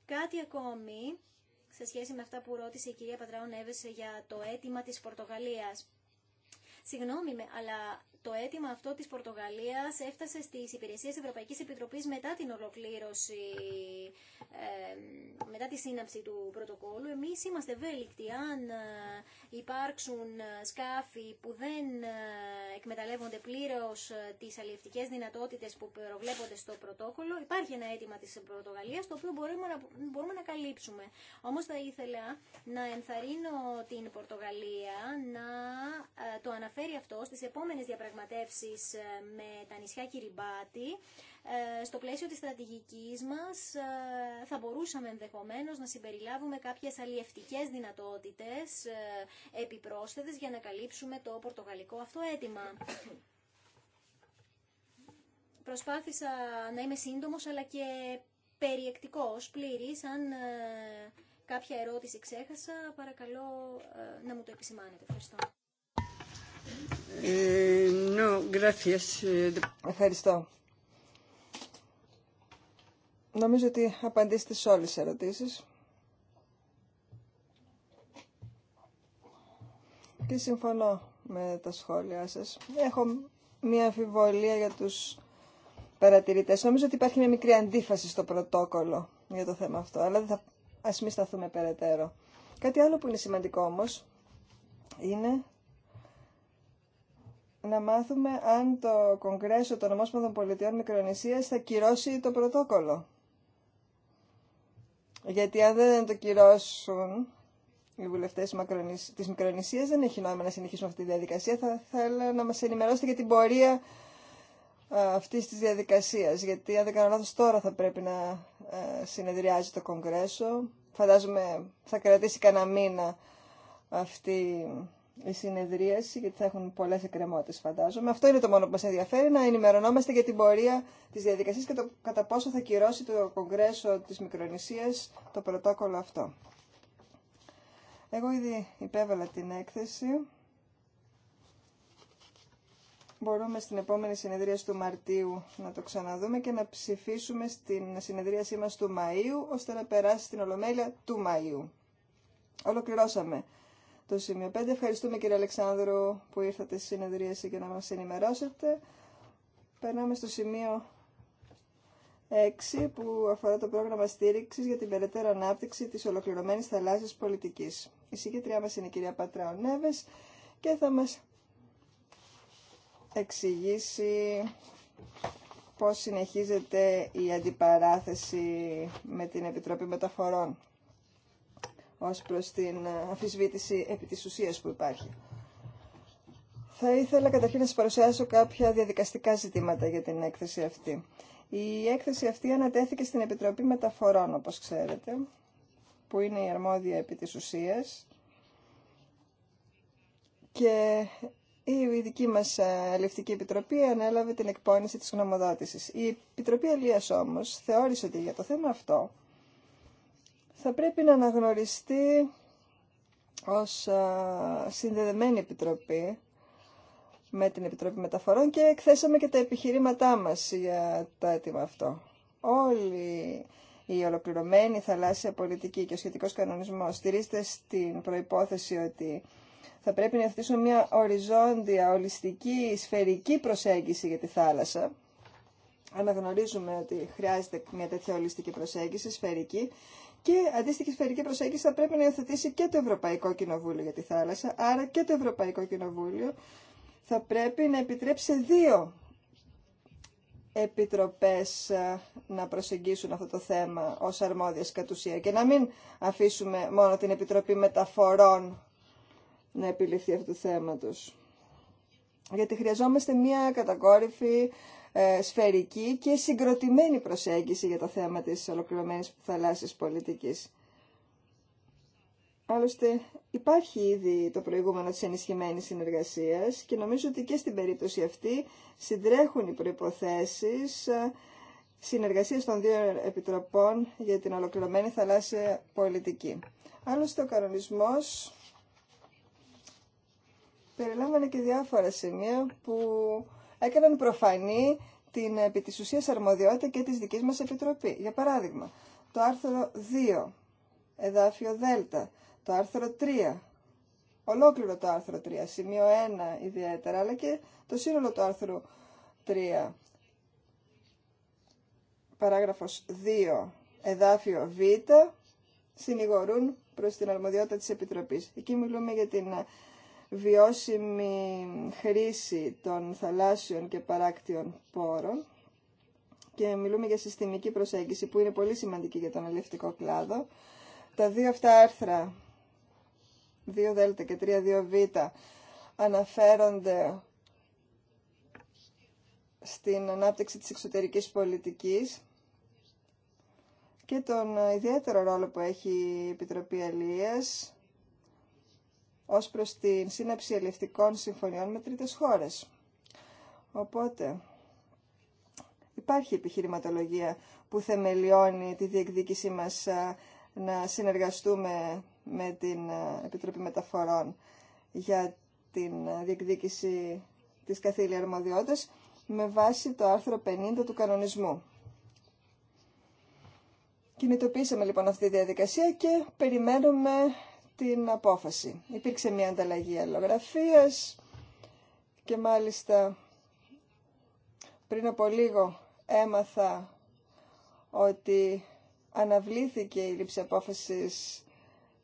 Κάτι ακόμη σε σχέση με αυτά που ρώτησε η κυρία Πατραών έβεσε για το αίτημα της Πορτογαλίας. Συγγνώμη, αλλά το αίτημα αυτό της Πορτογαλίας έφτασε στις υπηρεσίες Ευρωπαϊκής Επιτροπής μετά την ολοκλήρωση, μετά τη σύναψη του πρωτοκόλου. Εμείς είμαστε ευέλικτοι αν ε, υπάρξουν ε, σκάφη που δεν ε, εκμεταλλεύονται πλήρως τις αλληλευτικές δυνατότητες που προβλέπονται στο πρωτόκολλο. Υπάρχει ένα αίτημα της Πορτογαλίας το οποίο μπορούμε να, μπορούμε να καλύψουμε. Όμως θα ήθελα να ενθαρρύνω την Πορτογαλία να το αναφέρει αυτό στις επόμενες διαπραγματικές ε, με τα νησιά Κυριμπάτη. Ε, στο πλαίσιο της στρατηγική μας ε, θα μπορούσαμε ενδεχομένως να συμπεριλάβουμε κάποιες αλλιευτικές δυνατότητες επιπρόσθετες για να καλύψουμε το πορτογαλικό αυτό Προσπάθησα να είμαι σύντομος αλλά και περιεκτικός, πλήρης. Αν κάποια ερώτηση ξέχασα, παρακαλώ να μου το επισημάνετε. Ευχαριστώ. No, ε, gracias. Ε, Ευχαριστώ. Νομίζω ότι απαντήσετε σε όλες τις ερωτήσεις. Και συμφωνώ με τα σχόλιά σας. Έχω μία αμφιβολία για τους παρατηρητές. Νομίζω ότι υπάρχει μία μικρή αντίφαση στο πρωτόκολλο για το θέμα αυτό, αλλά θα... ας μην σταθούμε περαιτέρω. Κάτι άλλο που είναι σημαντικό όμως είναι να μάθουμε αν το Κογκρέσο των Ομόσπονδων Πολιτειών Μικρονησίας θα κυρώσει το πρωτόκολλο. Γιατί αν δεν το κυρώσουν οι βουλευτέ τη Μικρονησία, δεν έχει νόημα να συνεχίσουμε αυτή τη διαδικασία. Θα ήθελα να μα ενημερώσετε για την πορεία αυτή τη διαδικασία. Γιατί, αν δεν κάνω λάθο, τώρα θα πρέπει να ε, συνεδριάζει το Κογκρέσο. Φαντάζομαι θα κρατήσει κανένα μήνα αυτή η ε, συνεδρίαση, γιατί θα έχουν πολλέ εκκρεμότητε, φαντάζομαι. Αυτό είναι το μόνο που μα ενδιαφέρει, να ενημερωνόμαστε για την πορεία τη διαδικασία και το κατά πόσο θα κυρώσει το Κογκρέσο τη Μικρονησία το πρωτόκολλο αυτό. Εγώ ήδη υπέβαλα την έκθεση. Μπορούμε στην επόμενη συνεδρίαση του Μαρτίου να το ξαναδούμε και να ψηφίσουμε στην συνεδρίασή μας του Μαΐου, ώστε να περάσει στην Ολομέλεια του Μαΐου. Ολοκληρώσαμε το σημείο 5. Ευχαριστούμε κύριε Αλεξάνδρου που ήρθατε στη συνεδρίαση και να μας ενημερώσετε. Περνάμε στο σημείο 6 που αφορά το πρόγραμμα στήριξης για την περαιτέρω ανάπτυξη της ολοκληρωμένης θαλάσσης πολιτικής. Η συγκεκριά μας είναι η κυρία Πατράο Νέβες και θα μας εξηγήσει πώς συνεχίζεται η αντιπαράθεση με την Επιτροπή Μεταφορών ως προς την ε, αμφισβήτηση επί της ουσίας που υπάρχει. Θα ήθελα καταρχήν να σας παρουσιάσω κάποια διαδικαστικά ζητήματα για την έκθεση αυτή. Η έκθεση αυτή ανατέθηκε στην Επιτροπή Μεταφορών, όπως ξέρετε, που είναι η αρμόδια επί της ουσίας. Και η δική μας αλληλευτική ε, επιτροπή ανέλαβε την εκπόνηση της γνωμοδότησης. Η Επιτροπή Αλίας όμως θεώρησε ότι για το θέμα αυτό θα πρέπει να αναγνωριστεί ως συνδεδεμένη επιτροπή με την Επιτροπή Μεταφορών και εκθέσαμε και τα επιχειρήματά μας για το αίτημα αυτό. Όλοι η ολοκληρωμένη θαλάσσια πολιτική και ο σχετικός κανονισμός στηρίζεται στην προϋπόθεση ότι θα πρέπει να ευθύσουμε μια οριζόντια, ολιστική, σφαιρική προσέγγιση για τη θάλασσα. Αναγνωρίζουμε ότι χρειάζεται μια τέτοια ολιστική προσέγγιση, σφαιρική, και αντίστοιχη σφαιρική προσέγγιση θα πρέπει να υιοθετήσει και το Ευρωπαϊκό Κοινοβούλιο για τη θάλασσα. Άρα και το Ευρωπαϊκό Κοινοβούλιο θα πρέπει να επιτρέψει δύο επιτροπές ε, να προσεγγίσουν αυτό το θέμα ως αρμόδιες κατ' ουσία και να μην αφήσουμε μόνο την Επιτροπή Μεταφορών να επιληφθεί αυτού του θέματος. Γιατί χρειαζόμαστε μία κατακόρυφη ε, σφαιρική και συγκροτημένη προσέγγιση για το θέμα της ολοκληρωμένης θαλάσσης πολιτικής. Άλλωστε υπάρχει ήδη το προηγούμενο της ενισχυμένης συνεργασίας και νομίζω ότι και στην περίπτωση αυτή συντρέχουν οι προϋποθέσεις ε, συνεργασίας των δύο επιτροπών για την ολοκληρωμένη θαλάσσια πολιτική. Άλλωστε ο κανονισμός περιλάμβανε και διάφορα σημεία που έκαναν προφανή την ε, επί της ουσίας αρμοδιότητα και της δικής μας Επιτροπή. Για παράδειγμα, το άρθρο 2, εδάφιο Δ, το άρθρο 3, ολόκληρο το άρθρο 3, σημείο 1 ιδιαίτερα, αλλά και το σύνολο του άρθρου 3, παράγραφος 2, εδάφιο Β, συνηγορούν προς την αρμοδιότητα της Επιτροπής. Εκεί μιλούμε για την ε, βιώσιμη χρήση των θαλάσσιων και παράκτιων πόρων και μιλούμε για συστημική προσέγγιση που είναι πολύ σημαντική για τον αλληλευτικό κλάδο. Τα δύο αυτά άρθρα, 2 Δ και 3 δβ αναφέρονται στην ανάπτυξη της εξωτερικής πολιτικής και τον ιδιαίτερο ρόλο που έχει η Επιτροπή Αλίας ως προς την σύναψη ελευθερικών συμφωνιών με τρίτες χώρες. Οπότε, υπάρχει επιχειρηματολογία που θεμελιώνει τη διεκδίκησή μας να συνεργαστούμε με την Επιτροπή Μεταφορών για την διεκδίκηση της καθήλια αρμοδιότητας με βάση το άρθρο 50 του κανονισμού. Κινητοποίησαμε λοιπόν αυτή τη διαδικασία και περιμένουμε την απόφαση. Υπήρξε μια ανταλλαγή αλλογραφίας και μάλιστα πριν από λίγο έμαθα ότι αναβλήθηκε η λήψη απόφασης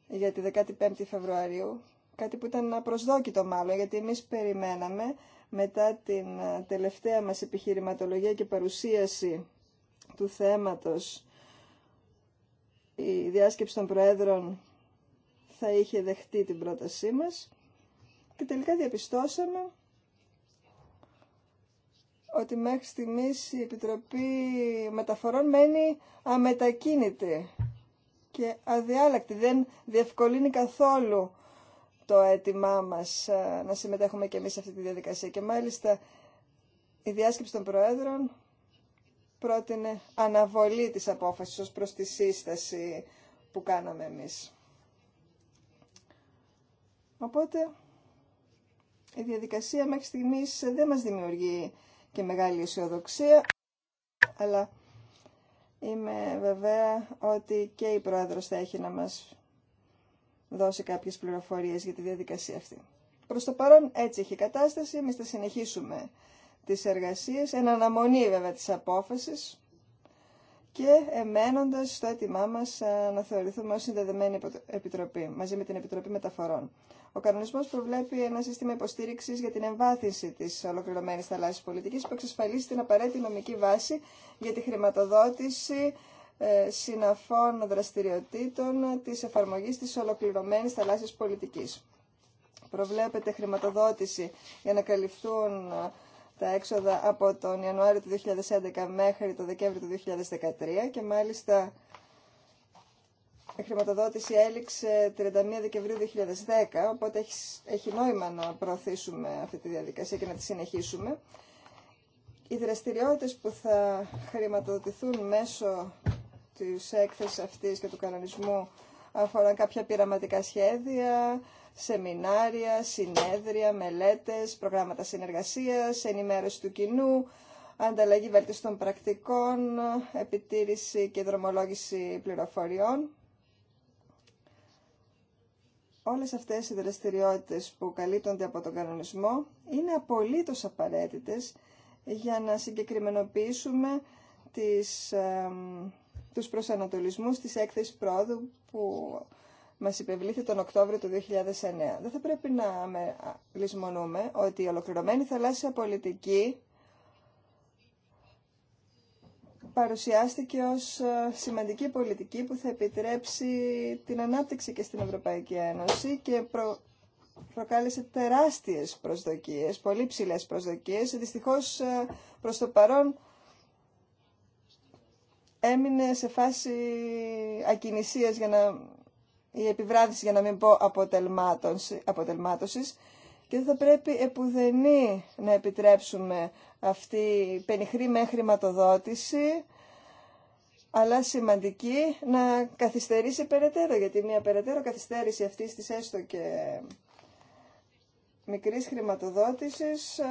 για τη 15η Φεβρουαρίου, κάτι που ήταν απροσδόκητο μάλλον, γιατί εμείς περιμέναμε μετά την ε, τελευταία μας επιχειρηματολογία και παρουσίαση του θέματος η διάσκεψη των Προέδρων θα είχε δεχτεί την πρότασή μας και τελικά διαπιστώσαμε ότι μέχρι στιγμής η Επιτροπή Μεταφορών μένει αμετακίνητη και αδιάλακτη. Δεν διευκολύνει καθόλου το αίτημά μας ε, να συμμετέχουμε και εμείς σε αυτή τη διαδικασία. Και μάλιστα η διάσκεψη των Προέδρων πρότεινε αναβολή της απόφασης ως προς τη σύσταση που κάναμε εμείς. Οπότε η διαδικασία μέχρι στιγμής δεν μας δημιουργεί και μεγάλη αισιοδοξία, αλλά είμαι βεβαία ότι και η Πρόεδρος θα έχει να μας δώσει κάποιες πληροφορίες για τη διαδικασία αυτή. Προς το παρόν έτσι έχει η κατάσταση, εμείς θα συνεχίσουμε τις εργασίες, εν αναμονή βέβαια της απόφασης, και εμένοντας στο έτοιμά μα ε, να θεωρηθούμε ω συνδεδεμένη επιτροπή, μαζί με την Επιτροπή Μεταφορών. Ο κανονισμός προβλέπει ένα σύστημα υποστήριξη για την εμβάθυνση της ολοκληρωμένης θαλάσσης πολιτικής που εξασφαλίζει την απαραίτητη νομική βάση για τη χρηματοδότηση ε, συναφών δραστηριοτήτων τη εφαρμογή τη ολοκληρωμένη θαλάσσια πολιτική. Προβλέπεται χρηματοδότηση για να καλυφθούν ε, τα έξοδα από τον Ιανουάριο του 2011 μέχρι τον Δεκέμβριο του 2013 και μάλιστα η χρηματοδότηση έληξε 31 Δεκεμβρίου 2010, οπότε έχει, νόημα να προωθήσουμε αυτή τη διαδικασία και να τη συνεχίσουμε. Οι δραστηριότητες που θα χρηματοδοτηθούν μέσω της έκθεσης αυτής και του κανονισμού αφορά κάποια πειραματικά σχέδια, σεμινάρια, συνέδρια, μελέτες, προγράμματα συνεργασίας, ενημέρωση του κοινού, ανταλλαγή βέλτιστων πρακτικών, επιτήρηση και δρομολόγηση πληροφοριών. Όλες αυτές οι δραστηριότητες που καλύπτονται από τον κανονισμό είναι απολύτως απαραίτητες για να συγκεκριμενοποιήσουμε τις, ε, τους προσανατολισμούς της έκθεσης πρόοδου που Μα υπευλήθη τον Οκτώβριο του 2009. Δεν θα πρέπει να λησμονούμε ότι η ολοκληρωμένη θαλάσσια πολιτική παρουσιάστηκε ως ε, σημαντική πολιτική που θα επιτρέψει την ανάπτυξη και στην Ευρωπαϊκή Ένωση και προ... προκάλεσε τεράστιες προσδοκίες, πολύ ψηλές προσδοκίες. Δυστυχώς ε, προς το παρόν έμεινε σε φάση ακινησίας για να η επιβράδυση, για να μην πω αποτελμάτωση, αποτελμάτωσης και θα πρέπει επουδενή να επιτρέψουμε αυτή η πενιχρή με χρηματοδότηση αλλά σημαντική να καθυστερήσει περαιτέρω, γιατί μια περαιτέρω καθυστέρηση αυτής της έστω και μικρής χρηματοδότησης ε,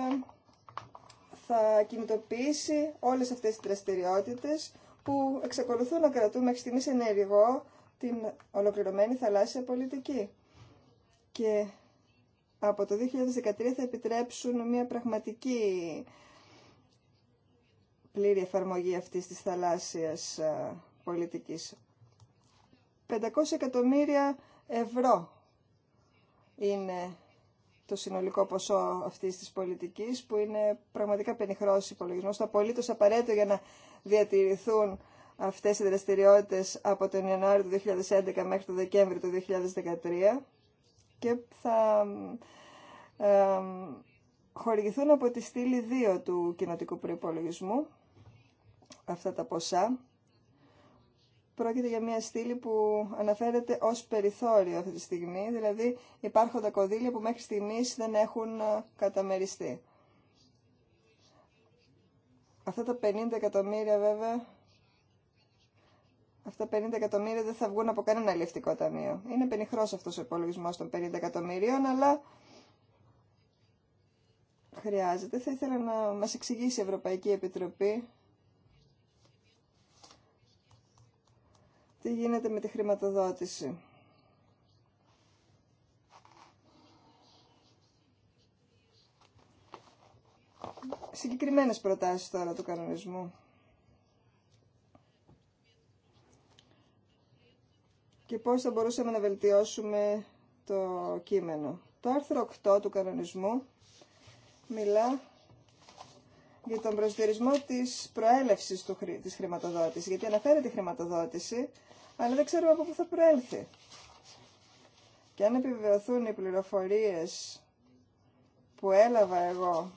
θα κινητοποιήσει όλες αυτές τις δραστηριότητες που εξακολουθούν να κρατούν μέχρι στιγμής ενεργό την ολοκληρωμένη θαλάσσια πολιτική. Και από το 2013 θα επιτρέψουν μια πραγματική πλήρη εφαρμογή αυτής της θαλάσσιας πολιτικής. 500 εκατομμύρια ευρώ είναι το συνολικό ποσό αυτής της πολιτικής που είναι πραγματικά πενιχρός υπολογισμός, το απολύτως απαραίτητο για να διατηρηθούν αυτές οι δραστηριότητες από τον Ιανουάριο του 2011 μέχρι τον Δεκέμβριο του 2013 και θα ε, χορηγηθούν από τη στήλη 2 του κοινοτικού προϋπολογισμού αυτά τα ποσά. Πρόκειται για μια στήλη που αναφέρεται ως περιθώριο αυτή τη στιγμή, δηλαδή υπάρχοντα κονδύλια που μέχρι στιγμής δεν έχουν ε, καταμεριστεί. Αυτά τα 50 εκατομμύρια βέβαια Αυτά 50 εκατομμύρια δεν θα βγουν από κανένα αλληλευτικό ταμείο. Είναι πενιχρός αυτός ο υπολογισμό των 50 εκατομμυρίων, αλλά χρειάζεται. Θα ήθελα να μας εξηγήσει η Ευρωπαϊκή Επιτροπή τι γίνεται με τη χρηματοδότηση. Συγκεκριμένες προτάσεις τώρα του κανονισμού. και πώς θα μπορούσαμε να βελτιώσουμε το κείμενο. Το άρθρο 8 του κανονισμού μιλά για τον προσδιορισμό της προέλευσης του, της χρηματοδότησης, γιατί αναφέρεται η χρηματοδότηση, αλλά δεν ξέρουμε από πού θα προέλθει. Και αν επιβεβαιωθούν οι πληροφορίες που έλαβα εγώ,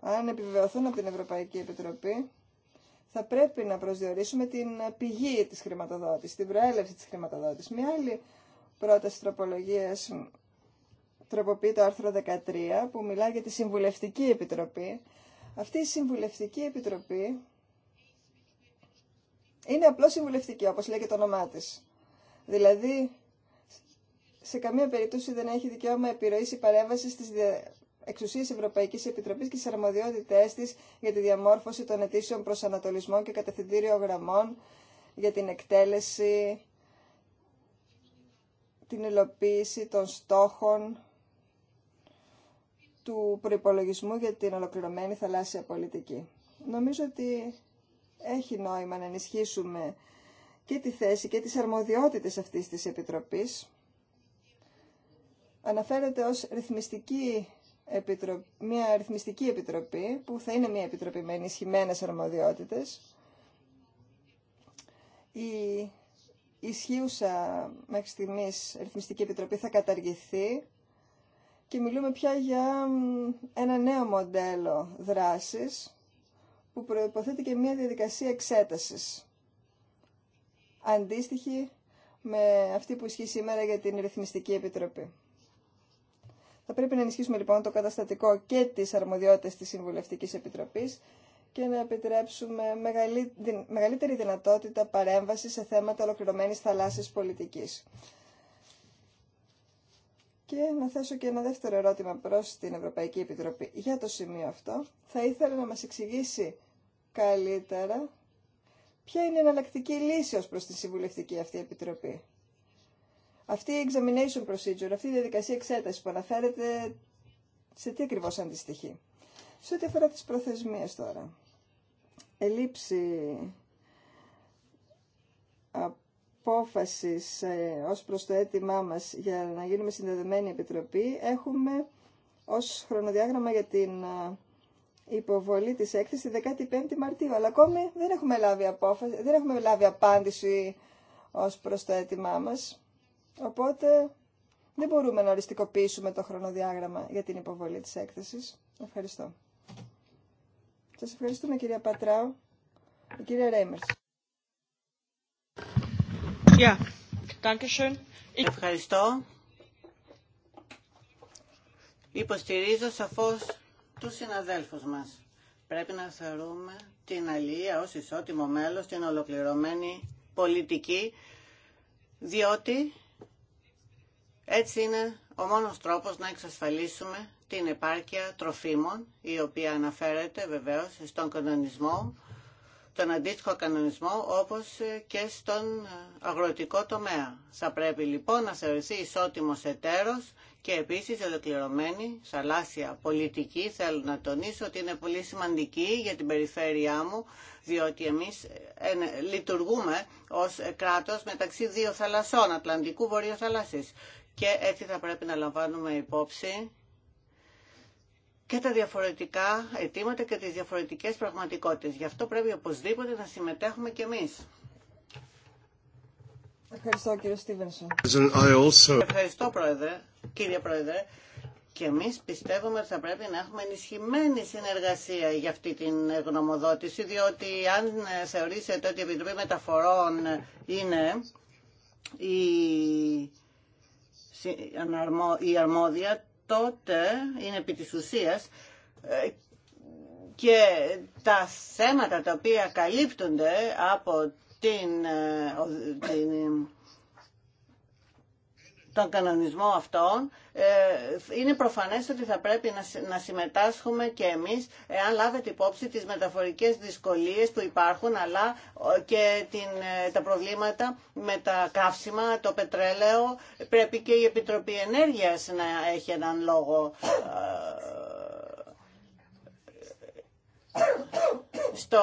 αν επιβεβαιωθούν από την Ευρωπαϊκή Επιτροπή, θα πρέπει να προσδιορίσουμε την πηγή της χρηματοδότησης, την προέλευση της χρηματοδότησης. Μια άλλη πρόταση τροπολογίας τροποποιεί το άρθρο 13 που μιλά για τη Συμβουλευτική Επιτροπή. Αυτή η Συμβουλευτική Επιτροπή είναι απλώς συμβουλευτική, όπως λέει και το όνομά της. Δηλαδή, σε καμία περίπτωση δεν έχει δικαίωμα επιρροής ή παρέμβαση στις εξουσίες Ευρωπαϊκής Επιτροπής και τι αρμοδιότητε της για τη διαμόρφωση των αιτήσεων προσανατολισμών και κατευθυντήριο γραμμών για την εκτέλεση, την υλοποίηση των στόχων του προϋπολογισμού για την ολοκληρωμένη θαλάσσια πολιτική. Νομίζω ότι έχει νόημα να ενισχύσουμε και τη θέση και τις αρμοδιότητες αυτής της Επιτροπής. Αναφέρεται ως ρυθμιστική μια αριθμιστική επιτροπή που θα είναι μια επιτροπή με ενισχυμένε αρμοδιότητες. Η ισχύουσα μέχρι στιγμή αριθμιστική επιτροπή θα καταργηθεί και μιλούμε πια για ένα νέο μοντέλο δράσης που προϋποθέτει και μια διαδικασία εξέτασης αντίστοιχη με αυτή που ισχύει σήμερα για την Ρυθμιστική Επιτροπή. Θα πρέπει να ενισχύσουμε λοιπόν το καταστατικό και τις αρμοδιότητες της συμβουλευτική Επιτροπής και να επιτρέψουμε μεγαλύτερη δυνατότητα παρέμβαση σε θέματα ολοκληρωμένη θαλάσσης πολιτικής. Και να θέσω και ένα δεύτερο ερώτημα προς την Ευρωπαϊκή Επιτροπή για το σημείο αυτό. Θα ήθελα να μα εξηγήσει καλύτερα ποια είναι η εναλλακτική λύση ως προς τη Συμβουλευτική αυτή Επιτροπή. Αυτή η examination procedure, αυτή η διαδικασία εξέταση που αναφέρεται, σε τι ακριβώ αντιστοιχεί. Σε ό,τι αφορά τι προθεσμίε τώρα. Ελήψη απόφασης ε, ως προς το αίτημά μας για να γίνουμε συνδεδεμένη επιτροπή έχουμε ως χρονοδιάγραμμα για την ε, υποβολή της έκθεσης 15η Μαρτίου. Αλλά ακόμη δεν έχουμε λάβει, απόφαση, δεν έχουμε λάβει απάντηση ως προς το αίτημά μας. Οπότε δεν μπορούμε να οριστικοποιήσουμε το χρονοδιάγραμμα για την υποβολή της έκθεσης. Ευχαριστώ. Σας ευχαριστούμε κυρία Πατράου. και κυρία Ρέιμερς. Yeah. Ευχαριστώ. Υποστηρίζω σαφώς τους συναδέλφους μας. Πρέπει να θεωρούμε την αλληλεία ως ισότιμο μέλος στην ολοκληρωμένη πολιτική, διότι έτσι είναι ο μόνος τρόπος να εξασφαλίσουμε την επάρκεια τροφίμων, η οποία αναφέρεται βεβαίως στον κανονισμό, τον αντίστοιχο κανονισμό, όπως και στον αγροτικό τομέα. Θα πρέπει λοιπόν να θεωρηθεί ισότιμος εταίρος και επίσης ολοκληρωμένη θαλάσσια πολιτική. Θέλω να τονίσω ότι είναι πολύ σημαντική για την περιφέρειά μου, διότι εμείς ε, ναι, λειτουργούμε ως κράτος μεταξύ δύο θαλασσών, Ατλαντικού Βορείου και έτσι θα πρέπει να λαμβάνουμε υπόψη και τα διαφορετικά αιτήματα και τις διαφορετικές πραγματικότητες. Γι' αυτό πρέπει οπωσδήποτε να συμμετέχουμε κι εμείς. Ευχαριστώ κύριε Στίβενσον. Also... Ευχαριστώ πρόεδρε, κύριε Πρόεδρε. Και εμείς πιστεύουμε ότι θα πρέπει να έχουμε ενισχυμένη συνεργασία για αυτή την γνωμοδότηση, διότι αν θεωρήσετε ότι η Επιτροπή Μεταφορών είναι η η αρμόδια, τότε είναι επί της ουσίας ε, και τα θέματα τα οποία καλύπτονται από την, ε, την τον κανονισμό αυτόν, ε, είναι προφανές ότι θα πρέπει να συμμετάσχουμε και εμείς, εάν λάβετε υπόψη τις μεταφορικές δυσκολίες που υπάρχουν, αλλά και την, ε, τα προβλήματα με τα καύσιμα, το πετρέλαιο, πρέπει και η Επιτροπή Ενέργειας να έχει έναν λόγο ε, στο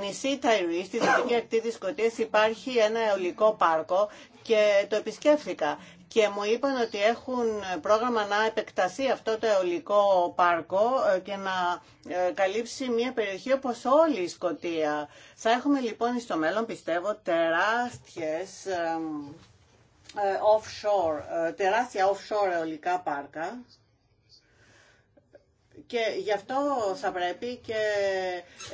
νησί Ταϊρή, στη δυτική ακτή της υπάρχει ένα αιωλικό πάρκο και το επισκέφθηκα και μου είπαν ότι έχουν πρόγραμμα να επεκταθεί αυτό το αιωλικό πάρκο ε, και να ε, καλύψει μια περιοχή όπως όλη η Σκοτία. Θα έχουμε λοιπόν στο μέλλον πιστεύω τεράστιες ε, offshore, τεράστια offshore αιωλικά πάρκα και γι' αυτό θα πρέπει και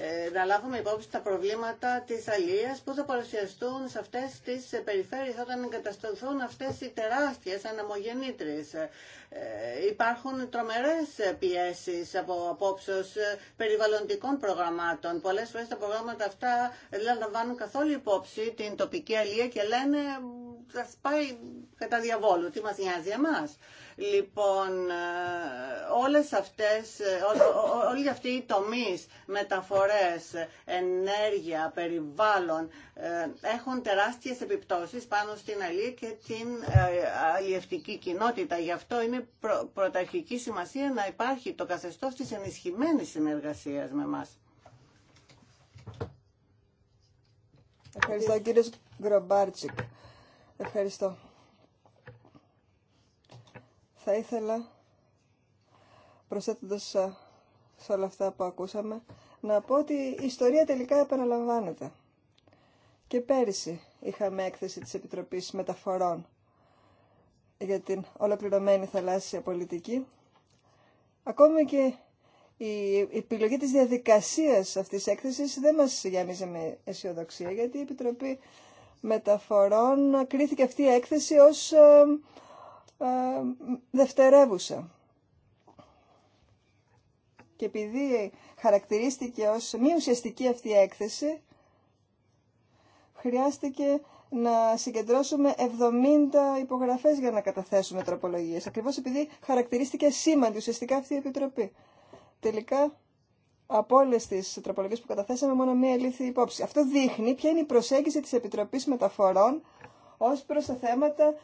ε, να λάβουμε υπόψη τα προβλήματα της αλίας που θα παρουσιαστούν σε αυτές τις περιφέρειες όταν εγκατασταθούν αυτές οι τεράστιες αναμογεννήτρες. Ε, υπάρχουν τρομερές πιέσεις από απόψεως περιβαλλοντικών προγραμμάτων. Πολλές φορές τα προγράμματα αυτά δεν λαμβάνουν καθόλου υπόψη την τοπική αλία και λένε θα πάει κατά διαβόλου, τι μας νοιάζει εμάς. Λοιπόν, ε, όλες αυτές, ε, όλοι αυτοί οι τομείς, μεταφορές, ενέργεια, περιβάλλον, ε, έχουν τεράστιες επιπτώσεις πάνω στην αλληλεία και την αλλιευτική κοινότητα. Γι' αυτό είναι πρωταρχική σημασία να υπάρχει το καθεστώς της ενισχυμένης συνεργασίας με μας. Ευχαριστώ κύριε Γκρομπάρτσικ. Ευχαριστώ. Θα ήθελα, προσθέτοντας σε όλα αυτά που ακούσαμε, να πω ότι η ιστορία τελικά επαναλαμβάνεται. Και πέρυσι είχαμε έκθεση της Επιτροπής Μεταφορών για την ολοκληρωμένη θαλάσσια πολιτική. Ακόμη και η επιλογή της διαδικασίας αυτής της έκθεσης δεν μας γέμιζε με αισιοδοξία, γιατί η Επιτροπή Μεταφορών κρίθηκε αυτή η έκθεση ως ε, ε, δευτερεύουσα. Και επειδή χαρακτηρίστηκε ως μη ουσιαστική αυτή η έκθεση, χρειάστηκε να συγκεντρώσουμε 70 υπογραφές για να καταθέσουμε τροπολογίες, ακριβώς επειδή χαρακτηρίστηκε σήμαντη ουσιαστικά αυτή η Επιτροπή. Τελικά, από όλε τι τροπολογίε που καταθέσαμε, μόνο μία λήθη υπόψη. Αυτό δείχνει ποια είναι η προσέγγιση τη Επιτροπή Μεταφορών ω προ τα θέματα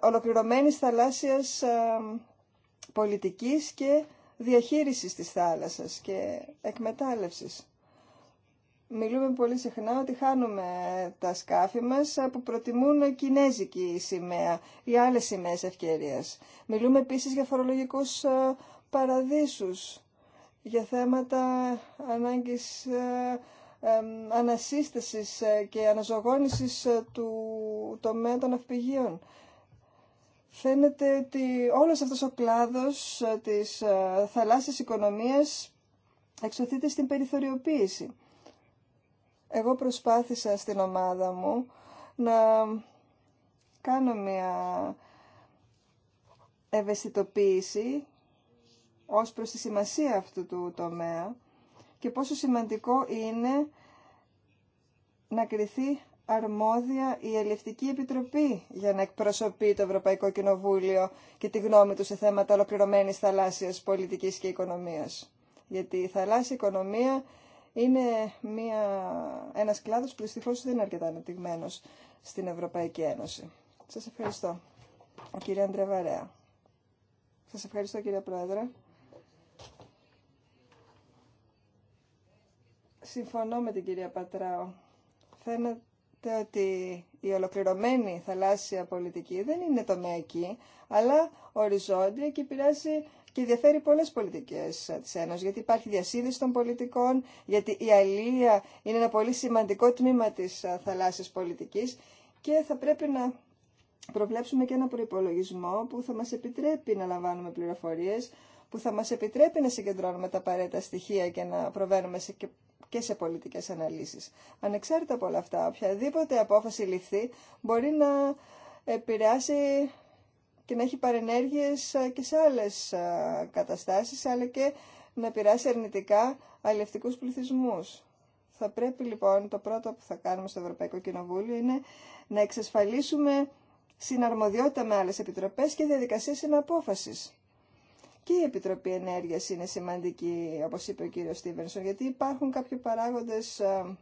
ολοκληρωμένης θαλάσσιας πολιτικής και διαχείρισης της θάλασσας και εκμετάλλευσης. Μιλούμε πολύ συχνά ότι χάνουμε τα σκάφη μας που προτιμούν κινέζικη σημαία ή άλλες σημαίες ευκαιρίας. Μιλούμε επίσης για φορολογικούς ε, παραδείσους, για θέματα ανάγκης ε, ανασύστασης ε, και αναζωογόνησης ε, του τομέα των αυπηγείων. Φαίνεται ότι όλος αυτός ο κλάδος ε, της θαλάσσιας οικονομίας εξωθείται στην περιθωριοποίηση. Εγώ προσπάθησα στην ομάδα μου να κάνω μια ευαισθητοποίηση ως προς τη σημασία αυτού του τομέα και πόσο σημαντικό είναι να κριθεί αρμόδια η Ελευτική Επιτροπή για να εκπροσωπεί το Ευρωπαϊκό Κοινοβούλιο και τη γνώμη του σε θέματα ολοκληρωμένης θαλάσσιας πολιτικής και οικονομίας. Γιατί η θαλάσσια οικονομία είναι μια, ένας κλάδος που δυστυχώς δεν είναι αρκετά αναπτυγμένο στην Ευρωπαϊκή Ένωση. Σας ευχαριστώ, κύριε Αντρεβαρέα. Σας ευχαριστώ, κύριε Πρόεδρε. Συμφωνώ με την κυρία Πατράου. Φαίνεται ότι η ολοκληρωμένη θαλάσσια πολιτική δεν είναι το τομεακή, αλλά οριζόντια και επηρεάζει και διαφέρει πολλές πολιτικές της Ένωσης, γιατί υπάρχει διασύνδεση των πολιτικών, γιατί η αλλήλεια είναι ένα πολύ σημαντικό τμήμα της θαλάσσιας πολιτικής και θα πρέπει να προβλέψουμε και ένα προϋπολογισμό που θα μας επιτρέπει να λαμβάνουμε πληροφορίες, που θα μας επιτρέπει να συγκεντρώνουμε τα απαραίτητα στοιχεία και να προβαίνουμε σε και σε πολιτικές αναλύσεις. Ανεξάρτητα από όλα αυτά, οποιαδήποτε απόφαση ληφθεί μπορεί να επηρεάσει και να έχει παρενέργειες και σε άλλες καταστάσεις, αλλά και να επηρεάσει αρνητικά αλληλευτικούς πληθυσμούς. Θα πρέπει λοιπόν το πρώτο που θα κάνουμε στο Ευρωπαϊκό Κοινοβούλιο είναι να εξασφαλίσουμε συναρμοδιότητα με άλλες επιτροπές και διαδικασίες συναπόφασης και η Επιτροπή Ενέργειας είναι σημαντική, όπως είπε ο κύριος Στίβενσον, γιατί υπάρχουν κάποιοι παράγοντες ε,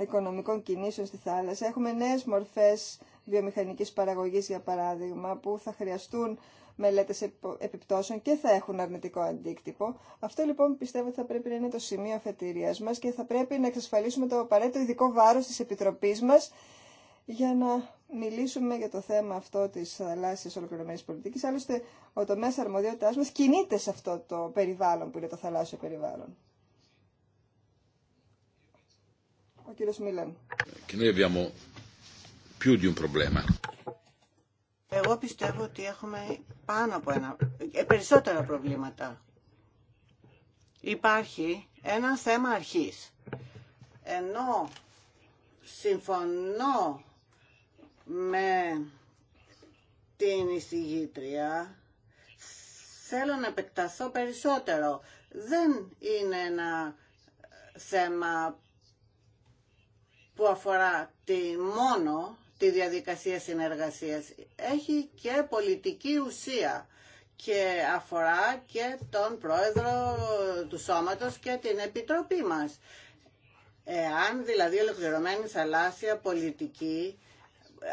οικονομικών κινήσεων στη θάλασσα. Έχουμε νέες μορφές βιομηχανικής παραγωγής, για παράδειγμα, που θα χρειαστούν μελέτες επιπτώσεων και θα έχουν αρνητικό αντίκτυπο. Αυτό λοιπόν πιστεύω θα πρέπει να είναι το σημείο αφετηρίας μας και θα πρέπει να εξασφαλίσουμε το απαραίτητο ειδικό βάρος της Επιτροπής μας για να μιλήσουμε για το θέμα αυτό της θαλάσσια ολοκληρωμένη πολιτικής. Άλλωστε, ο τομέας αρμοδιότητάς μας κινείται σε αυτό το περιβάλλον που είναι το θαλάσσιο περιβάλλον. Ο κύριο Μίλαν. Και Εγώ πιστεύω ότι έχουμε πάνω από ένα, ε, περισσότερα προβλήματα. Υπάρχει ένα θέμα αρχής. Ενώ συμφωνώ με την εισηγήτρια θέλω να επεκταθώ περισσότερο. Δεν είναι ένα θέμα που αφορά τη μόνο τη διαδικασία συνεργασίας. Έχει και πολιτική ουσία και αφορά και τον πρόεδρο του σώματος και την επιτροπή μας. Εάν δηλαδή ολοκληρωμένη θαλάσσια πολιτική ε,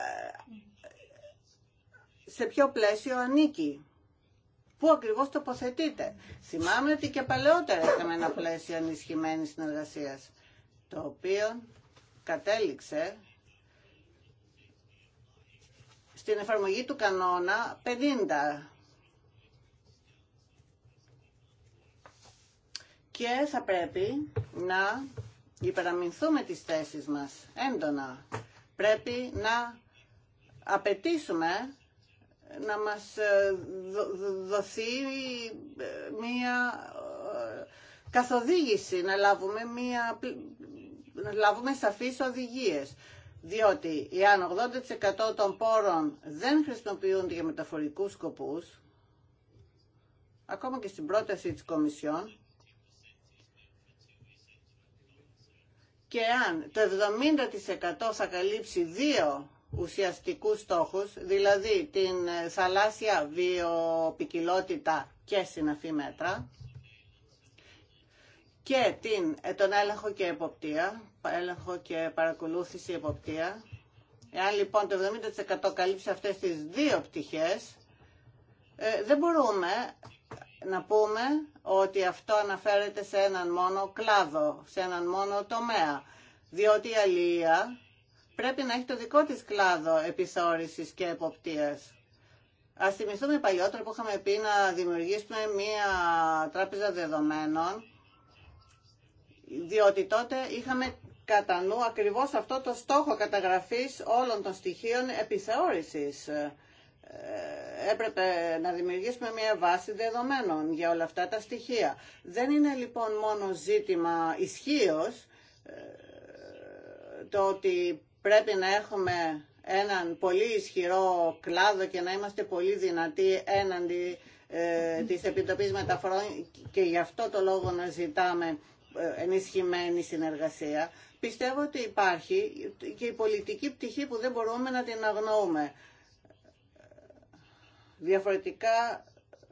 σε ποιο πλαίσιο ανήκει. Πού ακριβώς τοποθετείται. Θυμάμαι ότι και παλαιότερα είχαμε ένα πλαίσιο ενισχυμένη συνεργασία, το οποίο κατέληξε στην εφαρμογή του κανόνα 50. Και θα πρέπει να υπεραμεινθούμε τις θέσεις μας έντονα πρέπει να απαιτήσουμε να μας ε, δοθεί ε, μία ε, καθοδήγηση, να λάβουμε, μία, να λάβουμε σαφείς οδηγίες. Διότι εάν 80% των πόρων δεν χρησιμοποιούνται για μεταφορικούς σκοπούς, ακόμα και στην πρόταση της Κομισιόν, και αν το 70% θα καλύψει δύο ουσιαστικούς στόχους, δηλαδή την ε, θαλάσσια βιοπικιλότητα και συναφή μέτρα και την, ε, τον έλεγχο και εποπτεία, έλεγχο και παρακολούθηση εποπτεία. Εάν λοιπόν το 70% καλύψει αυτές τις δύο πτυχές, ε, δεν μπορούμε να πούμε ότι αυτό αναφέρεται σε έναν μόνο κλάδο, σε έναν μόνο τομέα. Διότι η αλληλεία πρέπει να έχει το δικό της κλάδο επισόρησης και εποπτείας. Ας θυμηθούμε παλιότερα που είχαμε πει να δημιουργήσουμε μία τράπεζα δεδομένων, διότι τότε είχαμε κατά νου ακριβώς αυτό το στόχο καταγραφής όλων των στοιχείων επιθεώρησης ε, έπρεπε να δημιουργήσουμε μια βάση δεδομένων για όλα αυτά τα στοιχεία. Δεν είναι λοιπόν μόνο ζήτημα ισχύω ε, το ότι πρέπει να έχουμε έναν πολύ ισχυρό κλάδο και να είμαστε πολύ δυνατοί έναντι ε, της Επιτροπής Μεταφορών και γι' αυτό το λόγο να ζητάμε ε, ενισχυμένη συνεργασία. Πιστεύω ότι υπάρχει και η πολιτική πτυχή που δεν μπορούμε να την αγνοούμε. Διαφορετικά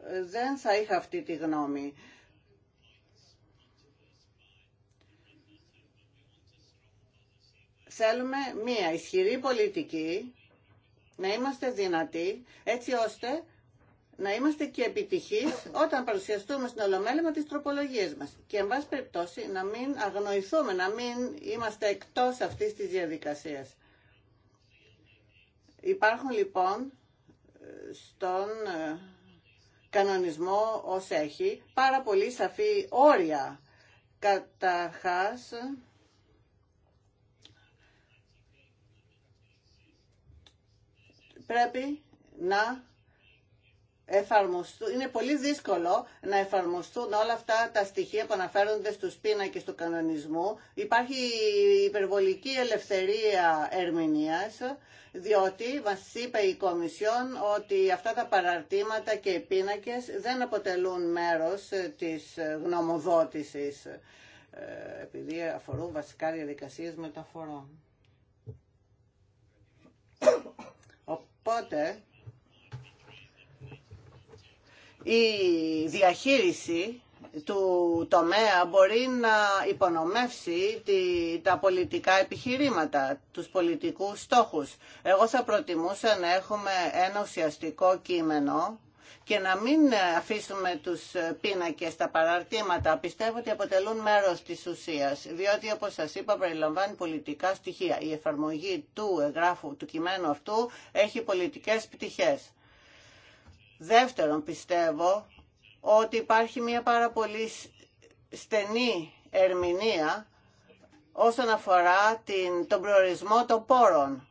ε, δεν θα είχα αυτή τη γνώμη. Θέλουμε μία ισχυρή πολιτική, να είμαστε δυνατοί, έτσι ώστε να είμαστε και επιτυχείς όταν παρουσιαστούμε στην Ολομέλεια με τις τροπολογίες μας. Και εν πάση περιπτώσει να μην αγνοηθούμε, να μην είμαστε εκτός αυτής της διαδικασίας. Υπάρχουν λοιπόν στον ε, κανονισμό ως έχει πάρα πολύ σαφή όρια. Καταρχάς, πρέπει να εφαρμοστούν, είναι πολύ δύσκολο να εφαρμοστούν όλα αυτά τα στοιχεία που αναφέρονται στου πίνακες του κανονισμού. Υπάρχει υπερβολική ελευθερία ερμηνείας, διότι μα είπε η Κομισιόν ότι αυτά τα παραρτήματα και οι πίνακε δεν αποτελούν μέρος της γνωμοδότησης, ε, επειδή αφορούν βασικά διαδικασίε μεταφορών. Οπότε, η διαχείριση του τομέα μπορεί να υπονομεύσει τη, τα πολιτικά επιχειρήματα, τους πολιτικούς στόχους. Εγώ θα προτιμούσα να έχουμε ένα ουσιαστικό κείμενο και να μην αφήσουμε τους πίνακες, τα παραρτήματα. Πιστεύω ότι αποτελούν μέρος της ουσίας, διότι όπως σας είπα περιλαμβάνει πολιτικά στοιχεία. Η εφαρμογή του εγγράφου, του κειμένου αυτού έχει πολιτικές πτυχές. Δεύτερον, πιστεύω ότι υπάρχει μια πάρα πολύ στενή ερμηνεία όσον αφορά την, τον προορισμό των πόρων.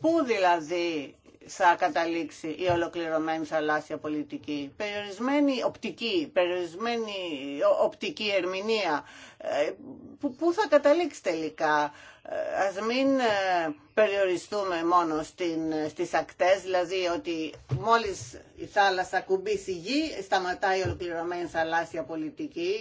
Πού δηλαδή θα καταλήξει η ολοκληρωμένη θαλάσσια πολιτική. Περιορισμένη οπτική, περιορισμένη οπτική ερμηνεία. Ε, Πού θα καταλήξει τελικά. Ε, ας μην ε, περιοριστούμε μόνο στην, στις ακτές, δηλαδή ότι μόλις η θάλασσα κουμπίσει γη, σταματάει η ολοκληρωμένη θαλάσσια πολιτική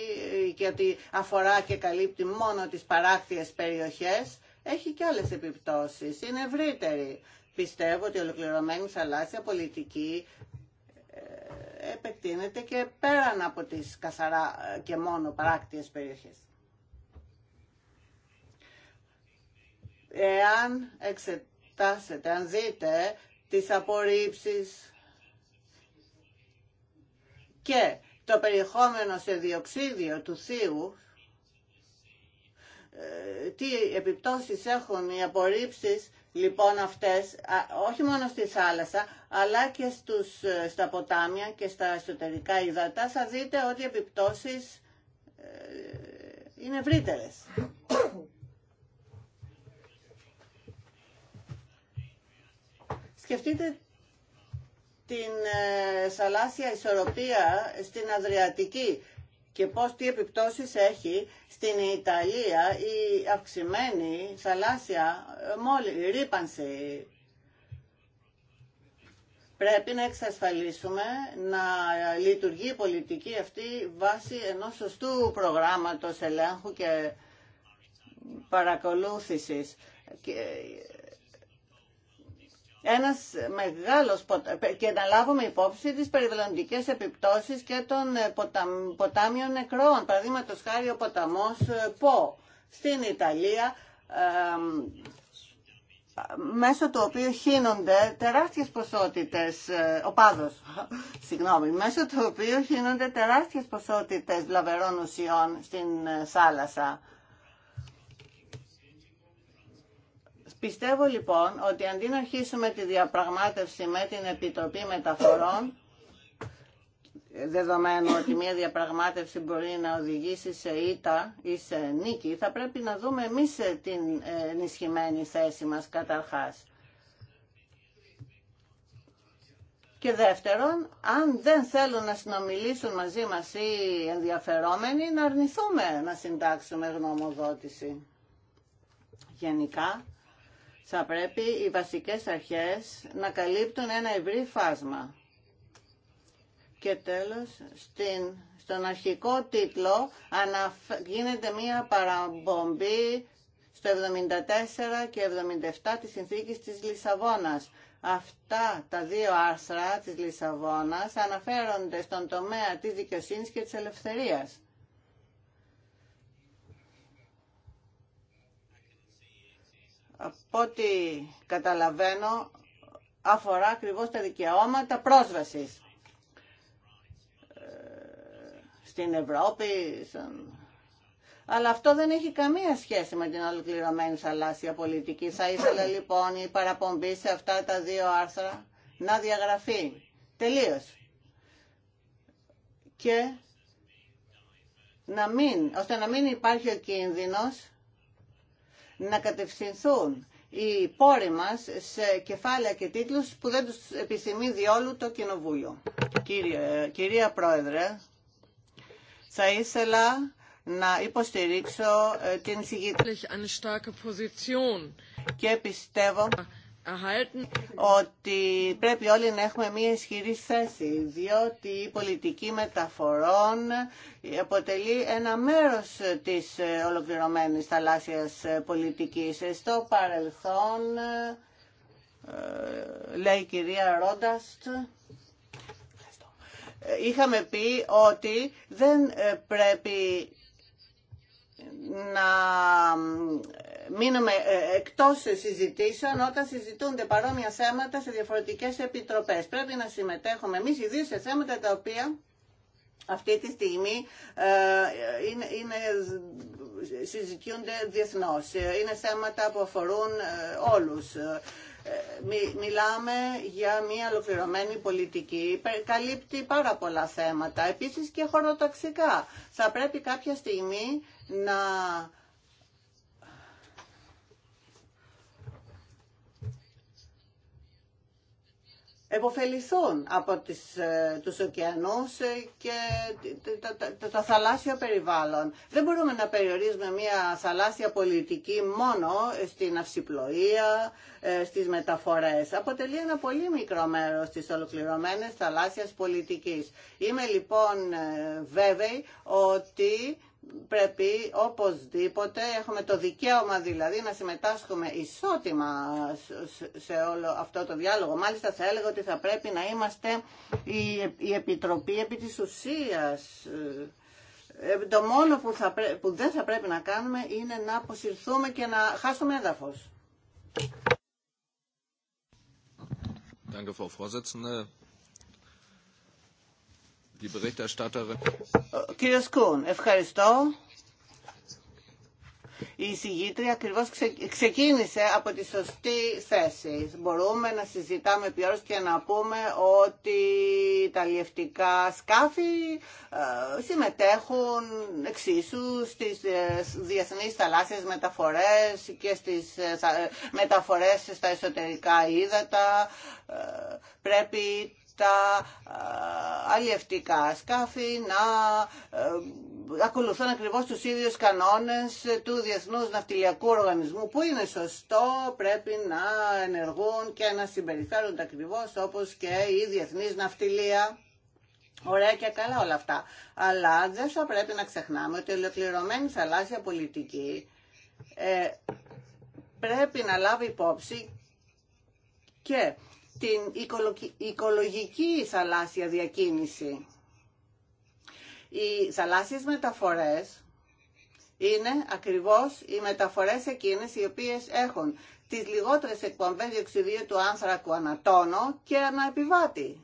και ότι αφορά και καλύπτει μόνο τις παράκτιες περιοχές έχει και άλλες επιπτώσεις. Είναι ευρύτερη πιστεύω ότι η ολοκληρωμένη θαλάσσια πολιτική ε, επεκτείνεται και πέραν από τις καθαρά ε, και μόνο παράκτιες περιοχές. Εάν εξετάσετε, αν δείτε τις απορρίψεις και το περιεχόμενο σε διοξίδιο του θείου, ε, τι επιπτώσεις έχουν οι απορρίψεις λοιπόν αυτές, όχι μόνο στη θάλασσα, αλλά και στους, στα ποτάμια και στα εσωτερικά υδατά, θα δείτε ότι οι επιπτώσεις ε, είναι ευρύτερε. Σκεφτείτε την ε, θαλάσσια ισορροπία στην Αδριατική και πώς τι επιπτώσεις έχει στην Ιταλία η αυξημένη θαλάσσια μόλι, ρήπανση. Πρέπει να εξασφαλίσουμε να λειτουργεί η πολιτική αυτή βάσει ενός σωστού προγράμματος ελέγχου και παρακολούθησης ένας μεγάλος και να λάβουμε υπόψη τις περιβαλλοντικές επιπτώσεις και των ε, ποτάμιων νεκρών. Παραδείγματο χάρη ο ποταμός ε, Πο στην Ιταλία μέσω του οποίου χύνονται τεράστιες ποσότητες, ε, ο συγγνώμη, μέσω του οποίου χύνονται τεράστιες ποσότητες βλαβερών ουσιών στην θάλασσα. Πιστεύω λοιπόν ότι αντί να αρχίσουμε τη διαπραγμάτευση με την Επιτροπή Μεταφορών, δεδομένου ότι μια διαπραγμάτευση μπορεί να οδηγήσει σε ήττα ή σε νίκη, θα πρέπει να δούμε εμείς την ενισχυμένη θέση μας καταρχάς. Και δεύτερον, αν δεν θέλουν να συνομιλήσουν μαζί μας οι ενδιαφερόμενοι, να αρνηθούμε να συντάξουμε γνωμοδότηση. Γενικά, θα πρέπει οι βασικές αρχές να καλύπτουν ένα ευρύ φάσμα. Και τέλος, στην, στον αρχικό τίτλο γίνεται μία παραμπομπή στο 74 και 77 της συνθήκης της Λισαβόνας. Αυτά τα δύο άρθρα της Λισαβόνας αναφέρονται στον τομέα της δικαιοσύνης και της ελευθερίας. από ό,τι καταλαβαίνω αφορά ακριβώς τα δικαιώματα πρόσβασης ε, στην Ευρώπη. Αλλά αυτό δεν έχει καμία σχέση με την ολοκληρωμένη θαλάσσια πολιτική. Θα ήθελα λοιπόν η παραπομπή σε αυτά τα δύο άρθρα να διαγραφεί. Τελείως. Και να μην, ώστε να μην υπάρχει ο κίνδυνος να κατευθυνθούν οι πόροι μας σε κεφάλαια και τίτλους που δεν τους επιθυμεί διόλου το Κοινοβούλιο. Κύριε, κυρία Πρόεδρε, θα ήθελα να υποστηρίξω ε, την συγκεκριμένη και πιστεύω ah, ότι πρέπει όλοι να έχουμε μια ισχυρή θέση, διότι η πολιτική μεταφορών αποτελεί ένα μέρος της ε, ολοκληρωμένης θαλάσσιας ε, πολιτικής. Ε, στο παρελθόν, λέει η κυρία Ρόνταστ, είχαμε πει ότι δεν πρέπει να μείνουμε ε, εκτός συζητήσεων όταν συζητούνται παρόμοια θέματα σε διαφορετικές επιτροπές. Πρέπει να συμμετέχουμε εμείς ιδίως σε θέματα τα οποία αυτή τη στιγμή ε, είναι, είναι, συζητιούνται διεθνώς. Είναι θέματα που αφορούν ε, όλους. μιλάμε για μια ολοκληρωμένη πολιτική, καλύπτει πάρα πολλά θέματα, επίσης και χωροταξικά. Θα πρέπει κάποια στιγμή να εποφεληθούν από τις, ε, τους ωκεανούς ε, και τα, τα, θαλάσσια περιβάλλον. Δεν μπορούμε να περιορίζουμε μια θαλάσσια πολιτική μόνο στην αυσιπλοεία, ε, στις μεταφορές. Αποτελεί ένα πολύ μικρό μέρος της ολοκληρωμένης θαλάσσιας πολιτικής. Είμαι λοιπόν βέβαιη ότι πρέπει οπωσδήποτε, έχουμε το δικαίωμα δηλαδή να συμμετάσχουμε ισότιμα σε όλο αυτό το διάλογο. Μάλιστα θα έλεγα ότι θα πρέπει να είμαστε η, Επιτροπή επί της ουσίας. Ε, ε, το μόνο που, θα δεν θα πρέπει να κάνουμε είναι να αποσυρθούμε και να χάσουμε έδαφος. Danke, Κύριο Σκούν, ευχαριστώ. Η συγγήτρια ακριβώ ξεκίνησε από τη σωστή θέση. Μπορούμε να συζητάμε πιο και να πούμε ότι τα λιευτικά σκάφη ε, συμμετέχουν εξίσου στις ε, διεθνεί θαλάσσιε μεταφορές και στις ε, μεταφορέ στα εσωτερικά ύδατα. Πρέπει τα αλλιευτικά ε, σκάφη να ε, ακολουθούν ακριβώς τους ίδιους κανόνες του Διεθνούς Ναυτιλιακού Οργανισμού που είναι σωστό, πρέπει να ενεργούν και να συμπεριφέρονται ακριβώς όπως και η Διεθνής Ναυτιλία. Ωραία και καλά όλα αυτά. Αλλά δεν θα πρέπει να ξεχνάμε ότι η ολοκληρωμένη θαλάσσια πολιτική ε, πρέπει να λάβει υπόψη και την οικολογική θαλάσσια διακίνηση. Οι θαλάσσιες μεταφορές είναι ακριβώς οι μεταφορές εκείνες οι οποίες έχουν τις λιγότερες εκπομπές διοξιδίου του άνθρακου ανατόνο και αναεπιβάτη.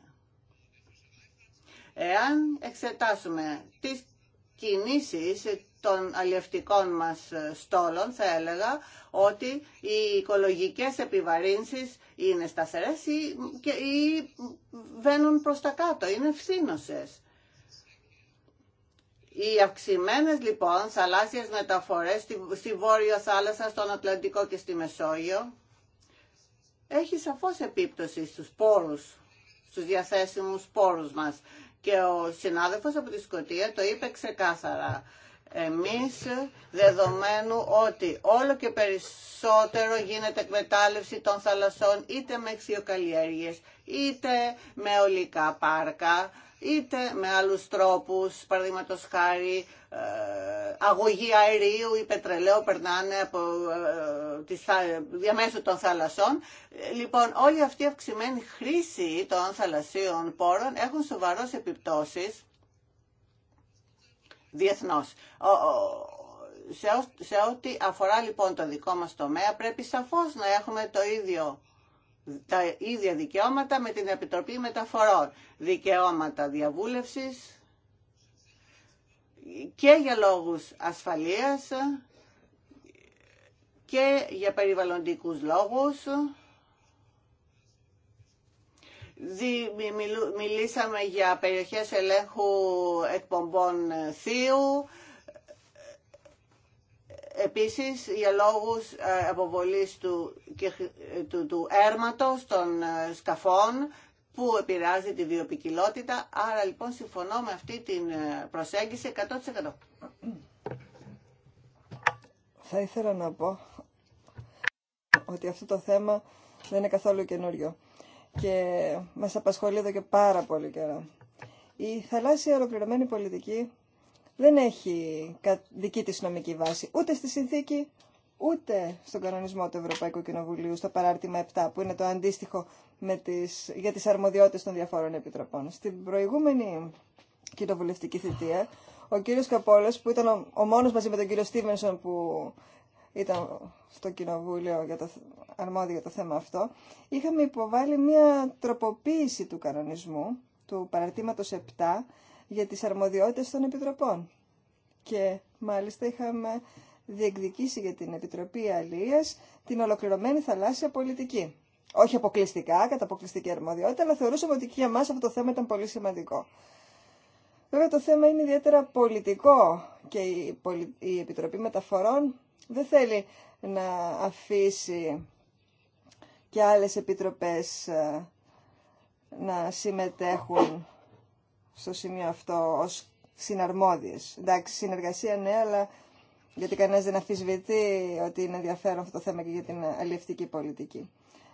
Εάν εξετάσουμε τις κινήσεις των αλλιευτικών μας ε, στόλων θα έλεγα ότι οι οικολογικές επιβαρύνσεις είναι σταθερές ή, και, ή βαίνουν προς τα κάτω, είναι ευθύνωσες. Οι αυξημένες λοιπόν θαλάσσιες μεταφορές στη, Βόρεια Θάλασσα, στον Ατλαντικό και στη Μεσόγειο έχει σαφώς επίπτωση στους πόρους, στους διαθέσιμους πόρους μας. Και ο συνάδελφος από τη Σκωτία το είπε ξεκάθαρα εμείς δεδομένου ότι όλο και περισσότερο γίνεται εκμετάλλευση των θαλασσών είτε με αξιοκαλλιέργειες, είτε με ολικά πάρκα, είτε με άλλους τρόπους, παραδείγματο χάρη ε, αγωγή αερίου ή πετρελαίου περνάνε από, ε, διαμέσου των θαλασσών. Λοιπόν, όλη αυτή η αυξημένη χρήση των θαλασσίων πόρων έχουν σοβαρές επιπτώσεις διεθνώς. Σε ό,τι αφορά λοιπόν το δικό μας τομέα πρέπει σαφώς να έχουμε το ίδιο τα ίδια δικαιώματα με την Επιτροπή Μεταφορών. Δικαιώματα διαβούλευσης και για λόγους ασφαλείας και για περιβαλλοντικούς λόγους μιλήσαμε για περιοχές ελέγχου εκπομπών θείου, Επίσης, για λόγους ε, αποβολής του, του, έρματος των ε, σκαφών που επηρεάζει τη βιοπικιλότητα. Άρα, λοιπόν, συμφωνώ με αυτή την ε, προσέγγιση 100%. Θα ήθελα να πω ότι αυτό το θέμα δεν είναι καθόλου καινούριο και μας απασχολεί εδώ και πάρα πολύ καιρό. Η θαλάσσια ολοκληρωμένη πολιτική δεν έχει δική της νομική βάση, ούτε στη συνθήκη, ούτε στον κανονισμό του Ευρωπαϊκού Κοινοβουλίου, στο παράρτημα 7, που είναι το αντίστοιχο με τις, για τις αρμοδιότητες των διαφόρων επιτροπών. Στην προηγούμενη κοινοβουλευτική θητεία, ο κύριος Καπόλος, που ήταν ο, ο μόνος μαζί με τον κύριο Στίβενσον που ήταν στο Κοινοβούλιο για το, αρμόδιο για το θέμα αυτό, είχαμε υποβάλει μία τροποποίηση του κανονισμού, του παρατήματος 7, για τις αρμοδιότητες των επιτροπών. Και μάλιστα είχαμε διεκδικήσει για την Επιτροπή Αλίας την ολοκληρωμένη θαλάσσια πολιτική. Όχι αποκλειστικά, κατά αποκλειστική αρμοδιότητα, αλλά θεωρούσαμε ότι και για μας αυτό το θέμα ήταν πολύ σημαντικό. Βέβαια το θέμα είναι ιδιαίτερα πολιτικό και η Επιτροπή Μεταφορών δεν θέλει να αφήσει και άλλες επιτροπές ε, να συμμετέχουν στο σημείο αυτό ως συναρμόδιες. Εντάξει, συνεργασία ναι, αλλά γιατί κανένας δεν αφισβητεί ότι είναι ενδιαφέρον αυτό το θέμα και για την αλληλευτική πολιτική.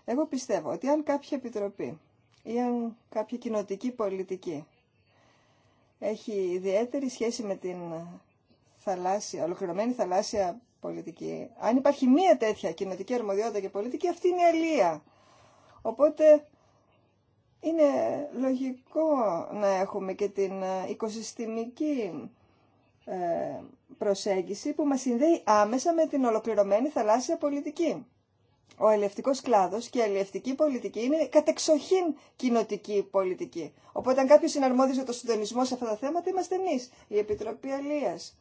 Εγώ πιστεύω ότι αν κάποια επιτροπή ή αν κάποια κοινοτική πολιτική έχει ιδιαίτερη σχέση με την θαλάσσια, ολοκληρωμένη θαλάσσια πολιτική. Αν υπάρχει μία τέτοια κοινοτική αρμοδιότητα και πολιτική, αυτή είναι η αλία. Οπότε είναι λογικό να έχουμε και την ε, οικοσυστημική ε, προσέγγιση που μας συνδέει άμεσα με την ολοκληρωμένη θαλάσσια πολιτική. Ο ελευτικός κλάδος και η ελευτική πολιτική είναι κατεξοχήν κοινοτική πολιτική. Οπότε αν κάποιος συναρμόδιζε το συντονισμό σε αυτά τα θέματα είμαστε εμείς, η Επιτροπή Αλίας.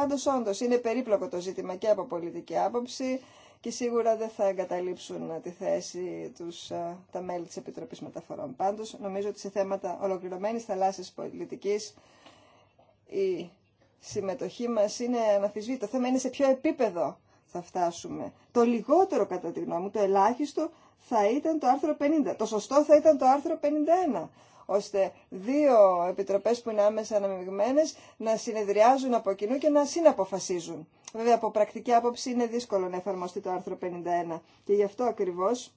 Πάντως όντως είναι περίπλοκο το ζήτημα και από πολιτική άποψη και σίγουρα δεν θα εγκαταλείψουν ε, τη θέση τους ε, τα μέλη της Επιτροπής Μεταφορών. Πάντως νομίζω ότι σε θέματα ολοκληρωμένης θαλάσσης πολιτικής η συμμετοχή μας είναι αναφυσβήτητα. Το θέμα είναι σε ποιο επίπεδο θα φτάσουμε. Το λιγότερο κατά τη γνώμη μου, το ελάχιστο θα ήταν το άρθρο 50. Το σωστό θα ήταν το άρθρο 51 ώστε δύο επιτροπές που είναι άμεσα αναμειγμένες να συνεδριάζουν από κοινού και να συναποφασίζουν. Βέβαια από πρακτική άποψη είναι δύσκολο να εφαρμοστεί το άρθρο 51 και γι' αυτό ακριβώς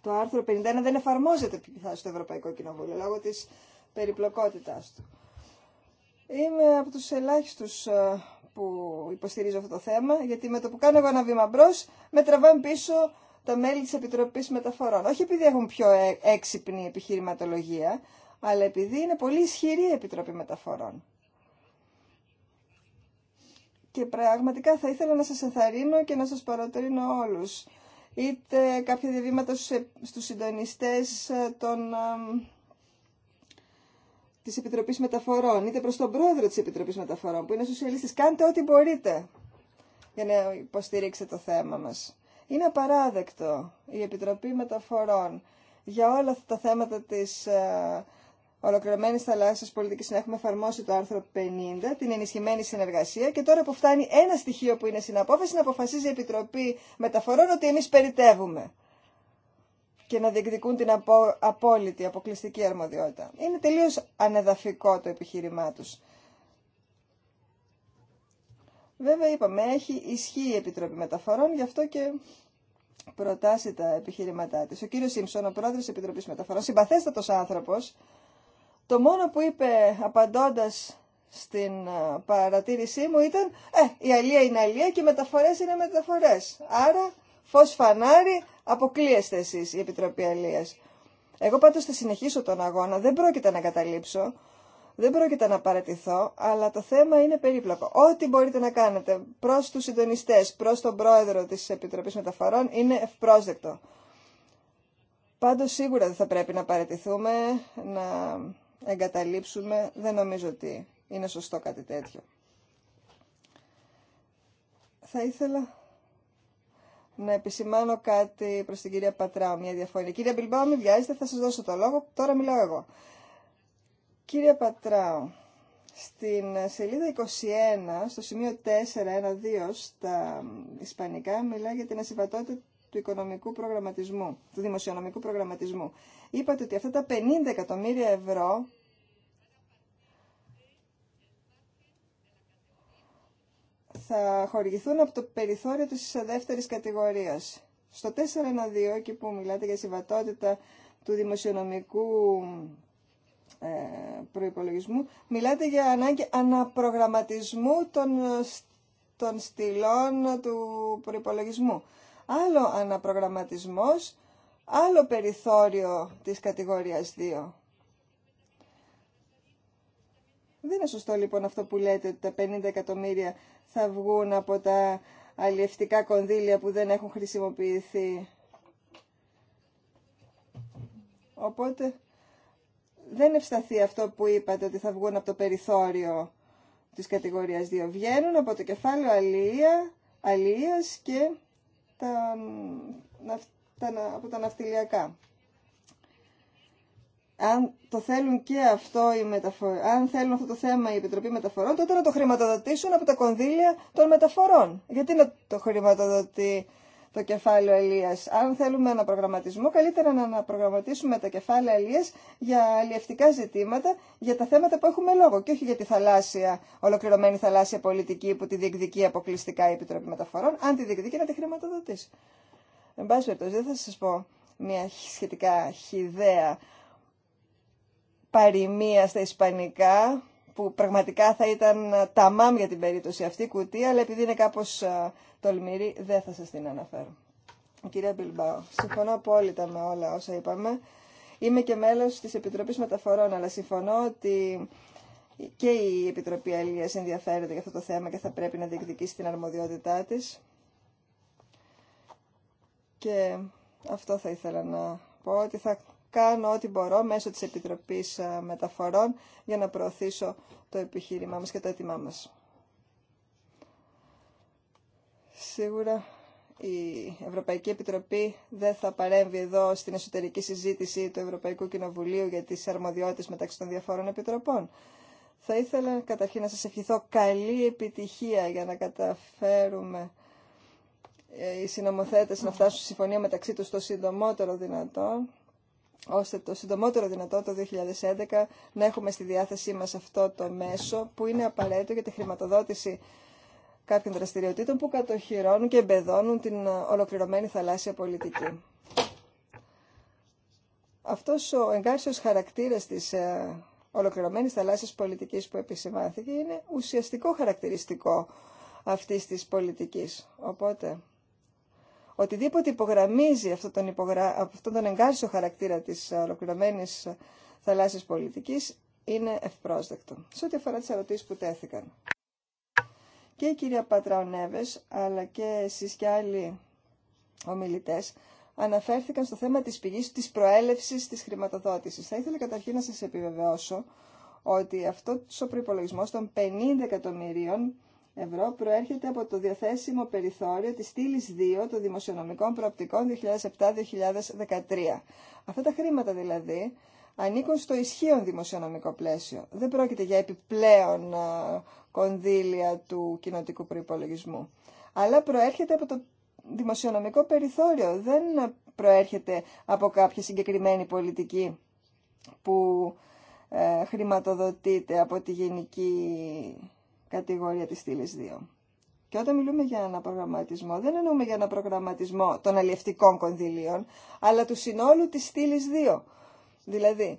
το άρθρο 51 δεν εφαρμόζεται πιθά στο Ευρωπαϊκό Κοινοβούλιο λόγω της περιπλοκότητάς του. Είμαι από τους ελάχιστους ε, που υποστηρίζω αυτό το θέμα, γιατί με το που κάνω εγώ ένα βήμα μπρος, με τραβάνε πίσω τα μέλη της Επιτροπής Μεταφορών. Όχι επειδή έχουν πιο ε, έξυπνη επιχειρηματολογία, αλλά επειδή είναι πολύ ισχυρή η Επιτροπή Μεταφορών. Και πραγματικά θα ήθελα να σας ενθαρρύνω και να σας παροτρύνω όλους. Είτε κάποια διαβήματα στους ε, συντονιστές ε, των, της Επιτροπής Μεταφορών, είτε προς τον πρόεδρο της Επιτροπής Μεταφορών, που είναι σοσιαλιστής. Κάντε ό,τι μπορείτε για να υποστηρίξετε το θέμα μας. Είναι απαράδεκτο η Επιτροπή Μεταφορών για όλα αυτά τα θέματα της ε, ολοκληρωμένης θαλάσσιας πολιτικής να έχουμε εφαρμόσει το άρθρο 50, την ενισχυμένη συνεργασία και τώρα που φτάνει ένα στοιχείο που είναι συναπόφαση να αποφασίζει η Επιτροπή Μεταφορών ότι εμείς περιτεύουμε και να διεκδικούν την απόλυτη, αποκλειστική αρμοδιότητα. Είναι τελείως ανεδαφικό το επιχείρημά τους. Βέβαια είπαμε, έχει ισχύ η Επιτροπή Μεταφορών, γι' αυτό και προτάσει τα επιχειρηματά της. Ο κύριος Σίμψον, ο πρόεδρος της Επιτροπής Μεταφορών, συμπαθέστατος άνθρωπος, το μόνο που είπε απαντώντας στην ε, παρατήρησή μου ήταν «Ε, η αλία είναι αλία και οι μεταφορές είναι μεταφορές». Άρα, φως φανάρι, αποκλείεστε εσείς η Επιτροπή Αλίας. Εγώ πάντως θα συνεχίσω τον αγώνα, δεν πρόκειται να καταλήψω. Δεν πρόκειται να παρατηθώ, αλλά το θέμα είναι περίπλοκο. Ό,τι μπορείτε να κάνετε προς τους συντονιστέ, προς τον πρόεδρο της Επιτροπής Μεταφορών είναι ευπρόσδεκτο. Πάντως σίγουρα δεν θα πρέπει να παρατηθούμε, να εγκαταλείψουμε. Δεν νομίζω ότι είναι σωστό κάτι τέτοιο. Θα ήθελα να επισημάνω κάτι προς την κυρία Πατράου, μια διαφωνία. Κυρία Μπιλμπάου, μην βιάζετε, θα σας δώσω το λόγο, τώρα μιλάω εγώ. Κύριε Πατράου, στην σελίδα 21, στο σημείο 412 στα ισπανικά, μιλά για την ασυμβατότητα του οικονομικού προγραμματισμού, του δημοσιονομικού προγραμματισμού. Είπατε ότι αυτά τα 50 εκατομμύρια ευρώ θα χορηγηθούν από το περιθώριο της δεύτερης κατηγορίας. Στο 412, εκεί που μιλάτε για συμβατότητα του δημοσιονομικού ε, προϋπολογισμού, μιλάτε για ανάγκη αναπρογραμματισμού των, των στυλών του προϋπολογισμού. Άλλο αναπρογραμματισμός, άλλο περιθώριο της κατηγορίας 2. Δεν είναι σωστό λοιπόν αυτό που λέτε ότι τα 50 εκατομμύρια θα βγουν από τα αλλιευτικά κονδύλια που δεν έχουν χρησιμοποιηθεί. Οπότε δεν ευσταθεί αυτό που είπατε ότι θα βγουν από το περιθώριο της κατηγορίας 2. Βγαίνουν από το κεφάλαιο αλία, αλίας και τα, τα, από τα ναυτιλιακά. Αν το θέλουν και αυτό οι αν θέλουν αυτό το θέμα η Επιτροπή Μεταφορών, τότε να το χρηματοδοτήσουν από τα κονδύλια των μεταφορών. Γιατί να το χρηματοδοτεί το κεφάλαιο Ελίας. Αν θέλουμε ένα προγραμματισμό, καλύτερα να αναπρογραμματίσουμε τα κεφάλαια Ελίας για αλλιευτικά ζητήματα, για τα θέματα που έχουμε λόγο και όχι για τη θαλάσσια, ολοκληρωμένη θαλάσσια πολιτική που τη διεκδικεί αποκλειστικά η Επιτροπή Μεταφορών, αν τη διεκδικεί να τη χρηματοδοτήσει. Εν πάση περιπτώσει, δεν θα σα πω μια σχετικά χιδέα παροιμία στα ισπανικά που πραγματικά θα ήταν ε, τα μάμ για την περίπτωση αυτή κουτί, αλλά επειδή είναι κάπως ε, τολμηρή δεν θα σας την αναφέρω. Κυρία Μπιλμπάου, συμφωνώ απόλυτα με όλα όσα είπαμε. Είμαι και μέλος της Επιτροπής Μεταφορών, αλλά συμφωνώ ότι και η Επιτροπή Αλίας ενδιαφέρεται για αυτό το θέμα και θα πρέπει να διεκδικήσει την αρμοδιότητά της. Και αυτό θα ήθελα να πω, ότι θα κάνω ό,τι μπορώ μέσω της Επιτροπής ε, Μεταφορών για να προωθήσω το επιχείρημά μας και το έτοιμά μας. Σίγουρα η Ευρωπαϊκή Επιτροπή δεν θα παρέμβει εδώ στην εσωτερική συζήτηση του Ευρωπαϊκού Κοινοβουλίου για τις αρμοδιότητες μεταξύ των διαφόρων επιτροπών. Θα ήθελα καταρχήν να σας ευχηθώ καλή επιτυχία για να καταφέρουμε ε, οι συνομοθέτες να φτάσουν στη συμφωνία μεταξύ τους το συντομότερο δυνατόν ώστε το συντομότερο δυνατό το 2011 να έχουμε στη διάθεσή μας αυτό το μέσο που είναι απαραίτητο για τη χρηματοδότηση κάποιων δραστηριοτήτων που κατοχυρώνουν και εμπεδώνουν την ολοκληρωμένη θαλάσσια πολιτική. Αυτός ο εγκάρσιος χαρακτήρας της ε, ολοκληρωμένης θαλάσσιας πολιτικής που επισημάνθηκε είναι ουσιαστικό χαρακτηριστικό αυτής της πολιτικής. Οπότε οτιδήποτε υπογραμμίζει αυτόν τον, υπογρα... τον εγκάρσιο χαρακτήρα της ολοκληρωμένης θαλάσσιας πολιτικής είναι ευπρόσδεκτο. Σε ό,τι αφορά τις ερωτήσεις που τέθηκαν. Και η κυρία Πατραονέβες, αλλά και εσείς και άλλοι ομιλητές, αναφέρθηκαν στο θέμα της πηγής της προέλευσης της χρηματοδότησης. Θα ήθελα καταρχήν να σας επιβεβαιώσω ότι αυτό ο προπολογισμό των 50 εκατομμυρίων ευρώ προέρχεται από το διαθέσιμο περιθώριο της στήλη 2 των δημοσιονομικών προοπτικών 2007-2013. Αυτά τα χρήματα δηλαδή ανήκουν στο ισχύον δημοσιονομικό πλαίσιο. Δεν πρόκειται για επιπλέον κονδύλια του κοινοτικού προϋπολογισμού. Αλλά προέρχεται από το δημοσιονομικό περιθώριο. Δεν προέρχεται από κάποια συγκεκριμένη πολιτική που ε, χρηματοδοτείται από τη γενική κατηγορία της στήλη 2. Και όταν μιλούμε για ένα προγραμματισμό δεν εννοούμε για ένα προγραμματισμό των αλλιευτικών κονδυλίων, αλλά του συνόλου της στήλη 2. Δηλαδή,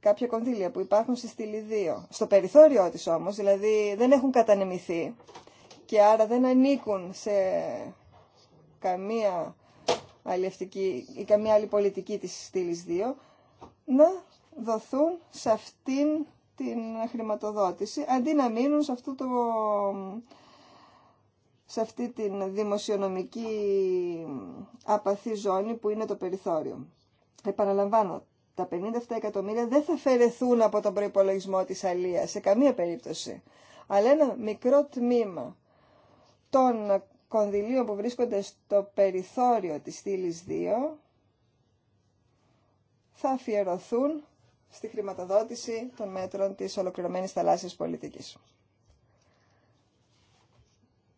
κάποια κονδύλια που υπάρχουν στη στήλη 2, στο περιθώριό της όμως, δηλαδή δεν έχουν κατανεμηθεί και άρα δεν ανήκουν σε καμία αλλιευτική ή καμία άλλη πολιτική της Στήλη 2, να δοθούν σε αυτήν την χρηματοδότηση, αντί να μείνουν σε, αυτό το, σε αυτή την δημοσιονομική απαθή ζώνη που είναι το περιθώριο. Επαναλαμβάνω, τα 57 εκατομμύρια δεν θα φερεθούν από τον προϋπολογισμό της αλίας σε καμία περίπτωση. Αλλά ένα μικρό τμήμα των κονδυλίων που βρίσκονται στο περιθώριο της στήλη 2 θα αφιερωθούν στη χρηματοδότηση των μέτρων της ολοκληρωμένης θαλάσσιας πολιτικής.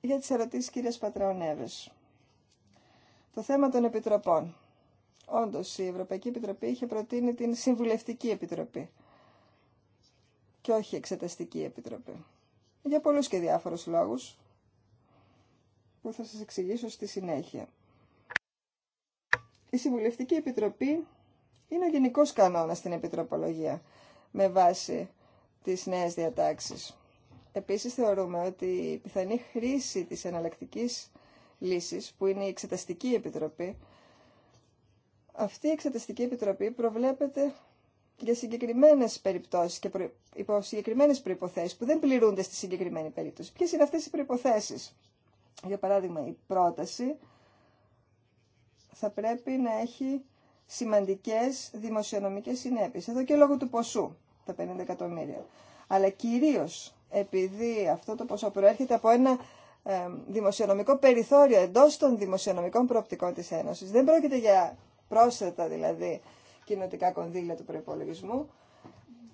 Για τις ερωτήσεις κυρίας Το θέμα των επιτροπών. Όντως, η Ευρωπαϊκή Επιτροπή είχε προτείνει την Συμβουλευτική Επιτροπή και όχι Εξεταστική Επιτροπή. Για πολλούς και διάφορους λόγους που θα σας εξηγήσω στη συνέχεια. Η Συμβουλευτική Επιτροπή είναι ο γενικός κανόνας στην επιτροπολογία με βάση τις νέε διατάξεις. Επίση θεωρούμε ότι η πιθανή χρήση της εναλλακτική λύσης, που είναι η Εξεταστική Επιτροπή, αυτή η Εξεταστική Επιτροπή προβλέπεται για συγκεκριμένε περιπτώσει και υπό συγκεκριμένε προποθέσει που δεν πληρούνται στη συγκεκριμένη περίπτωση. Ποιε είναι αυτέ οι προποθέσει, Για παράδειγμα, η πρόταση θα πρέπει να έχει σημαντικές δημοσιονομικές συνέπειες. Εδώ και λόγω του ποσού, τα 50 εκατομμύρια. Αλλά κυρίως επειδή αυτό το ποσό προέρχεται από ένα ε, δημοσιονομικό περιθώριο εντός των δημοσιονομικών προοπτικών της Ένωσης. Δεν πρόκειται για πρόσθετα δηλαδή κοινοτικά κονδύλια του προπολογισμού.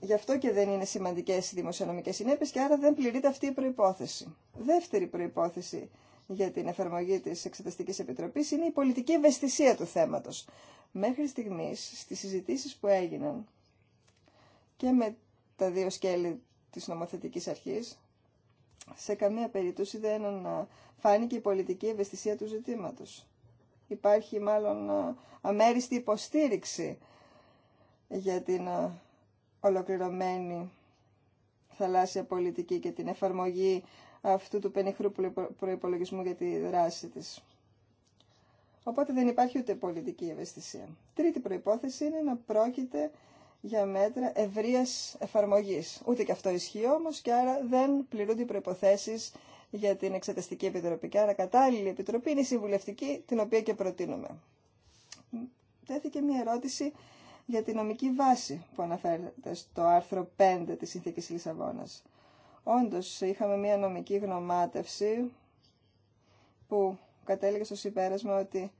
Γι' αυτό και δεν είναι σημαντικές οι δημοσιονομικές συνέπειες και άρα δεν πληρείται αυτή η προϋπόθεση. Δεύτερη προϋπόθεση για την εφαρμογή τη Εξεταστικής επιτροπή είναι η πολιτική ευαισθησία του θέματος. Μέχρι στιγμής, στις συζητήσεις που έγιναν και με τα δύο σκέλη της νομοθετικής αρχής, σε καμία περίπτωση δεν φάνηκε η πολιτική ευαισθησία του ζητήματος. Υπάρχει μάλλον αμέριστη υποστήριξη για την ολοκληρωμένη θαλάσσια πολιτική και την εφαρμογή αυτού του πενιχρού προϋπολογισμού για τη δράση της. Οπότε δεν υπάρχει ούτε πολιτική ευαισθησία. Τρίτη προϋπόθεση είναι να πρόκειται για μέτρα ευρεία εφαρμογή. Ούτε και αυτό ισχύει όμω, και άρα δεν πληρούνται οι προϋποθέσεις για την Εξεταστική Επιτροπή. Και άρα κατάλληλη επιτροπή είναι η συμβουλευτική, την οποία και προτείνουμε. Τέθηκε μια ερώτηση για τη νομική βάση που αναφέρεται στο άρθρο 5 της Συνθήκης Λισαβόνας. Όντως είχαμε μία νομική γνωμάτευση που κατέληγε στο συμπέρασμα ότι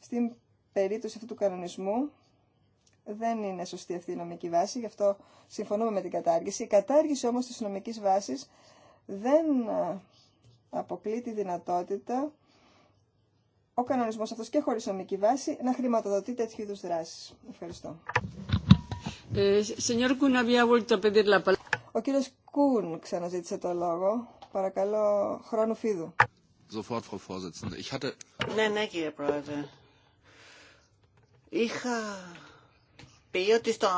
στην περίπτωση αυτού του κανονισμού δεν είναι σωστή αυτή η νομική βάση, γι' αυτό συμφωνούμε με την κατάργηση. Η κατάργηση όμως της νομικής βάσης δεν αποκλεί τη δυνατότητα ο κανονισμός αυτός και χωρίς νομική βάση να χρηματοδοτεί τέτοιου είδους δράσεις. Ευχαριστώ. Ο κύριος Κούν ξαναζήτησε το λόγο. Παρακαλώ, χρόνο φίδου. Ναι, ναι, κύριε Πρόεδρε. Είχα πει ότι στο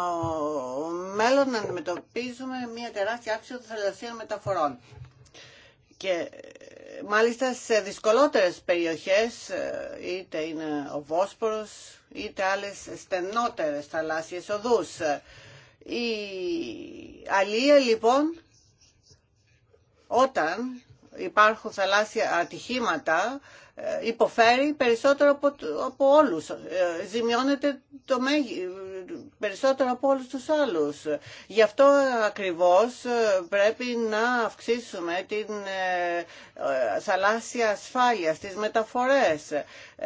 μέλλον αντιμετωπίζουμε μια τεράστια άξιο των θαλασσίων μεταφορών. Και μάλιστα σε δυσκολότερες περιοχές, είτε είναι ο Βόσπορος, είτε άλλες στενότερες θαλάσσιες οδούς. Η αλία λοιπόν όταν υπάρχουν θαλάσσια ατυχήματα ε, υποφέρει περισσότερο από, από όλους. Ε, ζημιώνεται το μέγι, περισσότερο από όλους τους άλλους. Γι' αυτό ακριβώς ε, πρέπει να αυξήσουμε την ε, ε, θαλάσσια ασφάλεια στις μεταφορές.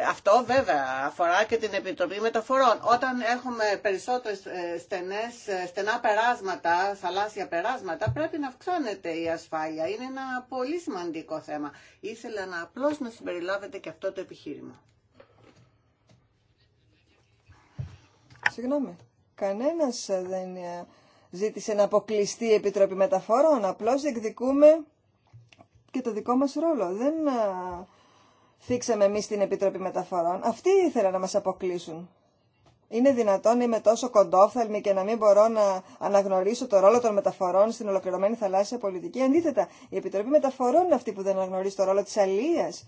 Αυτό βέβαια αφορά και την Επιτροπή Μεταφορών. Όταν έχουμε περισσότερες στενές, στενά περάσματα, θαλάσσια περάσματα, πρέπει να αυξάνεται η ασφάλεια. Είναι ένα πολύ σημαντικό θέμα. Ήθελα να απλώς να συμπεριλάβετε και αυτό το επιχείρημα. Συγγνώμη. Κανένας ε, δεν ε, ζήτησε να αποκλειστεί η Επιτροπή Μεταφορών, απλώς εκδικούμε και το δικό μας ρόλο. Δεν ε, θίξαμε εμείς την Επιτροπή Μεταφορών. Αυτοί ήθελαν να μας αποκλείσουν. Είναι δυνατόν να είμαι τόσο κοντόφθαλμη και να μην μπορώ να αναγνωρίσω το ρόλο των μεταφορών στην ολοκληρωμένη θαλάσσια πολιτική. Αντίθετα, η Επιτροπή Μεταφορών είναι αυτή που δεν αναγνωρίζει το ρόλο της αλίας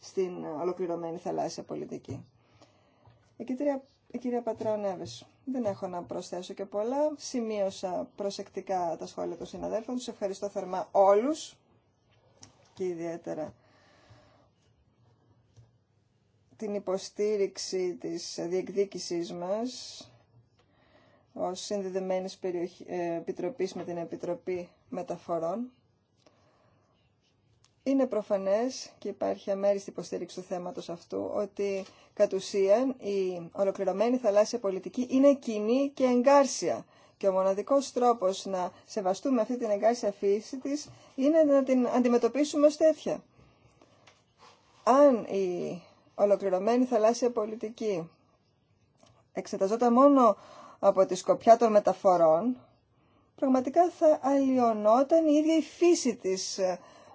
στην ολοκληρωμένη θαλάσσια πολιτική. Η κυρία η κυρία Δεν έχω να προσθέσω και πολλά. Σημείωσα προσεκτικά τα σχόλια των συναδέλφων. Σε ευχαριστώ θερμά όλους και ιδιαίτερα την υποστήριξη της διεκδίκησής μας ως συνδεδεμένης ε, επιτροπής με την Επιτροπή Μεταφορών. Είναι προφανές και υπάρχει αμέριστη υποστήριξη του θέματος αυτού ότι κατ' ουσίαν η ολοκληρωμένη θαλάσσια πολιτική είναι κοινή και εγκάρσια και ο μοναδικός τρόπος να σεβαστούμε αυτή την εγκάρσια φύση της είναι να την αντιμετωπίσουμε ως τέτοια. Αν η ολοκληρωμένη θαλάσσια πολιτική εξεταζόταν μόνο από τη σκοπιά των μεταφορών, πραγματικά θα αλλοιωνόταν η ίδια η φύση της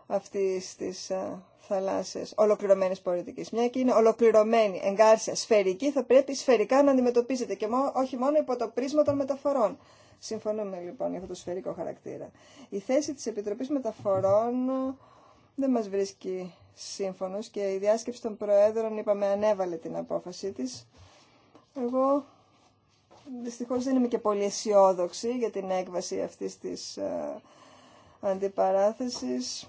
αυτή τη ε, θαλάσσια ολοκληρωμένη πολιτική. Μια και είναι ολοκληρωμένη, εγκάρσια, σφαιρική, θα πρέπει σφαιρικά να αντιμετωπίζεται και όχι μόνο υπό το πρίσμα των μεταφορών. Συμφωνούμε λοιπόν για αυτό το σφαιρικό χαρακτήρα. Η θέση τη επιτροπή Μεταφορών ε, δεν μα βρίσκει σύμφωνο και η διάσκεψη των Προέδρων, είπαμε, ανέβαλε την απόφασή τη. Εγώ δυστυχώ δεν είμαι και πολύ αισιόδοξη για την έκβαση αυτή τη ε, αντιπαράθεσης.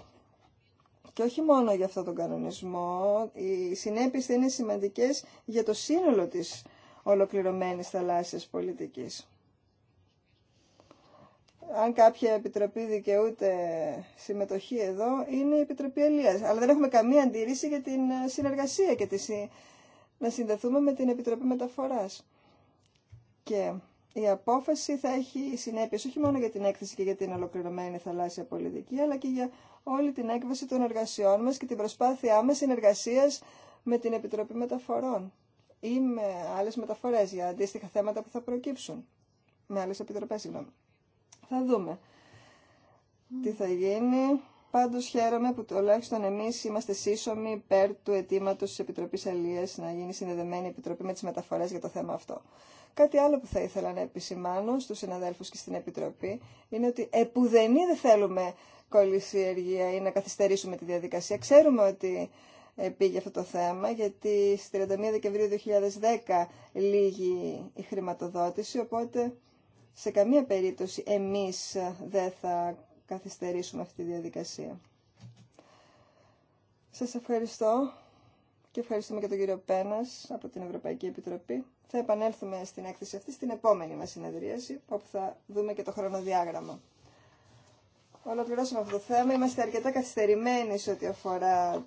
Και όχι μόνο για αυτόν τον κανονισμό, οι συνέπειες θα είναι σημαντικές για το σύνολο της ολοκληρωμένης θαλάσσιας πολιτικής. Αν κάποια επιτροπή δικαιούται συμμετοχή εδώ, είναι η Επιτροπή Ελίας. Αλλά δεν έχουμε καμία αντίρρηση για την ε, συνεργασία και τη να συνδεθούμε με την Επιτροπή Μεταφοράς. Και η απόφαση θα έχει συνέπειες όχι μόνο για την έκθεση και για την ολοκληρωμένη θαλάσσια πολιτική, αλλά και για όλη την έκβαση των εργασιών μας και την προσπάθειά μας συνεργασίας με την Επιτροπή Μεταφορών ή με άλλες μεταφορές για αντίστοιχα θέματα που θα προκύψουν. Με άλλες επιτροπές, συγγνώμη. Θα δούμε τι θα γίνει. Πάντως χαίρομαι που τουλάχιστον εμείς είμαστε σύσσωμοι υπέρ του αιτήματο της Επιτροπής Αλίας να γίνει συνδεδεμένη η Επιτροπή με τις μεταφορές για το θέμα αυτό. Κάτι άλλο που θα ήθελα να επισημάνω στους συναδέλφους και στην Επιτροπή είναι ότι επουδενή δεν θέλουμε κολλησιεργία ή να καθυστερήσουμε τη διαδικασία. Ξέρουμε ότι ε, πήγε αυτό το θέμα, γιατί στις 31 Δεκεμβρίου 2010 λύγει η χρηματοδότηση, οπότε σε καμία περίπτωση εμείς ε, δεν θα καθυστερήσουμε αυτή τη διαδικασία. Σας ευχαριστώ και ευχαριστούμε και τον κύριο Πένας από την Ευρωπαϊκή Επιτροπή. Θα επανέλθουμε στην έκθεση αυτή στην επόμενη μας συνεδρίαση, όπου θα δούμε και το χρονοδιάγραμμα ολοκληρώσουμε αυτό το θέμα. Είμαστε αρκετά καθυστερημένοι σε ό,τι αφορά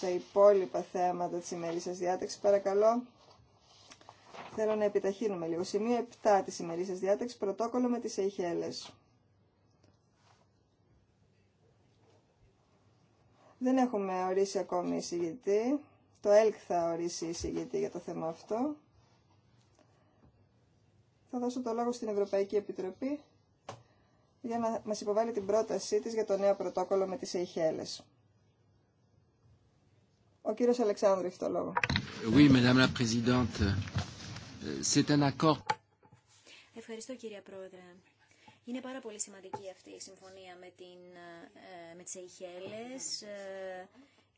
τα υπόλοιπα θέματα της ημερήσιας διάταξης. Παρακαλώ, θέλω να επιταχύνουμε λίγο. Σημείο 7 της ημερήσιας διάταξης, πρωτόκολλο με τις Αιχέλες. Δεν έχουμε ορίσει ακόμη εισηγητή. Το ΕΛΚ θα ορίσει εισηγητή για το θέμα αυτό. Θα δώσω το λόγο στην Ευρωπαϊκή Επιτροπή για να μας υποβάλει την πρότασή της για το νέο πρωτόκολλο με τις Ειχέλες. Ο κύριος Αλεξάνδρου έχει το λόγο. Oui, madame la présidente. C'est un accord. Ευχαριστώ κύριε Πρόεδρε. Είναι πάρα πολύ σημαντική αυτή η συμφωνία με, την, ε, με τις Ειχέλες. Ε,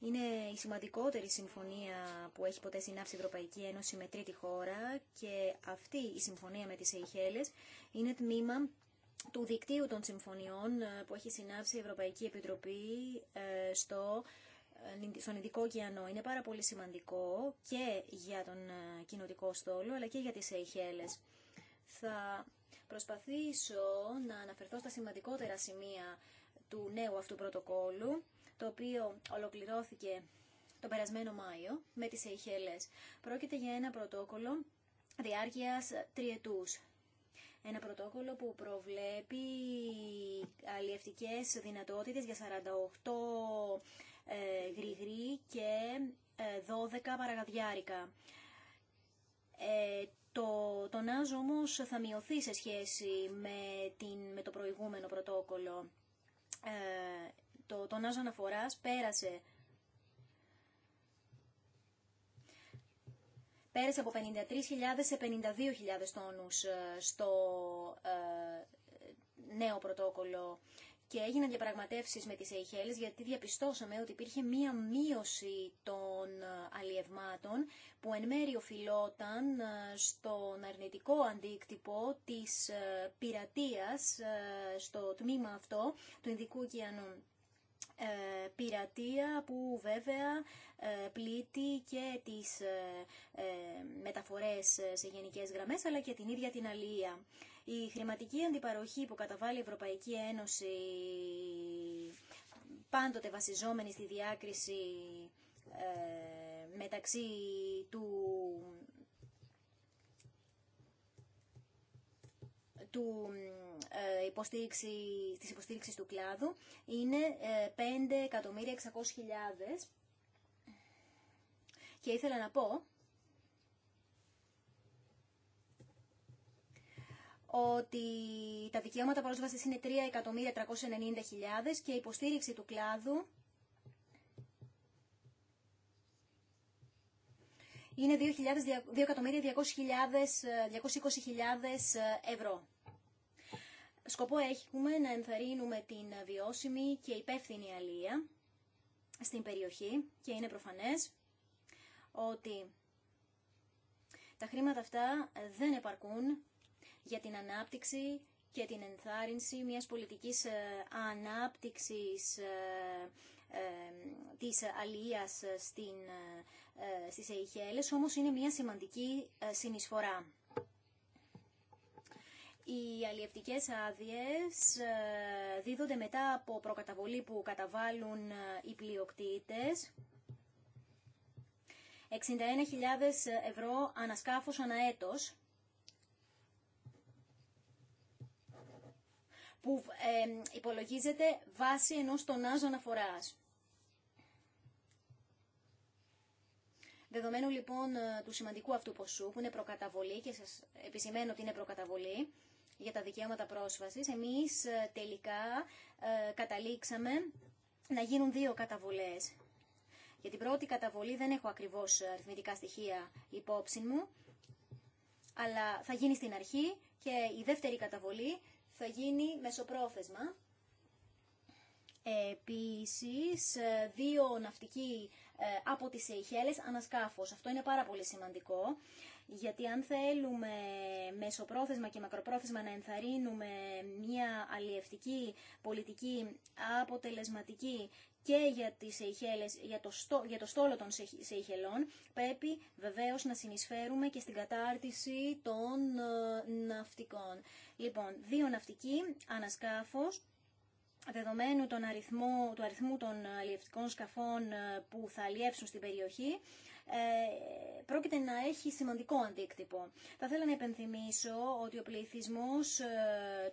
είναι η σημαντικότερη συμφωνία που έχει ποτέ συνάψει η Ευρωπαϊκή Ένωση με τρίτη χώρα και αυτή η συμφωνία με τις αιχέλες είναι τμήμα του δικτύου των συμφωνιών ε, που έχει συνάψει η Ευρωπαϊκή Επιτροπή ε, στο ε, στον Ειδικό Ωκεανό. Είναι πάρα πολύ σημαντικό και για τον κοινοτικό στόλο, αλλά και για τις αιχέλες. Θα προσπαθήσω να αναφερθώ στα σημαντικότερα σημεία του νέου αυτού πρωτοκόλου, το οποίο ολοκληρώθηκε τον περασμένο Μάιο με τις αιχέλες. Πρόκειται για ένα πρωτόκολλο διάρκειας τριετούς. Ένα πρωτόκολλο που προβλέπει αλλιευτικές δυνατότητες για 48 ε, και 12 ε, παραγαδιάρικα. Ε, το, το ΝΑΖ όμως θα μειωθεί σε σχέση με, την, με το προηγούμενο πρωτόκολλο. Ε, το, το ΝΑΖ αναφοράς πέρασε πέρασε από 53.000 σε 52.000 τόνους ε, στο ε, νέο πρωτόκολλο και έγιναν διαπραγματεύσεις με τις Αιχέλες γιατί διαπιστώσαμε ότι υπήρχε μία μείωση των ε, αλλιευμάτων που εν μέρει οφειλόταν στον αρνητικό αντίκτυπο της πειρατείας στο τμήμα αυτό του Ινδικού ωκεανού. Ε, πειρατεία που βέβαια ε, πλήττει και τις ε, μεταφορές σε γενικές γραμμές αλλά και την ίδια την Αλλία Η χρηματική αντιπαροχή που καταβάλει η Ευρωπαϊκή Ένωση πάντοτε βασιζόμενη στη διάκριση μεταξύ του του ε, υποστήριξη, της υποστήριξης του κλάδου είναι 5.600.000 ε, και ήθελα να πω ότι τα δικαιώματα πρόσβασης είναι 3.390.000 και η υποστήριξη του κλάδου είναι 2.220.000 ε, ευρώ σκοπό έχουμε να ενθαρρύνουμε την βιώσιμη και υπεύθυνη αλία στην περιοχή και είναι προφανές ότι τα χρήματα αυτά δεν επαρκούν για την ανάπτυξη και την ενθάρρυνση μιας πολιτικής ε, ανάπτυξης ε, ε, της αλίας στις Αιχέλες, όμως είναι μια σημαντική συνεισφορά. Οι αλλιευτικές άδειες ε, δίδονται μετά από προκαταβολή που καταβάλουν ε, οι πλειοκτήτες. 61.000 ευρώ ανασκάφος αναέτος. που ε, υπολογίζεται βάσει ενός τονάζ αναφοράς. Δεδομένου λοιπόν του σημαντικού αυτού ποσού που είναι προκαταβολή και σας επισημαίνω ότι είναι προκαταβολή, για τα δικαιώματα πρόσβασης, εμείς ε, τελικά ε, καταλήξαμε να γίνουν δύο καταβολές. Για την πρώτη καταβολή δεν έχω ακριβώς αριθμητικά στοιχεία υπόψη μου, αλλά θα γίνει στην αρχή και η δεύτερη καταβολή θα γίνει μεσοπρόθεσμα Επίσης, ε, δύο ναυτικοί ε, από τις Σεϊχέλες ανασκάφος. Αυτό είναι πάρα πολύ σημαντικό, γιατί αν θέλουμε μεσοπρόθεσμα και μακροπρόθεσμα να ενθαρρύνουμε μια αλλιευτική πολιτική αποτελεσματική και για τις για το, για το στόλο των Σεϊχελών, πρέπει βεβαίως να συνεισφέρουμε και στην κατάρτιση των ε, ναυτικών. Λοιπόν, δύο ναυτικοί ανασκάφος, δεδομένου τον αριθμό, του αριθμού των ε, αλλιευτικών σκαφών ε, που θα αλλιεύσουν στην περιοχή, ε, πρόκειται να έχει σημαντικό αντίκτυπο. Θα ήθελα να επενθυμίσω ότι ο πληθυσμός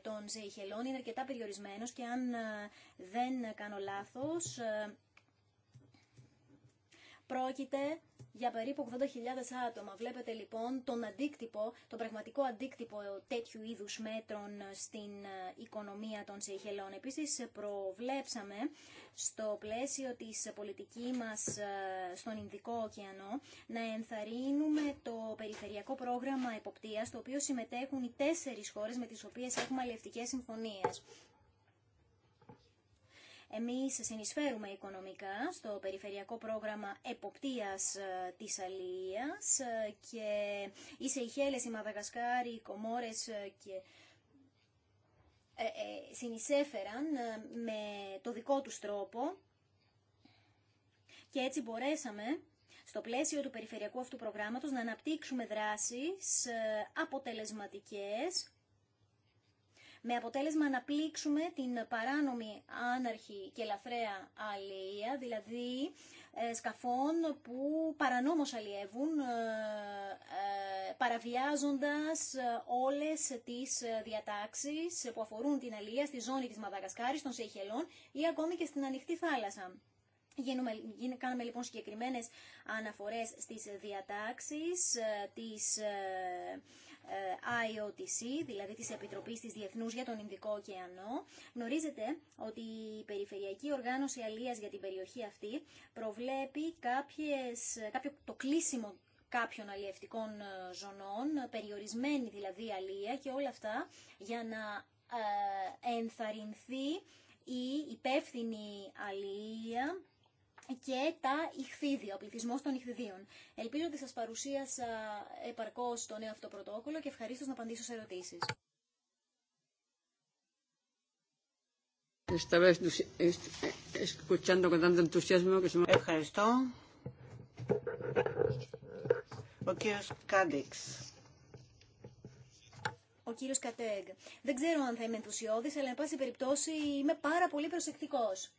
των ζεϊχελών είναι αρκετά περιορισμένος και αν δεν κάνω λάθος, Πρόκειται για περίπου 80.000 άτομα. Βλέπετε λοιπόν τον αντίκτυπο, τον πραγματικό αντίκτυπο τέτοιου είδους μέτρων στην ε, οικονομία των Σεϊχελών. Επίσης προβλέψαμε στο πλαίσιο της πολιτική μας ε, στον Ινδικό ωκεανό να ενθαρρύνουμε το περιφερειακό πρόγραμμα εποπτείας, το οποίο συμμετέχουν οι τέσσερις χώρες με τις οποίες έχουμε αλληλευτικές συμφωνίες. Εμείς συνεισφέρουμε οικονομικά στο περιφερειακό πρόγραμμα εποπτείας ε, της Αλίας ε, και οι Σεϊχέλες, οι Μαδαγασκάρι οι Κομόρες ε, και συνεισέφεραν με το δικό τους τρόπο και έτσι μπορέσαμε στο πλαίσιο του περιφερειακού αυτού προγράμματος να αναπτύξουμε δράσεις αποτελεσματικές με αποτέλεσμα να πλήξουμε την παράνομη άναρχη και ελαφραία αλληλεία, δηλαδή ε, σκαφών που παρανόμως αλλιεύουν ε, ε, παραβιάζοντας όλες τις διατάξεις που αφορούν την αλληλεία στη ζώνη της Μαδαγασκάρης, των Σεϊχελών ή ακόμη και στην ανοιχτή θάλασσα. Κάναμε λοιπόν συγκεκριμένες αναφορές στις διατάξεις, της... Ε, IOTC, δηλαδή της Επιτροπής της Διεθνούς για τον Ινδικό Ωκεανό. Γνωρίζετε ότι η Περιφερειακή Οργάνωση Αλίας για την περιοχή αυτή προβλέπει κάποιες, κάποιο, το κλείσιμο κάποιων αλλιευτικών ε, ζωνών, περιορισμένη δηλαδή αλία και όλα αυτά για να ε, ενθαρρυνθεί η υπεύθυνη αλία και τα ηχθίδια, ο πληθυσμό των ηχθιδίων. Ελπίζω ότι σας παρουσίασα επαρκώς το νέο αυτό πρωτόκολλο και ευχαρίστω να απαντήσω σε ερωτήσεις. Ευχαριστώ. Ο κύριος Κάντεξ. Ο κύριος κατέγ. Δεν ξέρω αν θα είμαι ενθουσιώδης, αλλά εν πάση περιπτώσει είμαι πάρα πολύ προσεκτικός.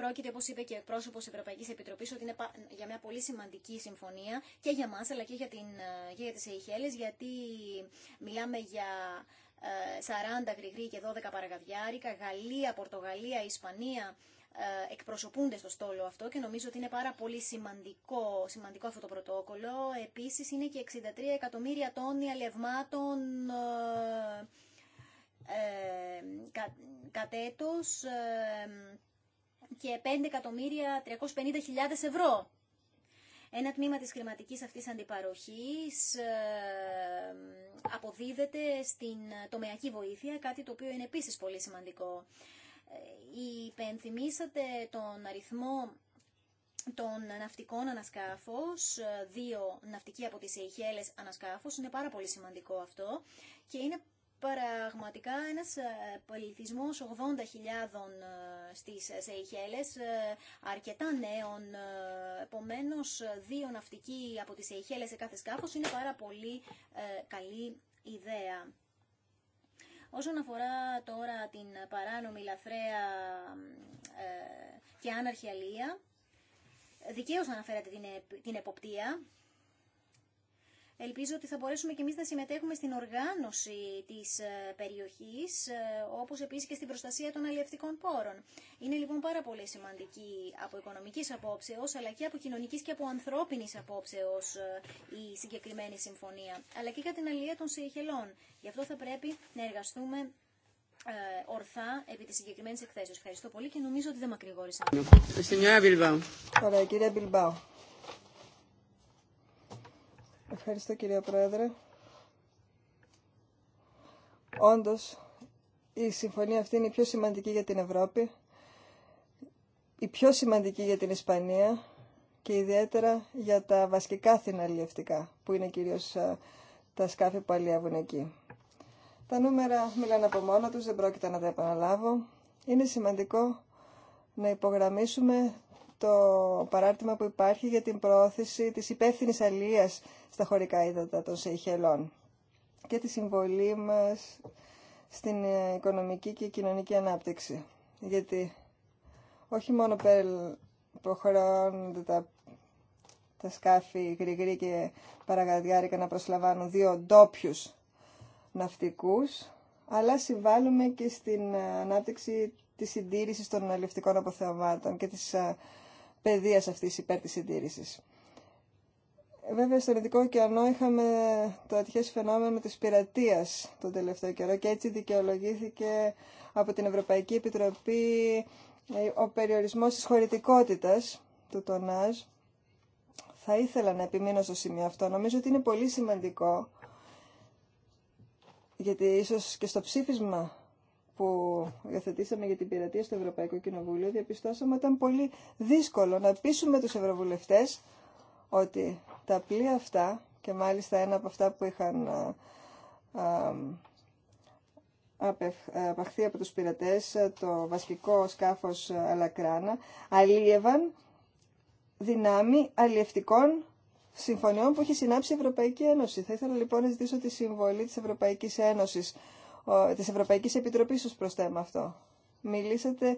Πρόκειται, όπω είπε και ο εκπρόσωπο Ευρωπαϊκή Επιτροπή, ότι είναι για μια πολύ σημαντική συμφωνία και για μα αλλά και για, την, ε, για τι Αιχέλε, γιατί μιλάμε για 40 ε, γρηγροί και 12 παραγαδιάρικα, Γαλλία, Πορτογαλία, Ισπανία ε, εκπροσωπούνται στο στόλο αυτό και νομίζω ότι είναι πάρα πολύ σημαντικό, αυτό το πρωτόκολλο. Επίσης είναι και 63 εκατομμύρια τόνοι αλευμάτων ε, κα, και 5.350.000 ευρώ. Ένα τμήμα της κλιματικής αυτής αντιπαροχής ε, αποδίδεται στην τομεακή βοήθεια, κάτι το οποίο είναι επίσης πολύ σημαντικό. Ε, υπενθυμίσατε τον αριθμό των ναυτικών ανασκάφος, ε, δύο ναυτικοί από τις Αιχέλες ανασκάφους, είναι πάρα πολύ σημαντικό αυτό και είναι πραγματικά ένας ε, πολιτισμός 80.000 ε, στις ε, Σεϊχέλες, αρκετά νέων, επομένω δύο ναυτικοί από τις Σεϊχέλες σε κάθε σκάφος είναι πάρα πολύ καλή ιδέα. Όσον αφορά τώρα την παράνομη λαθρέα και άναρχη αλία, δικαίως αναφέρατε την εποπτεία, Ελπίζω ότι θα μπορέσουμε και εμείς να συμμετέχουμε στην οργάνωση της ε, περιοχής, ε, όπως επίσης και στην προστασία των αλλιευτικών πόρων. Είναι λοιπόν πάρα πολύ σημαντική από οικονομικής απόψεως, αλλά και από κοινωνικής και από ανθρώπινης απόψεως ε, η συγκεκριμένη συμφωνία, αλλά και για την αλληλεία των συγχελών. Γι' αυτό θα πρέπει να εργαστούμε ορθά επί της συγκεκριμένη εκθέσεως. Ευχαριστώ πολύ και νομίζω ότι δεν μακρηγόρησα. Ωραία, κύριε Μπιλμπάου. Ευχαριστώ κυρία Πρόεδρε. Όντως, η συμφωνία αυτή είναι η πιο σημαντική για την Ευρώπη, η πιο σημαντική για την Ισπανία και ιδιαίτερα για τα βασικά θυναλιευτικά, που είναι κυρίως ε, τα σκάφη που αλλιεύουν εκεί. Τα νούμερα μιλάνε από μόνα τους, δεν πρόκειται να τα επαναλάβω. Είναι σημαντικό να υπογραμμίσουμε το παράρτημα που υπάρχει για την πρόθεση της υπεύθυνη αλίας στα χωρικά ύδατα των Σεϊχελών και τη συμβολή μας στην οικονομική και κοινωνική ανάπτυξη. Γιατί όχι μόνο προχωρώνονται τα, τα σκάφη γρηγρή και παραγαδιάρικα να προσλαμβάνουν δύο ντόπιου ναυτικούς, αλλά συμβάλλουμε και στην ανάπτυξη της συντήρησης των αλληλευτικών αποθεωμάτων και της ε, παιδεία αυτή υπέρ τη συντήρηση. Βέβαια, στον Ειδικό Ωκεανό είχαμε το ατυχές φαινόμενο της πειρατεία τον τελευταίο καιρό και έτσι δικαιολογήθηκε από την Ευρωπαϊκή Επιτροπή ε, ο περιορισμός της χωρητικότητας του τονάζ. Θα ήθελα να επιμείνω στο σημείο αυτό. Νομίζω ότι είναι πολύ σημαντικό, γιατί ίσως και στο ψήφισμα που υιοθετήσαμε για την πειρατεία στο Ευρωπαϊκό Κοινοβούλιο, διαπιστώσαμε ότι ήταν πολύ δύσκολο να πείσουμε τους ευρωβουλευτές ότι τα πλοία αυτά, και μάλιστα ένα από αυτά που είχαν απαχθεί από τους πειρατές, το βασικό σκάφος Αλακράνα, αλίευαν δυνάμει αλλιευτικών συμφωνιών που έχει συνάψει η Ευρωπαϊκή Ένωση. Θα ήθελα λοιπόν να ζητήσω τη συμβολή της Ευρωπαϊκής Ένωσης ε, της Ευρωπαϊκής Επιτροπής ως προς θέμα αυτό. Μιλήσατε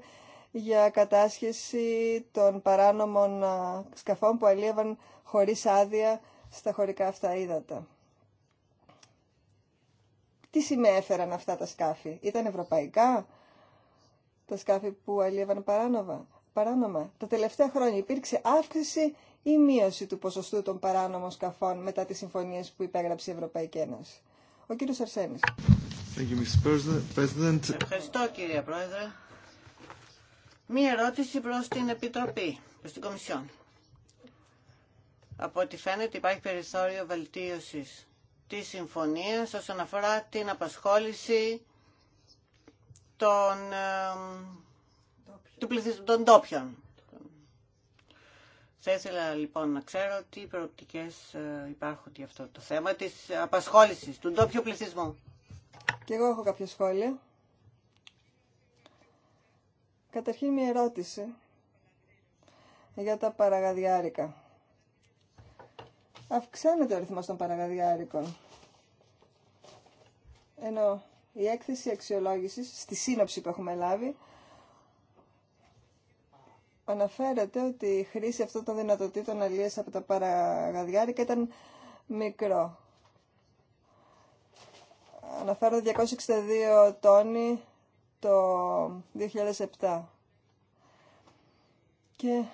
για κατάσχεση των παράνομων ε, σκαφών που αλίευαν χωρίς άδεια στα χωρικά αυτά ύδατα. Τι σημαία αυτά τα σκάφη. Ήταν ευρωπαϊκά τα σκάφη που αλίευαν παράνομα. παράνομα. Τα τελευταία χρόνια υπήρξε αύξηση ή μείωση του ποσοστού των παράνομων σκαφών μετά τις συμφωνίες που υπέγραψε η Ευρωπαϊκή Ένωση. Ο κύριος Αρσένης. Ευχαριστώ κύριε Πρόεδρε. Μία ερώτηση προς την Επιτροπή, προς την Κομισιόν. Από ό,τι φαίνεται υπάρχει περιθώριο βελτίωσης τη συμφωνία, όσον αφορά την απασχόληση των, του πληθυσμού των ντόπιων. Θα ήθελα λοιπόν να ξέρω τι προοπτικές ε, υπάρχουν για αυτό το θέμα της απασχόλησης του ντόπιου πληθυσμού. Και εγώ έχω κάποια σχόλια. Καταρχήν μια ερώτηση για τα παραγαδιάρικα. Αυξάνεται ο ρυθμό των παραγαδιάρικων. Ενώ η έκθεση αξιολόγησης, στη σύνοψη που έχουμε λάβει, αναφέρεται ότι η χρήση αυτών των δυνατοτήτων αλλιές από τα παραγαδιάρικα ήταν μικρό αναφέρω 262 τόνοι το 2007. Και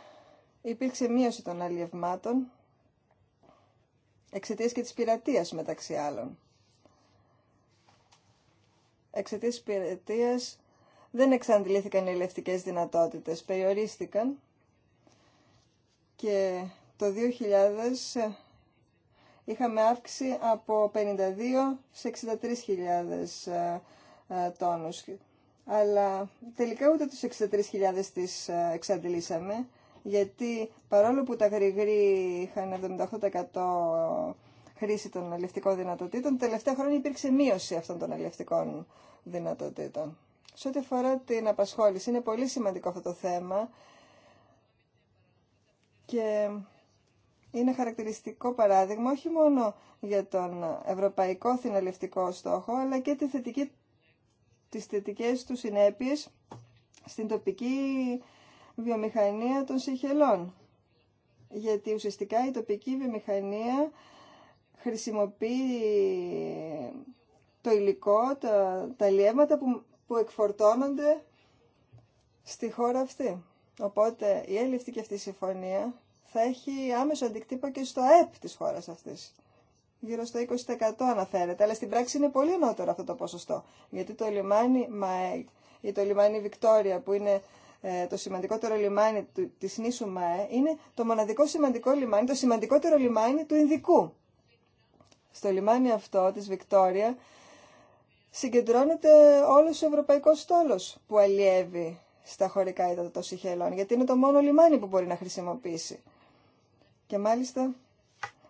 υπήρξε μείωση των αλλιευμάτων εξαιτίας και της πειρατείας μεταξύ άλλων. Εξαιτίας της πειρατείας δεν εξαντλήθηκαν οι ελευτικές δυνατότητες, περιορίστηκαν και το 2000 είχαμε αύξηση από 52 σε 63.000 ε, ε, τόνους. Αλλά τελικά ούτε τους 63.000 τις ε, εξαντλήσαμε, γιατί παρόλο που τα γρηγροί είχαν 78% χρήση των αλληλευτικών δυνατοτήτων, τελευταία χρόνια υπήρξε μείωση αυτών των αλληλευτικών δυνατοτήτων. Σε ό,τι αφορά την απασχόληση, είναι πολύ σημαντικό αυτό το θέμα και είναι χαρακτηριστικό παράδειγμα όχι μόνο για τον ευρωπαϊκό θυναλευτικό στόχο, αλλά και τη θετική, τις θετικές του συνέπειες στην τοπική βιομηχανία των Σιχελών. Γιατί ουσιαστικά η τοπική βιομηχανία χρησιμοποιεί το υλικό, τα, τα που, που εκφορτώνονται στη χώρα αυτή. Οπότε η έλλειφτη και αυτή η συμφωνία θα έχει άμεσο αντικτύπο και στο ΑΕΠ της χώρας αυτής. Γύρω στο 20% αναφέρεται, αλλά στην πράξη είναι πολύ νότερο αυτό το ποσοστό. Γιατί το λιμάνι ΜΑΕ ή το λιμάνι Βικτόρια που είναι ε, το σημαντικότερο λιμάνι της νήσου ΜΑΕ είναι το μοναδικό σημαντικό λιμάνι, το σημαντικότερο λιμάνι του Ινδικού. Στο λιμάνι αυτό της Βικτόρια συγκεντρώνεται όλος ο ευρωπαϊκός στόλος που αλλιεύει στα χωρικά ύδατα των Σιχελών, γιατί είναι το μόνο λιμάνι που μπορεί να χρησιμοποιήσει. Και μάλιστα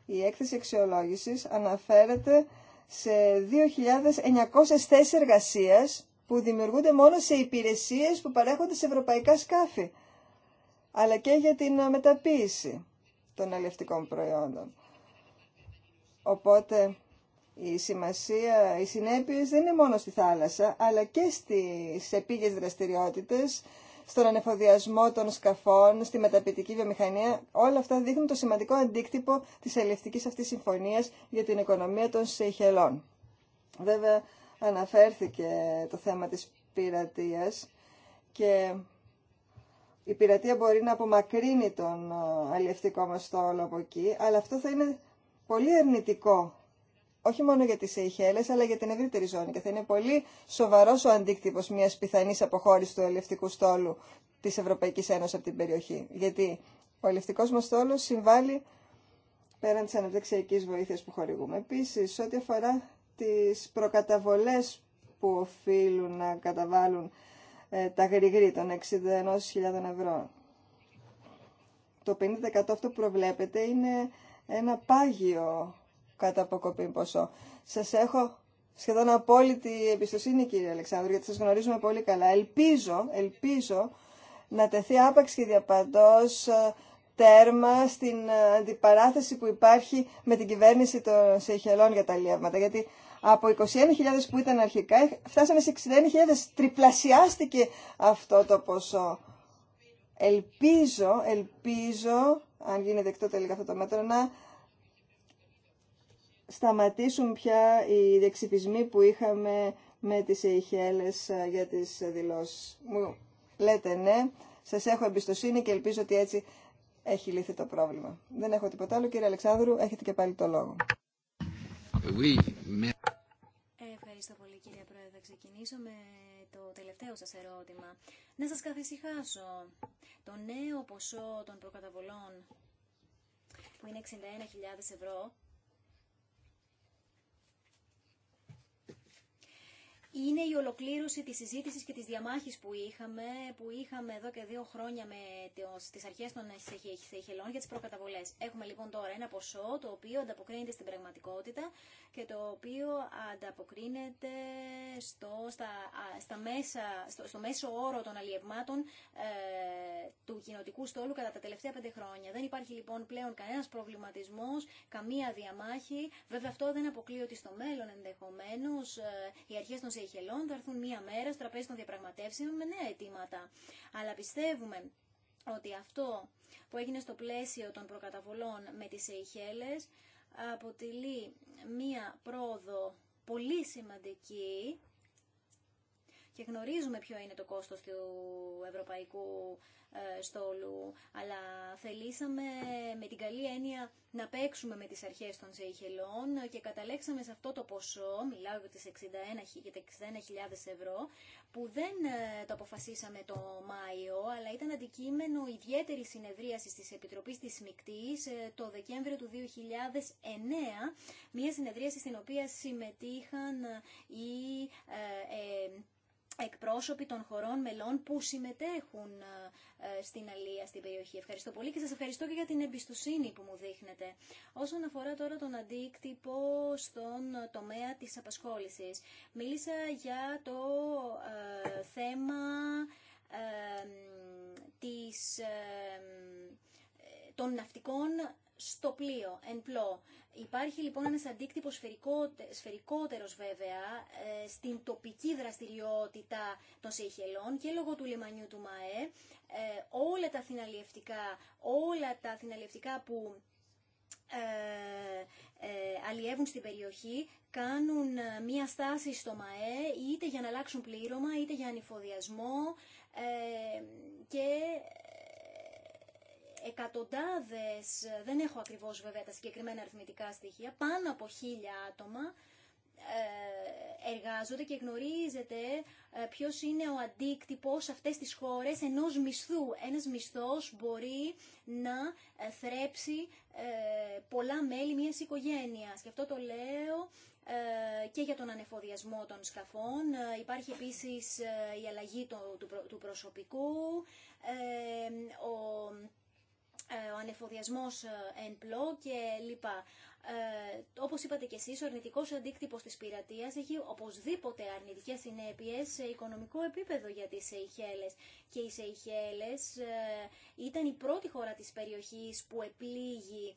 η έκθεση αξιολόγησης αναφέρεται σε 2.900 θέσει εργασίας που δημιουργούνται μόνο σε υπηρεσίες που παρέχονται σε ευρωπαϊκά σκάφη, αλλά και για την ε, μεταποίηση των αλληλευτικών προϊόντων. Οπότε η σημασία, οι συνέπειε δεν είναι μόνο στη θάλασσα, αλλά και στις επίγειες δραστηριότητες, στον ανεφοδιασμό των σκαφών, στη μεταπητική βιομηχανία. Όλα αυτά δείχνουν το σημαντικό αντίκτυπο της Ελληνική αυτής συμφωνίας για την οικονομία των Σεϊχελών. Βέβαια, αναφέρθηκε το θέμα της πειρατείας και η πειρατεία μπορεί να απομακρύνει τον αλληλευτικό μας στόλο από εκεί, αλλά αυτό θα είναι πολύ αρνητικό όχι μόνο για τι Σεϊχέλε, αλλά για την ευρύτερη ζώνη. Και θα είναι πολύ σοβαρό ο αντίκτυπο μια πιθανή αποχώρηση του ελευτικού στόλου της Ευρωπαϊκής Ένωσης από την περιοχή. Γιατί ο ελευτικός μας στόλος συμβάλλει πέραν τη αναπτυξιακής βοήθεια που χορηγούμε. επίση ό,τι αφορά τι προκαταβολέ που οφείλουν να καταβάλουν ε, τα γρηγρή των 61.000 ευρώ. Το 50% αυτό που προβλέπεται είναι ένα πάγιο κατά αποκοπή Σας έχω σχεδόν απόλυτη εμπιστοσύνη κύριε Αλεξάνδρου γιατί σα γνωρίζουμε πολύ καλά. Ελπίζω, ελπίζω να τεθεί άπαξ και διαπαντός ε, τέρμα στην ε, αντιπαράθεση που υπάρχει με την κυβέρνηση των Σεϊχελών για τα λιεύματα. Γιατί από 21.000 που ήταν αρχικά ε, φτάσαμε σε 61.000. Τριπλασιάστηκε αυτό το ποσό. Ελπίζω, ελπίζω, αν γίνει δεκτό τελικά αυτό το μέτρο, να σταματήσουν πια οι διεξυπισμοί που είχαμε με τις Ειχέλες ε, για τις δηλώσεις. Μου λέτε ναι, σας έχω εμπιστοσύνη και ελπίζω ότι έτσι έχει λύθει το πρόβλημα. Δεν έχω τίποτα άλλο. Κύριε Αλεξάνδρου, έχετε και πάλι το λόγο. Ευχαριστώ πολύ κύριε Πρόεδρε. ξεκινήσω με το τελευταίο σας ερώτημα. Να σας καθησυχάσω. Το νέο ποσό των προκαταβολών που είναι 61.000 ευρώ είναι η ολοκλήρωση της συζήτησης και της διαμάχης που είχαμε, που είχαμε εδώ και δύο χρόνια με τις αρχές των Σεχελών για τις προκαταβολές. Έχουμε λοιπόν τώρα ένα ποσό το οποίο ανταποκρίνεται στην πραγματικότητα και το οποίο ανταποκρίνεται στο, στα, στα μέσα, στο, στο μέσο όρο των αλλιευμάτων ε, του κοινοτικού στόλου κατά τα τελευταία πέντε χρόνια. Δεν υπάρχει λοιπόν πλέον κανένας προβληματισμός, καμία διαμάχη. Βέβαια αυτό δεν ότι στο μέλλον ενδεχομένως. Ε, οι αρχές των Χελών θα έρθουν μία μέρα στο τραπέζι των διαπραγματεύσεων με νέα αιτήματα. Αλλά πιστεύουμε ότι αυτό που έγινε στο πλαίσιο των προκαταβολών με τις Σεϊχέλες αποτελεί μία πρόοδο πολύ σημαντική και γνωρίζουμε ποιο είναι το κόστος του ευρωπαϊκού ε, στόλου, αλλά θελήσαμε με την καλή έννοια να παίξουμε με τις αρχές των Σεϊχελών και καταλέξαμε σε αυτό το ποσό, μιλάω για, τις 61, για τα 61.000 ευρώ, που δεν ε, το αποφασίσαμε το Μάιο, αλλά ήταν αντικείμενο ιδιαίτερη συνεδρίαση της Επιτροπής της Μικτή ε, το Δεκέμβριο του 2009, μια συνεδρίαση στην οποία συμμετείχαν οι ε, εκπρόσωποι των χωρών μελών που συμμετέχουν ε, στην Αλία στην περιοχή. Ευχαριστώ πολύ και σας ευχαριστώ και για την εμπιστοσύνη που μου δείχνετε. Όσον αφορά τώρα τον αντίκτυπο στον τομέα της απασχόλησης, μίλησα για το ε, θέμα ε, της, των ναυτικών στο πλοίο, εν πλώ. Υπάρχει λοιπόν ένας αντίκτυπος σφαιρικότερος βέβαια ε, στην τοπική δραστηριότητα των Σεϊχελών και λόγω του λιμανιού του ΜΑΕ ε, όλα τα θυναλιευτικά, όλα τα θυναλιευτικά που ε, ε, αλλιεύουν στην περιοχή κάνουν μία στάση στο ΜΑΕ είτε για να αλλάξουν πλήρωμα είτε για ανηφοδιασμό και εκατοντάδες, δεν έχω ακριβώς βέβαια τα συγκεκριμένα αριθμητικά στοιχεία, πάνω από χίλια άτομα ε, εργάζονται και γνωρίζετε ε, ποιος είναι ο αντίκτυπος αυτές τις χώρες ενός μισθού. Ένας μισθός μπορεί να ε, θρέψει πολλά μέλη μιας οικογένειας. Και αυτό το λέω και για τον ανεφοδιασμό των σκαφών. Υπάρχει επίσης η αλλαγή του προσωπικού, ο ε, ο ανεφοδιασμός ε, εν πλώ και λοιπά. Ε, όπως είπατε και εσείς, ο αρνητικός αντίκτυπος της πειρατείας έχει οπωσδήποτε αρνητικές συνέπειες σε οικονομικό επίπεδο για τις Σεϊχέλες. Και οι Σεϊχέλες ήταν η πρώτη χώρα της περιοχής που επλήγει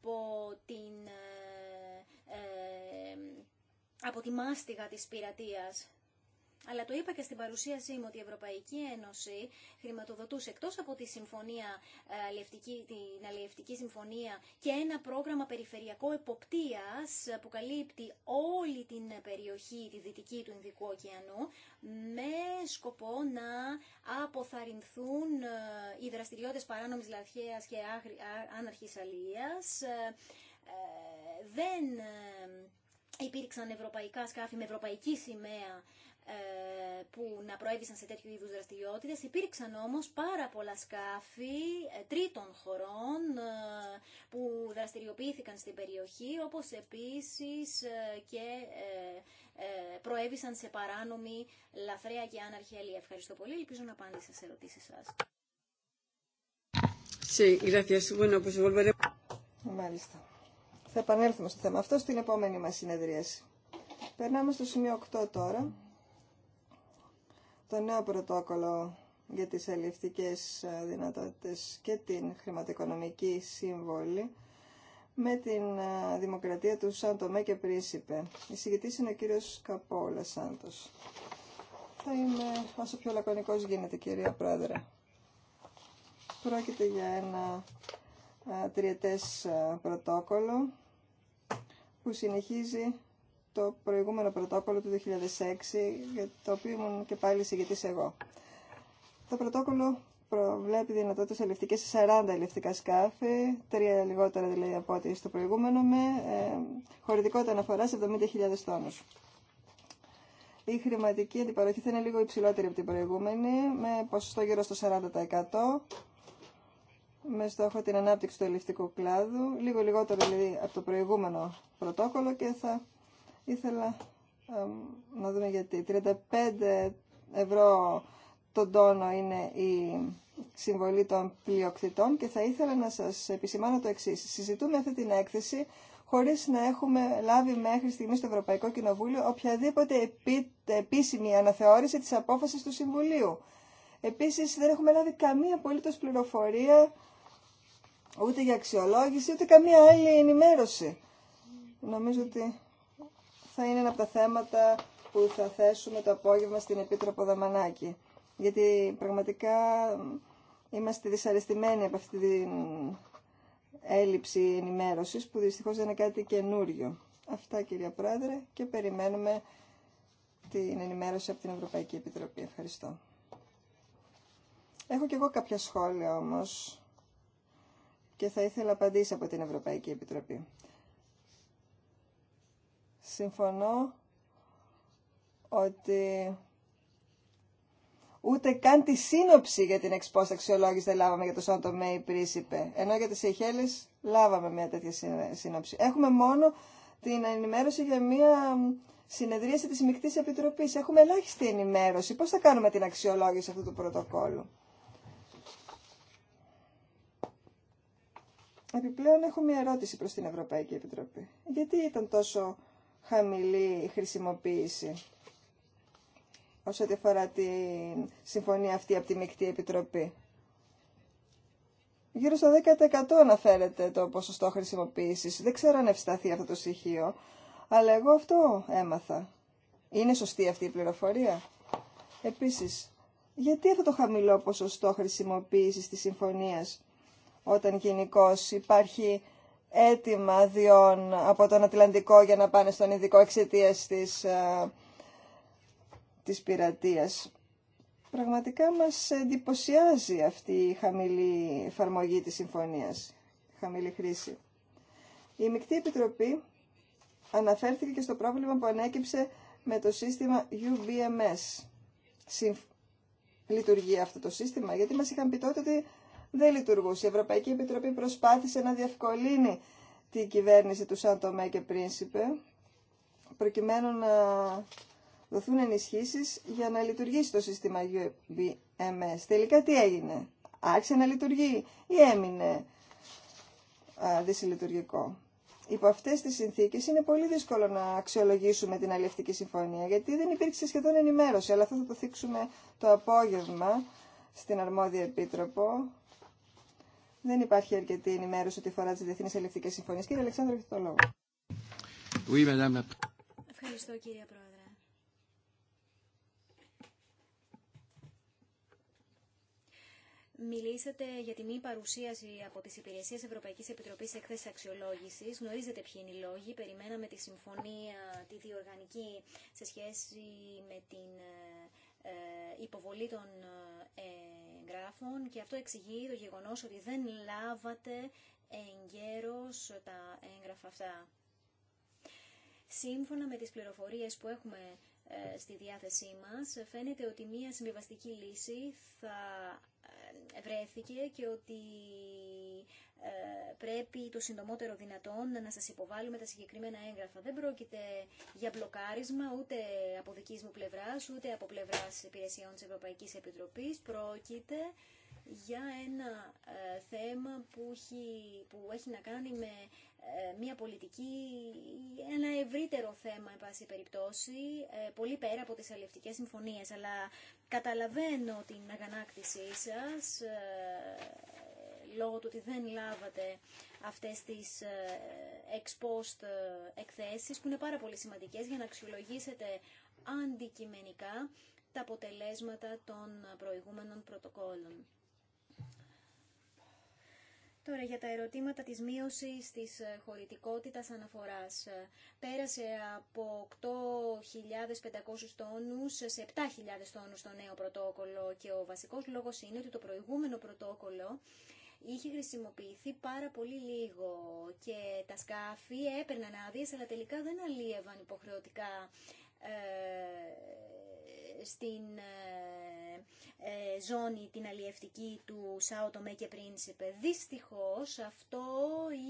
από την... από τη μάστιγα της πειρατείας. Αλλά το είπα και στην παρουσίασή μου ότι η Ευρωπαϊκή Ένωση χρηματοδοτούσε εκτός από τη συμφωνία, ε, την αλληλευτική συμφωνία και ένα πρόγραμμα περιφερειακό εποπτείας που καλύπτει όλη την περιοχή, τη δυτική του Ινδικού ωκεανού με σκοπό να αποθαρρυνθούν ε, οι δραστηριότητες παράνομης λαθιαία και Άναρχη αλληλεία. Ε, δεν υπήρξαν ευρωπαϊκά σκάφη με ευρωπαϊκή σημαία ε, που να προέβησαν σε τέτοιου είδους δραστηριότητες. Υπήρξαν όμως πάρα πολλά σκάφη ε, τρίτων χωρών ε, που δραστηριοποιήθηκαν στην περιοχή, όπως επίσης και προέβησαν σε παράνομη λαθρέα και άναρχη αλία. Ευχαριστώ πολύ. Ελπίζω να απάντησα σε ερωτήσεις σας. Μάλιστα. Θα επανέλθουμε στο θέμα αυτό στην επόμενη μας συνεδρίαση. Περνάμε στο σημείο 8 τώρα το νέο πρωτόκολλο για τις αλληλευτικές ε, δυνατότητες και την χρηματοοικονομική σύμβολη με την ε, δημοκρατία του Σαντομέ και Πρίσιπε. Η συγκεκριτής είναι ο κύριος Καπόλα Σάντος. Θα είμαι όσο πιο λακωνικός γίνεται κυρία Πρόεδρε. Πρόκειται για ένα ε, τριετές πρωτόκολλο που συνεχίζει το προηγούμενο πρωτόκολλο του 2006, για το οποίο ήμουν και πάλι συγκεκριτής εγώ. Το πρωτόκολλο προβλέπει δυνατότητες ελευτικές σε 40 ελευτικά σκάφη, τρία λιγότερα δηλαδή από ό,τι στο προηγούμενο, με ε, χωρητικότητα αναφορά σε 70.000 τόνους. Η χρηματική αντιπαροχή θα είναι λίγο υψηλότερη από την προηγούμενη, με ποσοστό γύρω στο 40%, με στόχο την ανάπτυξη του ελευτικού κλάδου, λίγο λιγότερο δηλαδή από το προηγούμενο πρωτόκολλο και θα Ήθελα να δούμε γιατί. 35 ευρώ τον τόνο είναι η συμβολή των πλειοκτητών και θα ήθελα να σας επισημάνω το εξής. Συζητούμε αυτή την έκθεση χωρίς να έχουμε λάβει μέχρι στιγμή στο Ευρωπαϊκό Κοινοβούλιο οποιαδήποτε επίσημη αναθεώρηση της απόφασης του Συμβουλίου. Επίσης δεν έχουμε λάβει καμία απολύτως πληροφορία ούτε για αξιολόγηση, ούτε καμία άλλη ενημέρωση. Νομίζω ότι θα είναι ένα από τα θέματα που θα θέσουμε το απόγευμα στην Επίτροπο Δαμανάκη. Γιατί πραγματικά είμαστε δυσαρεστημένοι από αυτή την έλλειψη ενημέρωσης που δυστυχώς δεν είναι κάτι καινούριο. Αυτά κυρία Πρόεδρε και περιμένουμε την ενημέρωση από την Ευρωπαϊκή Επιτροπή. Ευχαριστώ. Έχω και εγώ κάποια σχόλια όμως και θα ήθελα απαντήσει από την Ευρωπαϊκή Επιτροπή. Συμφωνώ ότι ούτε καν τη σύνοψη για την εξπόστα αξιολόγηση δεν λάβαμε για το Σάντο Μέι Πρίσιπε. Ενώ για τις Αιχέλες λάβαμε μια τέτοια σύνοψη. Έχουμε μόνο την ενημέρωση για μια συνεδρίαση τη Μικτή Επιτροπής. Έχουμε ελάχιστη ενημέρωση. Πώς θα κάνουμε την αξιολόγηση αυτού του πρωτοκόλου. Επιπλέον έχω μια ερώτηση προς την Ευρωπαϊκή Επιτροπή. Γιατί ήταν τόσο χαμηλή χρησιμοποίηση όσο αφορά τη συμφωνία αυτή από τη Μικτή Επιτροπή. Γύρω στο 10% αναφέρεται το ποσοστό χρησιμοποίησης. Δεν ξέρω αν ευσταθεί αυτό το στοιχείο, αλλά εγώ αυτό έμαθα. Είναι σωστή αυτή η πληροφορία. Επίσης, γιατί αυτό το χαμηλό ποσοστό χρησιμοποίησης της συμφωνίας, όταν γενικώ υπάρχει Έτοιμα διόν από τον Ατλαντικό για να πάνε στον Ειδικό εξαιτία της, ε, της πειρατείας. Πραγματικά μας εντυπωσιάζει αυτή η χαμηλή εφαρμογή της συμφωνίας, η χαμηλή χρήση. Η Μικτή Επιτροπή αναφέρθηκε και στο πρόβλημα που ανέκυψε με το σύστημα UBMS. Λειτουργεί αυτό το σύστημα, γιατί μας είχαν πει τότε ότι δεν λειτουργούσε. Η Ευρωπαϊκή Επιτροπή προσπάθησε να διευκολύνει την κυβέρνηση του Σαν και Πρίνσιπε, προκειμένου να δοθούν ενισχύσεις για να λειτουργήσει το σύστημα UBMS. Τελικά τι έγινε, άρχισε να λειτουργεί ή έμεινε α, δυσλειτουργικό. Υπό αυτέ τι συνθήκε είναι πολύ δύσκολο να αξιολογήσουμε την αλληλευτική συμφωνία, γιατί δεν υπήρξε σχεδόν ενημέρωση. Αλλά αυτό θα το θίξουμε το απόγευμα στην αρμόδια επίτροπο δεν υπάρχει αρκετή ενημέρωση ότι φορά τι διεθνεί ελευθερικέ συμφωνίε. Κύριε Αλεξάνδρου, έχετε το λόγο. Oui, madame. Ευχαριστώ, κύριε Πρόεδρε. Μιλήσατε για τη μη παρουσίαση από τις υπηρεσίες Ευρωπαϊκής Επιτροπής εκθέσεις αξιολόγησης. Γνωρίζετε ποιοι είναι οι λόγοι. Περιμέναμε τη συμφωνία, τη διοργανική, σε σχέση με την ε, ε, υποβολή των ε, και αυτό εξηγεί το γεγονός ότι δεν λάβατε εγκαίρως τα έγγραφα αυτά. Σύμφωνα με τις πληροφορίες που έχουμε ε, στη διάθεσή μας, φαίνεται ότι μία συμβιβαστική λύση θα ε, βρέθηκε και ότι ε, πρέπει το συντομότερο δυνατόν να σας υποβάλουμε τα συγκεκριμένα έγγραφα. Δεν πρόκειται για μπλοκάρισμα ούτε από δική μου πλευράς, ούτε από πλευράς υπηρεσιών της Ευρωπαϊκής Επιτροπής. Πρόκειται για ένα ε, θέμα που έχει, που έχει να κάνει με ε, μια πολιτική, ένα ευρύτερο θέμα, εν πάση περιπτώσει, πολύ πέρα από τις αλληλευτικές συμφωνίες. Αλλά καταλαβαίνω την αγανάκτησή σας λόγω του ότι δεν λάβατε αυτές τις ε, ex post ε, εκθέσεις που είναι πάρα πολύ σημαντικές για να αξιολογήσετε αντικειμενικά τα αποτελέσματα των προηγούμενων πρωτοκόλων. Τώρα για τα ερωτήματα της μείωσης της ε, χωρητικότητας αναφοράς. Πέρασε από 8.500 τόνους σε 7.000 τόνους το νέο πρωτόκολλο και ο βασικός λόγος είναι ότι το προηγούμενο πρωτόκολλο είχε χρησιμοποιηθεί πάρα πολύ λίγο και τα σκάφη έπαιρναν άδειε, αλλά τελικά δεν αλλίευαν υποχρεωτικά ε, στην ε, ε, ζώνη την αλλιευτική του Σάο Τομέ και Πρίνσιπε. Δυστυχώς αυτό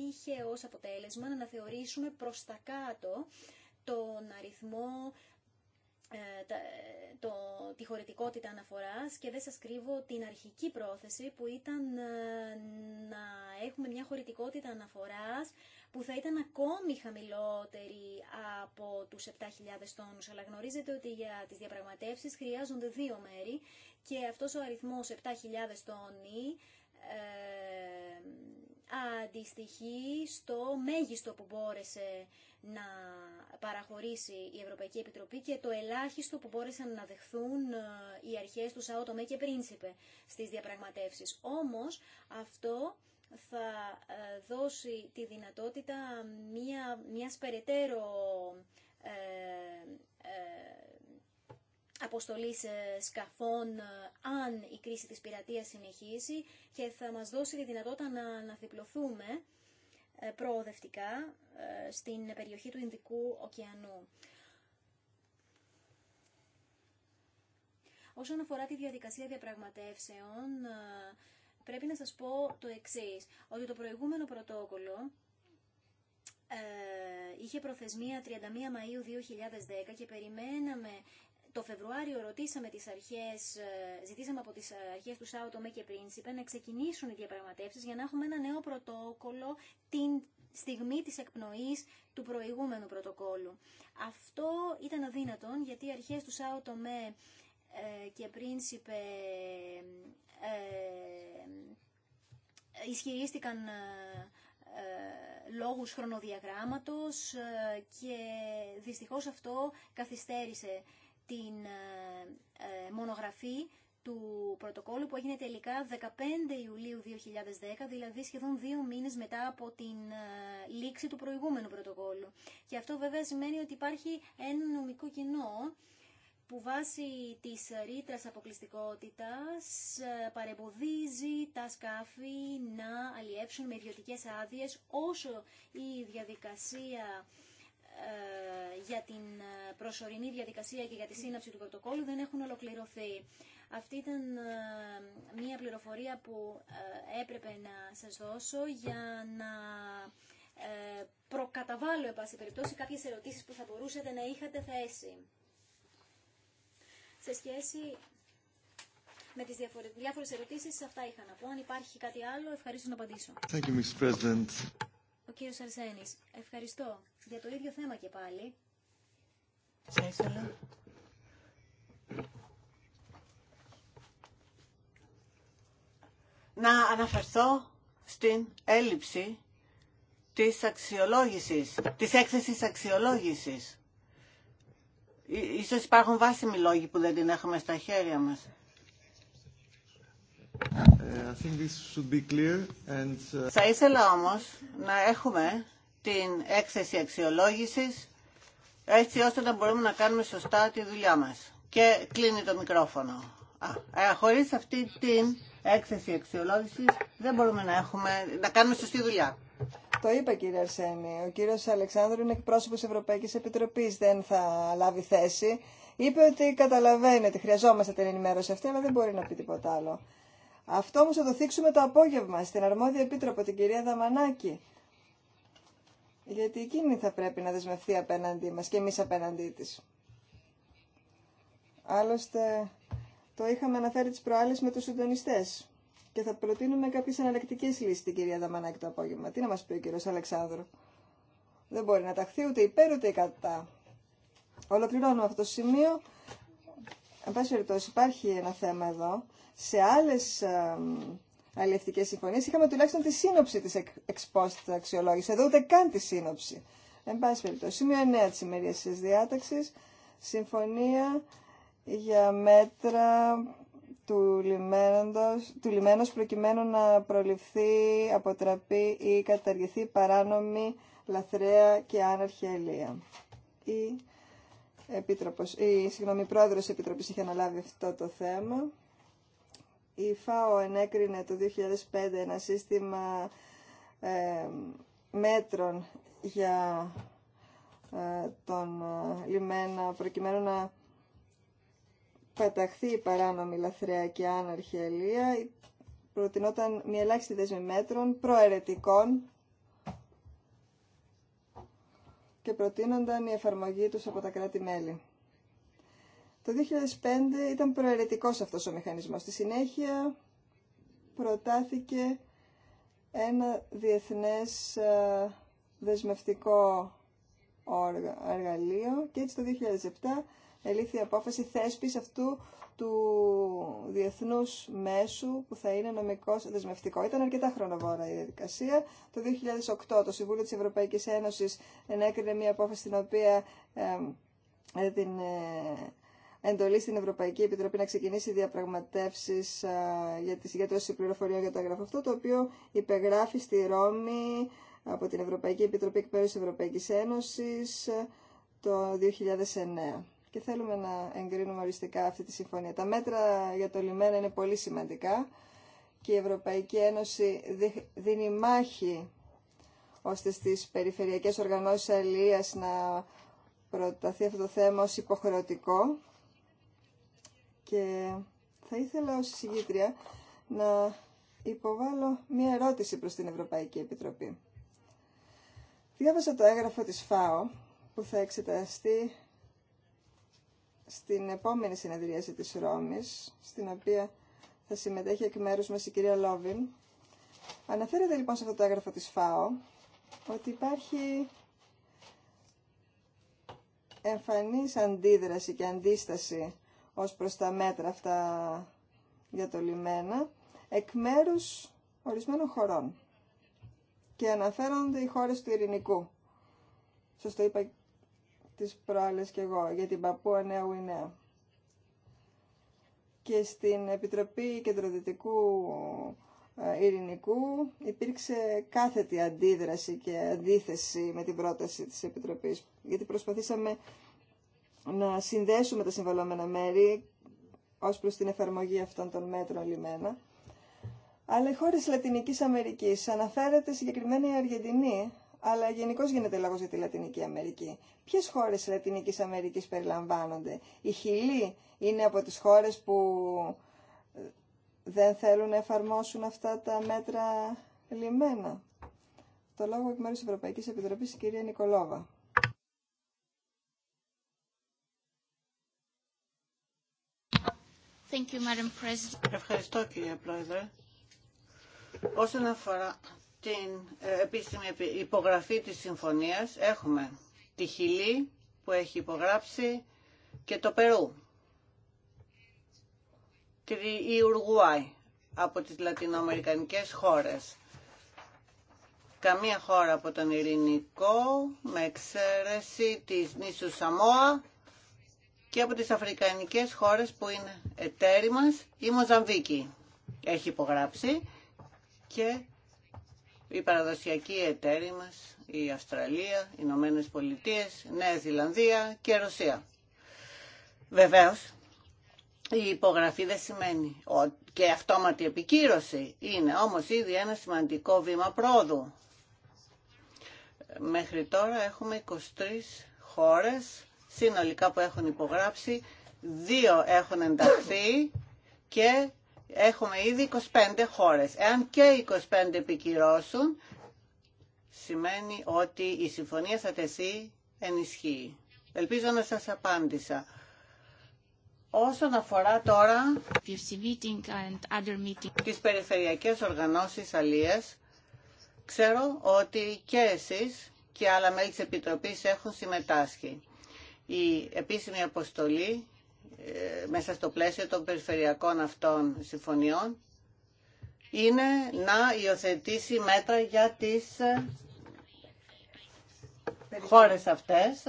είχε ως αποτέλεσμα να αναθεωρήσουμε προς τα κάτω τον αριθμό ε, το, τη χωρητικότητα αναφοράς και δεν σας κρύβω την αρχική πρόθεση που ήταν ε, να έχουμε μια χωρητικότητα αναφοράς που θα ήταν ακόμη χαμηλότερη από τους 7.000 τόνους. Αλλά γνωρίζετε ότι για τις διαπραγματεύσεις χρειάζονται δύο μέρη και αυτός ο αριθμός 7.000 τόνοι ε, αντιστοιχεί στο μέγιστο που μπόρεσε να παραχωρήσει η Ευρωπαϊκή Επιτροπή και το ελάχιστο που μπόρεσαν να δεχθούν ε, οι αρχές του ΣΑΟΤΟΜΕ και Πρίνσιπε στις διαπραγματεύσεις. Όμως αυτό θα ε, δώσει τη δυνατότητα μια, μιας περαιτέρω ε, αποστολή σκαφών ε, αν η κρίση της πειρατείας συνεχίσει και θα μας δώσει τη δυνατότητα να αναδιπλωθούμε ε, προοδευτικά ε, στην περιοχή του Ινδικού ωκεανού. Όσον αφορά τη διαδικασία διαπραγματεύσεων, πρέπει να σας πω το εξής, ότι το προηγούμενο πρωτόκολλο είχε προθεσμία 31 Μαΐου 2010 και περιμέναμε το Φεβρουάριο ρωτήσαμε τις αρχές, ε, ζητήσαμε από τις αρχές του Σάουτο και Πρίνσιπε να ξεκινήσουν οι διαπραγματεύσεις για να έχουμε ένα νέο πρωτόκολλο την στιγμή της εκπνοής του προηγούμενου πρωτοκόλλου. Αυτό ήταν αδύνατον γιατί οι αρχές του ΣΑΟΤΟΜΕ με και Πρίνσιπε ε, ισχυρίστηκαν ε, λόγους χρονοδιαγράμματος και δυστυχώς αυτό καθυστέρησε την ε, ε, μονογραφή του πρωτοκόλου που έγινε τελικά 15 Ιουλίου 2010, δηλαδή σχεδόν δύο μήνες μετά από την ε, λήξη του προηγούμενου πρωτοκόλου. Και αυτό βέβαια σημαίνει ότι υπάρχει ένα νομικό κοινό που βάσει της ρήτρα αποκλειστικότητας παρεμποδίζει τα σκάφη να αλλιεύσουν με ιδιωτικέ άδειες όσο η διαδικασία ε, για την ε, προσωρινή διαδικασία και για τη σύναψη του πρωτοκόλλου δεν έχουν ολοκληρωθεί. Αυτή ήταν ε, μία πληροφορία που έπρεπε να σας δώσω για να προκαταβάλω, εν πάση περιπτώσει, κάποιες ερωτήσεις που θα μπορούσατε να είχατε θέσει. Σε σχέση με τις διάφορες ερωτήσεις, αυτά είχα να πω. Αν υπάρχει κάτι άλλο, ευχαρίστω να απαντήσω. Thank κύριος Αρσένης. Ευχαριστώ. Για το ίδιο θέμα και πάλι. Σε ήθελα να αναφερθώ στην έλλειψη της αξιολόγησης, της έκθεσης αξιολόγησης. Ίσως υπάρχουν βάσιμοι λόγοι που δεν την έχουμε στα χέρια μας. Uh, θα ήθελα όμως να έχουμε την έκθεση αξιολόγησης έτσι ώστε να μπορούμε να κάνουμε σωστά τη δουλειά μας. Και κλείνει το μικρόφωνο. Α, ε, χωρίς αυτή την έκθεση αξιολόγησης δεν μπορούμε να, έχουμε, να κάνουμε σωστή δουλειά. Το είπα κύριε Αρσένη. Ο κύριος Αλεξάνδρου είναι εκπρόσωπος Ευρωπαϊκής Επιτροπής. Δεν θα λάβει θέση. Είπε ότι καταλαβαίνει ότι χρειαζόμαστε την ενημέρωση αυτή, αλλά δεν μπορεί να πει τίποτα άλλο. Αυτό όμως θα το θίξουμε το απόγευμα στην αρμόδια επίτροπο, την κυρία Δαμανάκη. Γιατί εκείνη θα πρέπει να δεσμευθεί απέναντί μας και εμείς απέναντί της. Άλλωστε, το είχαμε αναφέρει τις προάλλες με τους συντονιστές. Και θα προτείνουμε κάποιες αναλεκτικές λύσεις την κυρία Δαμανάκη το απόγευμα. Τι να μας πει ο κύριος Αλεξάνδρου. Δεν μπορεί να ταχθεί ούτε υπέρ ούτε κατά. Ολοκληρώνουμε αυτό το σημείο. Εν πάση περιπτώσει, υπάρχει ένα θέμα εδώ. Σε άλλε αλληλευτικέ συμφωνίε είχαμε τουλάχιστον τη σύνοψη τη εξπόστη αξιολόγηση. Εδώ ούτε καν τη σύνοψη. Εν πάση περιπτώσει, σημείο 9 τη ημερία τη διάταξη. Συμφωνία για μέτρα του λιμένοντος, του προκειμένου να προληφθεί, αποτραπεί ή καταργηθεί παράνομη, λαθρέα και άναρχη ελεία. η καταργηθει παρανομη λαθρεα και αναρχη αιλια η επίτροπος, η συγγνώμη, πρόεδρος Επιτροπής είχε αναλάβει αυτό το θέμα. Η ΦΑΟ ενέκρινε το 2005 ένα σύστημα ε, μέτρων για ε, τον ε, λιμένα προκειμένου να παταχθεί η παράνομη λαθρέα και άναρχη αιλία. Προτινόταν μια ελάχιστη δέσμη μέτρων προαιρετικών και προτείνονταν η εφαρμογή τους από τα κράτη-μέλη. Το 2005 ήταν προαιρετικός αυτός ο μηχανισμός. Στη συνέχεια προτάθηκε ένα διεθνές ε, δεσμευτικό εργαλείο και έτσι το 2007 ελήφθη η απόφαση θέσπης αυτού του διεθνούς μέσου που θα είναι νομικός δεσμευτικό. Ήταν αρκετά χρονοβόρα η διαδικασία. Το 2008 το Συμβούλιο της Ευρωπαϊκής Ένωσης ενέκρινε μια απόφαση την οποία ε, την, ε, εντολή στην Ευρωπαϊκή Επιτροπή να ξεκινήσει διαπραγματεύσει ε, για τη συγκέντρωση πληροφοριών για το έγγραφο αυτό, το οποίο υπεγράφει στη Ρώμη από την Ευρωπαϊκή Επιτροπή Εκπαίδευση Ευρωπαϊκή Ένωση ε, το 2009 και θέλουμε να εγκρίνουμε οριστικά αυτή τη συμφωνία. Τα μέτρα για το λιμένα είναι πολύ σημαντικά και η Ευρωπαϊκή Ένωση δίνει μάχη ώστε στις περιφερειακές οργανώσεις αλληλείας να προταθεί αυτό το θέμα ως υποχρεωτικό και θα ήθελα ως συγγήτρια να υποβάλω μία ερώτηση προς την Ευρωπαϊκή Επιτροπή. Διάβασα το έγγραφο της ΦΑΟ που θα εξεταστεί στην επόμενη συνεδρίαση της Ρώμης, στην οποία θα συμμετέχει εκ μέρους μας η κυρία Λόβιν. Αναφέρεται λοιπόν σε αυτό το έγγραφο της ΦΑΟ ότι υπάρχει εμφανής αντίδραση και αντίσταση ως προς τα μέτρα αυτά για το λιμένα εκ μέρους ορισμένων χωρών και αναφέρονται οι χώρες του ειρηνικού. Σας το είπα τις προάλλες και εγώ για την Παππούα Νέα Και στην Επιτροπή Κεντροδυτικού ε, Ειρηνικού υπήρξε κάθετη αντίδραση και αντίθεση με την πρόταση της Επιτροπής, γιατί προσπαθήσαμε να συνδέσουμε τα συμβαλόμενα μέρη ως προς την εφαρμογή αυτών των μέτρων λιμένα. Αλλά οι χώρες Λατινικής Αμερικής αναφέρεται συγκεκριμένα η Αργεντινή αλλά γενικώ γίνεται λόγο για τη Λατινική Αμερική. Ποιε χώρε τη Λατινική Αμερική περιλαμβάνονται. Η Χιλή είναι από τι χώρε που ε, δεν θέλουν να εφαρμόσουν αυτά τα μέτρα λιμένα. Το λόγο εκ μέρου τη Ευρωπαϊκής Επιτροπής, η κυρία Νικολόβα. Ευχαριστώ, κύριε Πρόεδρε. Όσον αφορά την ε, επίσημη υπογραφή της συμφωνίας έχουμε τη Χιλή που έχει υπογράψει και το Περού η Ουργουάη από τις λατινοαμερικανικές χώρες. Καμία χώρα από τον Ειρηνικό, με εξαίρεση της νήσου Σαμόα και από τις αφρικανικές χώρες που είναι εταίροι μας, η Μοζαμβίκη έχει υπογράψει και οι παραδοσιακοί εταίροι μας, η Αυστραλία, οι Ηνωμένε Πολιτείε, Νέα Ζηλανδία και Ρωσία. Βεβαίω, η υπογραφή δεν σημαίνει και αυτόματη επικύρωση. Είναι όμως ήδη ένα σημαντικό βήμα πρόοδου. Μέχρι τώρα έχουμε 23 χώρες συνολικά που έχουν υπογράψει, δύο έχουν ενταχθεί και έχουμε ήδη 25 χώρες. Εάν και 25 επικυρώσουν, σημαίνει ότι η συμφωνία θα τεθεί ενισχύει. Ελπίζω να σας απάντησα. Όσον αφορά τώρα τις περιφερειακές οργανώσεις αλίας, ξέρω ότι και εσείς και άλλα μέλη της Επιτροπής έχουν συμμετάσχει. Η επίσημη αποστολή ε, μέσα στο πλαίσιο των περιφερειακών αυτών συμφωνιών είναι να υιοθετήσει μέτρα για τις ε, χώρες αυτές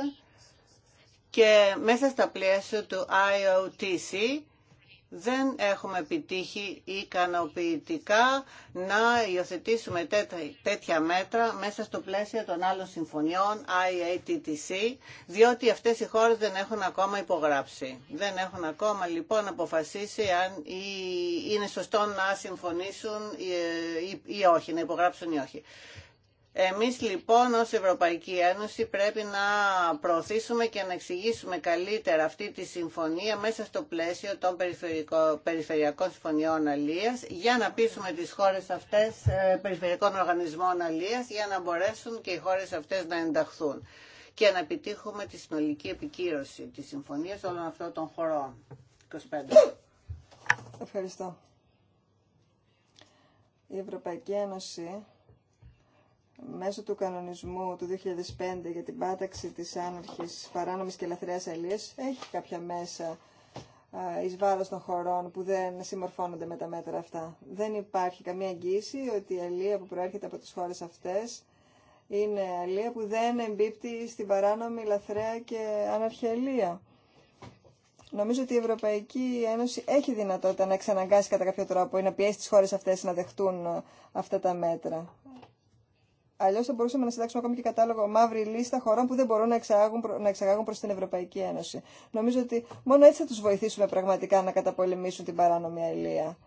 και μέσα στα πλαίσια του IOTC δεν έχουμε επιτύχει ικανοποιητικά να υιοθετήσουμε τέτοια μέτρα μέσα στο πλαίσιο των άλλων συμφωνιών IATTC, διότι αυτές οι χώρες δεν έχουν ακόμα υπογράψει. Δεν έχουν ακόμα λοιπόν αποφασίσει αν είναι σωστό να συμφωνήσουν ε, ή όχι, να υπογράψουν ή όχι. Εμείς λοιπόν ως Ευρωπαϊκή Ένωση πρέπει να προωθήσουμε και να εξηγήσουμε καλύτερα αυτή τη συμφωνία μέσα στο πλαίσιο των περιφερειακών συμφωνιών αλίας για να πείσουμε τις χώρες αυτές ε, περιφερειακών οργανισμών αλίας για να μπορέσουν και οι χώρες αυτές να ενταχθούν και να επιτύχουμε τη συνολική επικύρωση της συμφωνίας όλων αυτών των χωρών. 25. Ευχαριστώ. Η Ευρωπαϊκή Ένωση μέσω του κανονισμού του 2005 για την πάταξη της άνοχης παράνομης και ελαθρέας αλίας έχει κάποια μέσα εις βάρος των χωρών που δεν συμμορφώνονται με τα μέτρα αυτά. Δεν υπάρχει καμία εγγύηση ότι η αλία που προέρχεται από τις χώρες αυτές είναι αλία που δεν εμπίπτει στην παράνομη λαθρέα και αναρχαιλία. Νομίζω ότι η Ευρωπαϊκή Ένωση έχει δυνατότητα να εξαναγκάσει κατά κάποιο τρόπο ή να πιέσει τις χώρες αυτές να δεχτούν αυτά τα μέτρα. Αλλιώ θα μπορούσαμε να συντάξουμε ακόμη και κατάλογο μαύρη λίστα χωρών που δεν μπορούν να εξαγάγουν, να εξαγάγουν προ την Ευρωπαϊκή Ένωση. Νομίζω ότι μόνο έτσι θα τους βοηθήσουμε πραγματικά να καταπολεμήσουν την παράνομη αλληλεία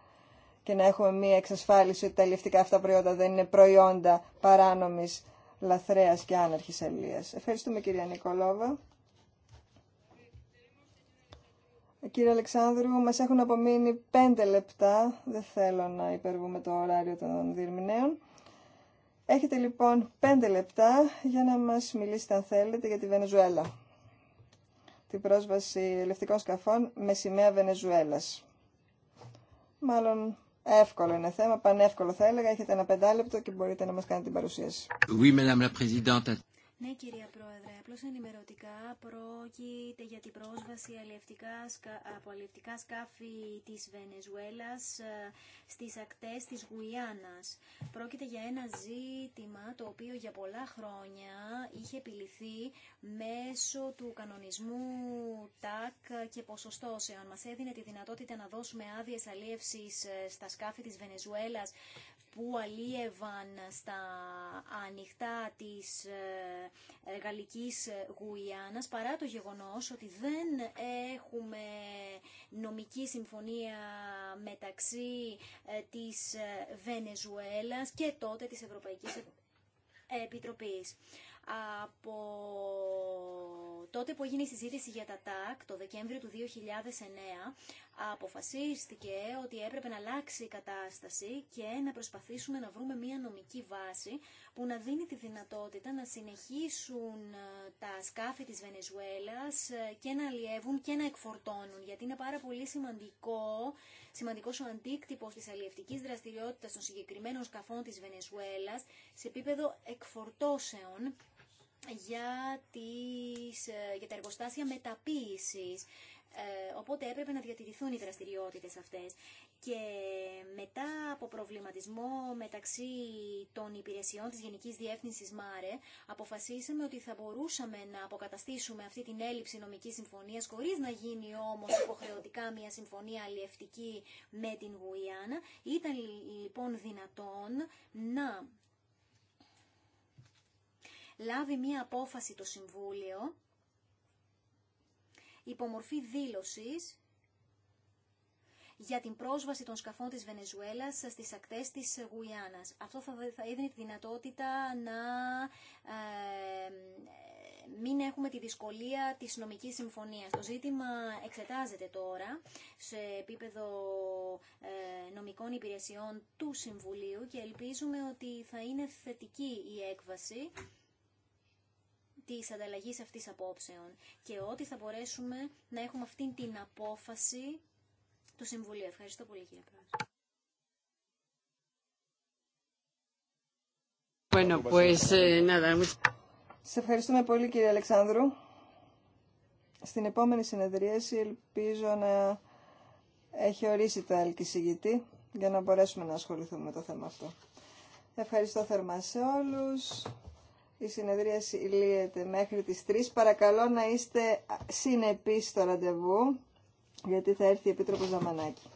και να έχουμε μία εξασφάλιση ότι τα ληφτικά αυτά προϊόντα δεν είναι προϊόντα παράνομης, λαθρέα και άναρχη αλληλεία. Ευχαριστούμε κυρία Νικολόβα. Κύριε Αλεξάνδρου, μα έχουν απομείνει πέντε λεπτά. Δεν θέλω να υπερβούμε το ωράριο των διερμηνέων. Έχετε λοιπόν πέντε λεπτά για να μας μιλήσετε αν θέλετε για τη Βενεζουέλα. Την πρόσβαση λευτικών σκαφών με σημαία Βενεζουέλας. Μάλλον εύκολο είναι θέμα, πανεύκολο θα έλεγα. Έχετε ένα πεντάλεπτο και μπορείτε να μας κάνετε την παρουσίαση. Oui, ναι, κυρία Πρόεδρε, απλώ ενημερωτικά πρόκειται για την πρόσβαση από αλληλευτικά σκάφη της Βενεζουέλας ε, στις ακτές της Γουιάνας. Πρόκειται για ένα ζήτημα το οποίο για πολλά χρόνια είχε επιληθεί μέσω του κανονισμού ΤΑΚ και ποσοστώσεων. Μα έδινε τη δυνατότητα να δώσουμε άδειε αλίευση ε, στα σκάφη της Βενεζουέλα που αλίευαν στα ανοιχτά της ε, γαλλικής Γουιάνας παρά το γεγονός ότι δεν έχουμε νομική συμφωνία μεταξύ ε, της ε, Βενεζουέλας και τότε της Ευρωπαϊκής Επιτροπής. Από τότε που έγινε η συζήτηση για τα ΤΑΚ το Δεκέμβριο του 2009 αποφασίστηκε ότι έπρεπε να αλλάξει η κατάσταση και να προσπαθήσουμε να βρούμε μια νομική βάση που να δίνει τη δυνατότητα να συνεχίσουν ε, τα σκάφη της Βενεζουέλας ε, και να αλλιεύουν και να εκφορτώνουν γιατί είναι πάρα πολύ σημαντικό σημαντικός ο αντίκτυπος της αλλιευτικής δραστηριότητας των συγκεκριμένων σκαφών της Βενεζουέλας σε επίπεδο εκφορτώσεων για, τις, ε, για τα εργοστάσια μεταποίησης. Ε, οπότε έπρεπε να διατηρηθούν οι δραστηριότητες αυτές. Και μετά από προβληματισμό μεταξύ των υπηρεσιών της Γενικής Διεύθυνσης ΜΑΡΕ, αποφασίσαμε ότι θα μπορούσαμε να αποκαταστήσουμε αυτή την έλλειψη νομικής συμφωνίας, χωρίς να γίνει όμως υποχρεωτικά μια συμφωνία αλλιευτική με την Γουιάννα. Ήταν λοιπόν δυνατόν να λάβει μία απόφαση το Συμβούλιο υπομορφή δήλωσης για την πρόσβαση των σκαφών της Βενεζουέλας στις ακτές της Γουιάνας. Αυτό θα, θα έδινε τη δυνατότητα να ε, μην έχουμε τη δυσκολία της νομικής συμφωνίας. Το ζήτημα εξετάζεται τώρα σε επίπεδο ε, νομικών υπηρεσιών του Συμβουλίου και ελπίζουμε ότι θα είναι θετική η έκβαση Τη ανταλλαγή αυτή απόψεων και ότι θα μπορέσουμε να έχουμε αυτή την απόφαση του Συμβουλίου. Ευχαριστώ πολύ κύριε Πρόεδρε. Bueno, pues, eh, nada. ευχαριστούμε πολύ κύριε Αλεξάνδρου. Στην επόμενη συνεδρίαση ελπίζω να έχει ορίσει το αλκησηγητή για να μπορέσουμε να ασχοληθούμε με το θέμα αυτό. Ευχαριστώ θερμά σε όλους. Η συνεδρία συλλύεται μέχρι τις 3. Παρακαλώ να είστε συνεπείς στο ραντεβού, γιατί θα έρθει η Επίτροπος Δαμανάκη.